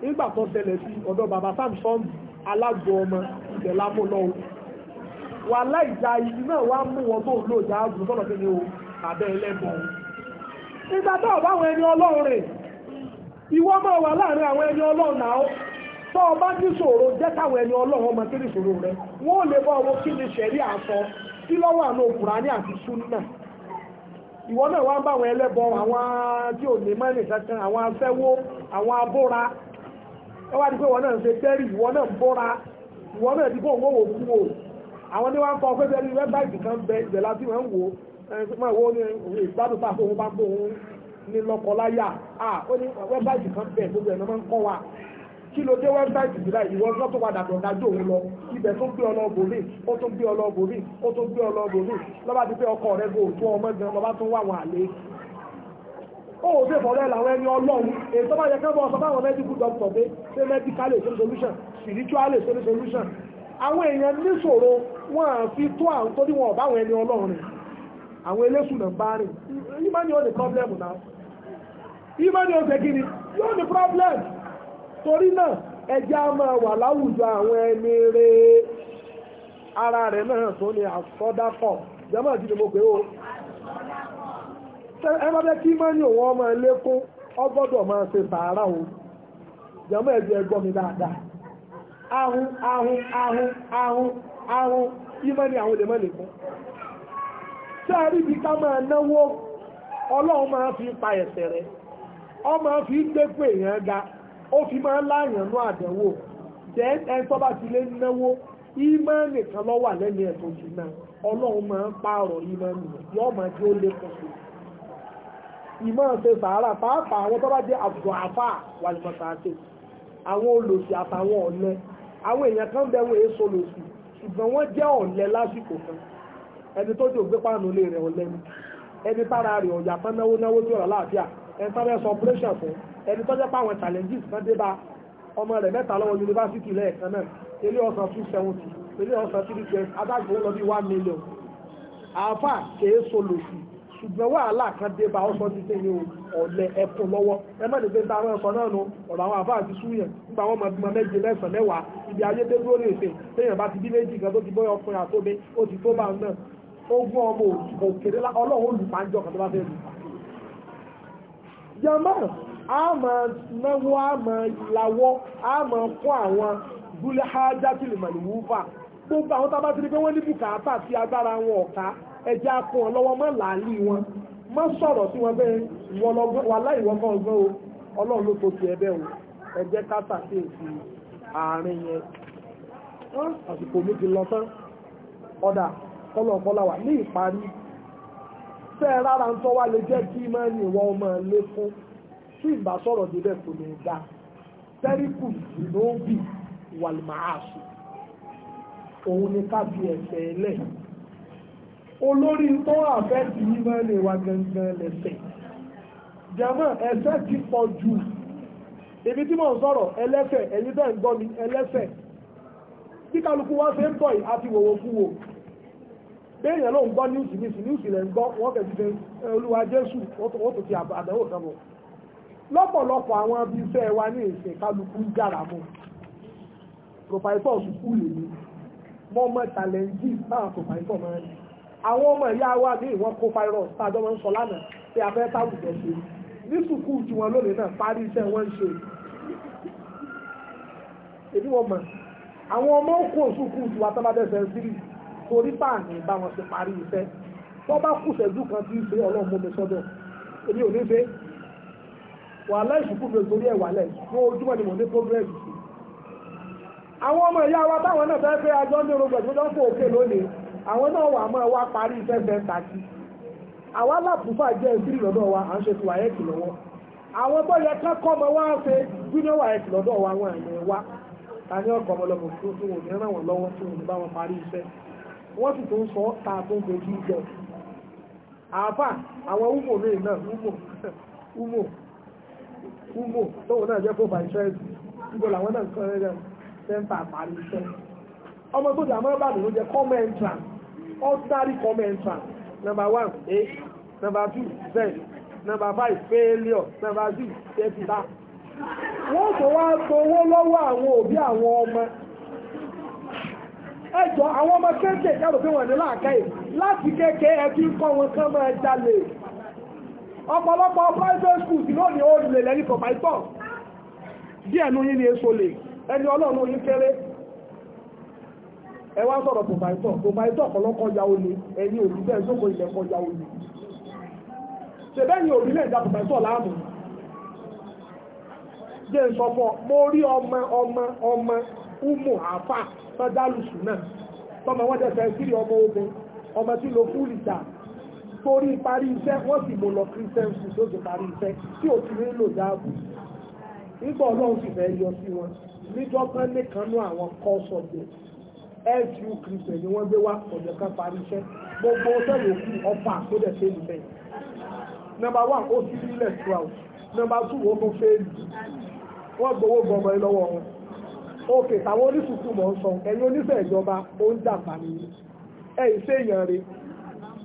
nígbà tó sí ọ̀dọ̀ bàbá samson ọmọ wà láìjà ibi náà mú wọn tó lò já o àbẹ́ nígbà tó àwọn ẹni ọlọ́run ìwọ máa wà láàrin àwọn ẹni ọlọ́run náà tó ọba ní ṣòro jẹ́ káwọn ọmọ kí ni ṣòro wọ́n ò lè bọ́ kí ló wà ní Kùránì àti súnà ìwọ náà wá ń bá àwọn ẹlẹ́bọ àwọn tí ò ní mẹ́rin kankan àwọn afẹ́wó àwọn abóra ẹ wá di pé náà ń ṣe tẹ́rì ìwọ náà ń bóra ìwọ náà ti òun wò kú o àwọn ni wọ́n ń kọ́ pé bẹ́ẹ̀ ni wẹ́báìtì kan bẹ ìbẹ̀ láti wọ́n ń wò ó ní ìgbádùn pàṣẹ òun bá ń bó òun ní lọ́kọ láyà ó ní wẹ́báìtì bẹ gbogbo ẹ̀ kí ló dé wẹ́bsáìtì sílá ìwọ ọjọ́ tó padà dọ̀dá jò ń lọ ibẹ̀ tó gbé ọlọ́ọ̀bù mi ó tó gbé ọlọ́ọ̀bù mi ó tó gbé ọlọ́ọ̀bù mi lọ́ba ti pé ọkọ rẹ bò tó ọmọ gan lọ́ba tó wà wọn àlè. ó ò dé fọ́lẹ́ làwọn ẹni ọlọ́run èyí tó bá yẹ kẹ́bọ̀ ọ̀sán báwọn medical doctor pé ṣé medical is solution spiritual is solution. àwọn èèyàn níṣòro wọn à fi tó àwọn tó ní wọn ọ̀bá àwọn ẹni ọlọ́run rìn àwọn eléṣùnà bá rìn ìmọ̀ ni ó ní problem now ìmọ̀ ni ó ṣe kí ni yóò ní problem torí náà ẹjẹ́ a máa wà láwùjọ àwọn ẹni rẹ̀ ara rẹ̀ náà tó ní àsọdákọ̀ jẹ́mọ̀ àti ìdìbò pé ó ẹ má bẹ́ kí mọ́ni òun ọmọ ẹlẹ́kún ọgbọ́dọ̀ máa ṣe sàárà o jẹ́mọ̀ ẹ̀jẹ̀ ẹgbọ́ mi dáadáa ahun ahun ahun ahun ahun àwọn a rí ká ọ máa fi gbé pé èèyàn ó fi máa láàyànú àdánwò then ẹni tó bá ti lé náwó ìmọ̀ọ́nì kan lọ́ wà lẹ́nu ẹ̀ tó jù náà ọlọ́run máa ń pààrọ̀ ìmọ̀ọ́nì yóò máa jẹ́ ó lé kọ̀ọ̀kọ̀ ìmọ̀ ṣe sàárà pàápàá àwọn tó bá jẹ́ àbùdó àfà wà ní pàtàkì àwọn olòṣì àtàwọn ọ̀lẹ àwọn èèyàn kan bẹ̀wọ̀ èso lòṣì ṣùgbọ́n wọ́n jẹ́ ọ̀lẹ lásìkò kan ẹni tó jò gbé páànù lè rẹ̀ ọ̀lẹ ni ẹni tára rẹ̀ ọ̀yà tán náwó náwó tí ọ̀rọ̀ láàfíà ẹni tára ẹ̀sọ̀ operation fún ẹni tó jẹ́ páwọn challenges kan dé bá ọmọ rẹ̀ mẹ́ta lọ́wọ́ yunifásitì lẹ́ẹ̀kan náà ilé ọ̀sán two seventy ilé ọ̀sán three twenty adájọ́ lọ bí one million àáfà kèé solo sí ṣùgbọ́n wàhálà kan dé bá ọ̀sán ti tẹ̀yìn ọ̀lẹ̀ ẹ̀kún lọ́wọ́ ẹ má dé ta àwọn ẹ̀sán náà nu ọ̀rọ̀ àwọn àáfà àti súyàn nígbà ibi ayédèrú lè fè téèyàn bá ti bí méjì kan tó ti bóyá ọkùnrin àtòbí ó ti tó bá ń náà ogún ọmọ òkèrè ọlọ́run olùpàjọ kan tó bá fẹ́ lù. jama a máa náwó a máa lawọ́ a máa fún àwọn búlẹ́hájátìlì màlúwúfà gbogbo àwọn tábà ti rí pé wọ́n ní bùkátà sí agbára wọn ọ̀ka ẹja kún ọ lọ́wọ́ mọ́ làálì wọn mọ́ sọ̀rọ̀ sí wọn bẹ́ẹ̀ wà láì wọ́n kọ́ ọgbọ́n o ọlọ́run ló tó ti ẹ bẹ́ẹ̀ o ẹ jẹ́ ká ṣàkíyèsí àárín yẹn àsìkò mi ti lọ tán ọ̀dà kọ́lọ̀kọ́lá wà ní ìparí fẹ́ẹ̀ rárá ń tọ́wá lè jẹ́ kí mẹ́rin ìwọ ọmọ lé fún tí ìbá sọ̀rọ̀ débẹ̀ kò lè dá tẹ́ríkù ìlóòbì wàlìmáàsù òun ni ká fi ẹ̀sẹ̀ ẹlẹ̀ olórí tó àfẹ́ ti yí máa lè wa gangan lẹ́sẹ̀ jẹ́mọ́ ẹ̀sẹ̀ ti pọ̀ jù èmi tí mò ń sọ̀rọ̀ ẹlẹ́sẹ̀ ẹ̀yin bẹ́ẹ̀ ń gbọ́ mi ẹlẹ́sẹ̀ tí kálukú wá ṣe ń bọ̀ yìí àti wòwò fún wò béèyàn ló ń gbọ́ níwùsì níwùsì lẹ́ ń gbọ́ wọ́n kẹ̀ ti ṣe olúwa jésù ó tó ti àdánwò kan bọ̀ lọ́pọ̀lọpọ̀ àwọn ibi iṣẹ́ wa ní ìṣẹ̀ kálukú gàrà mọ́ pòfàìtọ̀ sùkúlù ni mọ́ mọ́ tàlẹ́ǹjì náà pòfàìtọ̀ máa ń àwọn ọmọ ìyá wa ní ìwọ̀n kó fáírọ̀sì tájọ́ máa ń sọ lánàá tí a fẹ́ táwùjọ ṣe ní sùkúlù tí wọn lónìí náà parí iṣẹ́ wọn ṣe èmi wọn mọ̀ àwọn ọmọ òkú sùkúlù tí wọn tábàdẹ̀ sẹ́ńsírì torí páàní bá wọn ṣe parí iṣẹ́ tó bá kù ṣẹ́jú kan tí ń ṣe ọlọ́run mọ́mi sọ́dọ̀ èmi ò ní ṣe wàhálà ìṣùkú mi ò torí ẹ̀ wàhálà ìṣùkú ojúmọ̀ ni mo ní progress sí. àwọn ọmọ ìyá wa táwọn náà fẹ́ fẹ́ ajọ́ ní orogbo ìṣẹ́jọ́ fún òkè lónìí àwọn náà wà máa wá parí iṣẹ́ bẹ́ẹ̀ tàkì. àwa lápùfà jẹ́ ìsírí lọ́dọ̀ wa à ń ṣe tiwa ẹ̀kì lọ́wọ́. àwọn tó yẹ kẹ́kọ́ ọmọ wa ṣe junior wa ẹ̀kì lọ́dọ̀ wa wọn àyẹ̀ wa tani ọkọ̀ ọmọlọmọ fún tí wọn ò ní ràn wọn lọ́wọ́ tí wọn ò ní bá wọn parí iṣẹ́ wọ́n sì tó ń kúmò tóun náà jẹ́ kófà ìṣẹ́ one a eh? two z five failure number six thirty wọ́n wá gbowó lọ́wọ́ àwọn ọmọ ẹjọ́ àwọn ọmọ kéékèèké àròpé wọn ní láàkáyè láti kéékèé ẹbí ń wọn kán ọ̀pọ̀lọpọ̀ private school tí lónìí ó lè lẹ́rí provider díẹ̀ ní yí ni èso lè ẹni ọlọ́run yí kéré ẹ wá sọ̀rọ̀ provider provider ọ̀pọ̀lọpọ̀ ya olè ẹni òbí bẹ́ẹ̀ sóko ilẹ̀ kọ ya olè ṣẹ̀bẹ́ni òbí lè da provider láàmú jẹ́ ìsọfọ́ mo rí ọmọ ọmọ ọmọ umu àfà sọ́dálùsù náà tọmọ wọ́n jẹ́ fẹ́ sírí ọmọ ogun ọmọ tí lo fúlìtà torí ìparí iṣẹ́ wọ́n sì mo lọ christian school tó ti parí iṣẹ́ tí ò ti nílò dáàbò nígbà ọlọ́run sì fẹ́ yọ sí wọn níjọ́ kan nìkanú àwọn course subject su christian ni wọ́n gbé wá ọ̀dọ̀ kan parí iṣẹ́ gbogbo sẹ́yìn òkú ọ̀pá tó dẹ̀ ṣe ìlú bẹ́ẹ̀ number one ó ti rí lẹ̀ àwọn number two ó tún fẹ́ẹ́ lù wọ́n gbowó gbọmọ lọ́wọ́ wọn òkè táwọn oníṣùkú mọ̀ ń sọ ẹ̀yin oníṣẹ́ ìjọba ó ń jàǹfà nìyí ẹ̀yìn ṣèèyàn rèé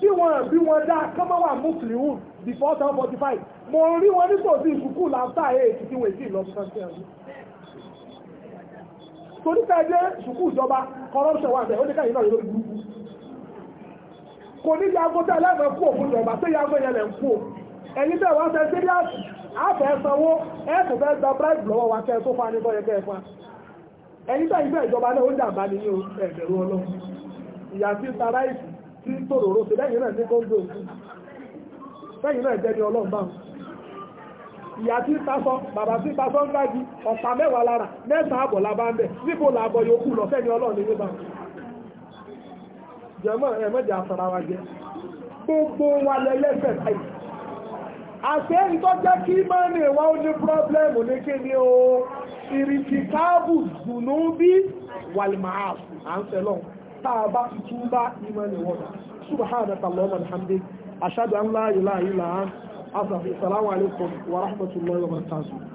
tí wọ́n bí wọ́n dá kọ́mọ́wà mùsùlùmù before seven forty five mo rí wọn nítòsí ìkúkú láfíà eight tí wọ́n èsì lọ́mú kan sí ẹ̀rú. torí pẹ́ẹ́dẹ́ sùkú ìjọba corruption wà bẹ́ẹ̀ ó ní káyìn náà yóò lórí burúkú. kò ní yago tẹ́ ẹlẹ́fẹ̀ẹ́ kú òfin ìjọba tó yago yẹn lẹ̀ ń kú o ẹ̀yin tẹ́ wá sẹ́ńtẹ́ bí àfẹ́ sanwó ẹ̀sùn fẹ́ gba bribe lọ́wọ́ wa kẹ́ ẹ tó fa ní bọ́yẹ kẹ́ ẹ fa ẹ̀yin tẹ́ ìfẹ́ ìjọba náà ó dàgbà nìyí o ẹ̀bẹ̀rù ọlọ́run ìyàtí sara ìsìn tí tòròrò sí lẹ́yìn náà ní kóńgò sí lẹ́yìn náà jẹ́ ní ọlọ́run bá ìyá tí tasọ bàbá tí tasọ ń gbági ọ̀pá mẹ́wàá lára mẹ́ta àbọ̀ labá ń bẹ̀ níbo làbọ̀ yòókù lọ fẹ́ ní ọlọ́run níwé bá jẹ́mọ́ ẹ̀mọ́jà àfara wa jẹ́ gbogbo wa lẹ́lẹ́fẹ̀ báyìí àṣẹ ìtọ́jẹ́ kí máa ní ìwá ó ní pírọ́blẹ́mù ní kí ni o ìrìtìkáàbù dùnú bí wàlìmáà à ń fẹ́ lọ́hùn tá a bá tuntun bá ìmọ̀ ni wọ́n dà subhanaka Allahumma alhamdi ashhadu an la ilaha illa anta astaghfiruka wa rahmatullahi wa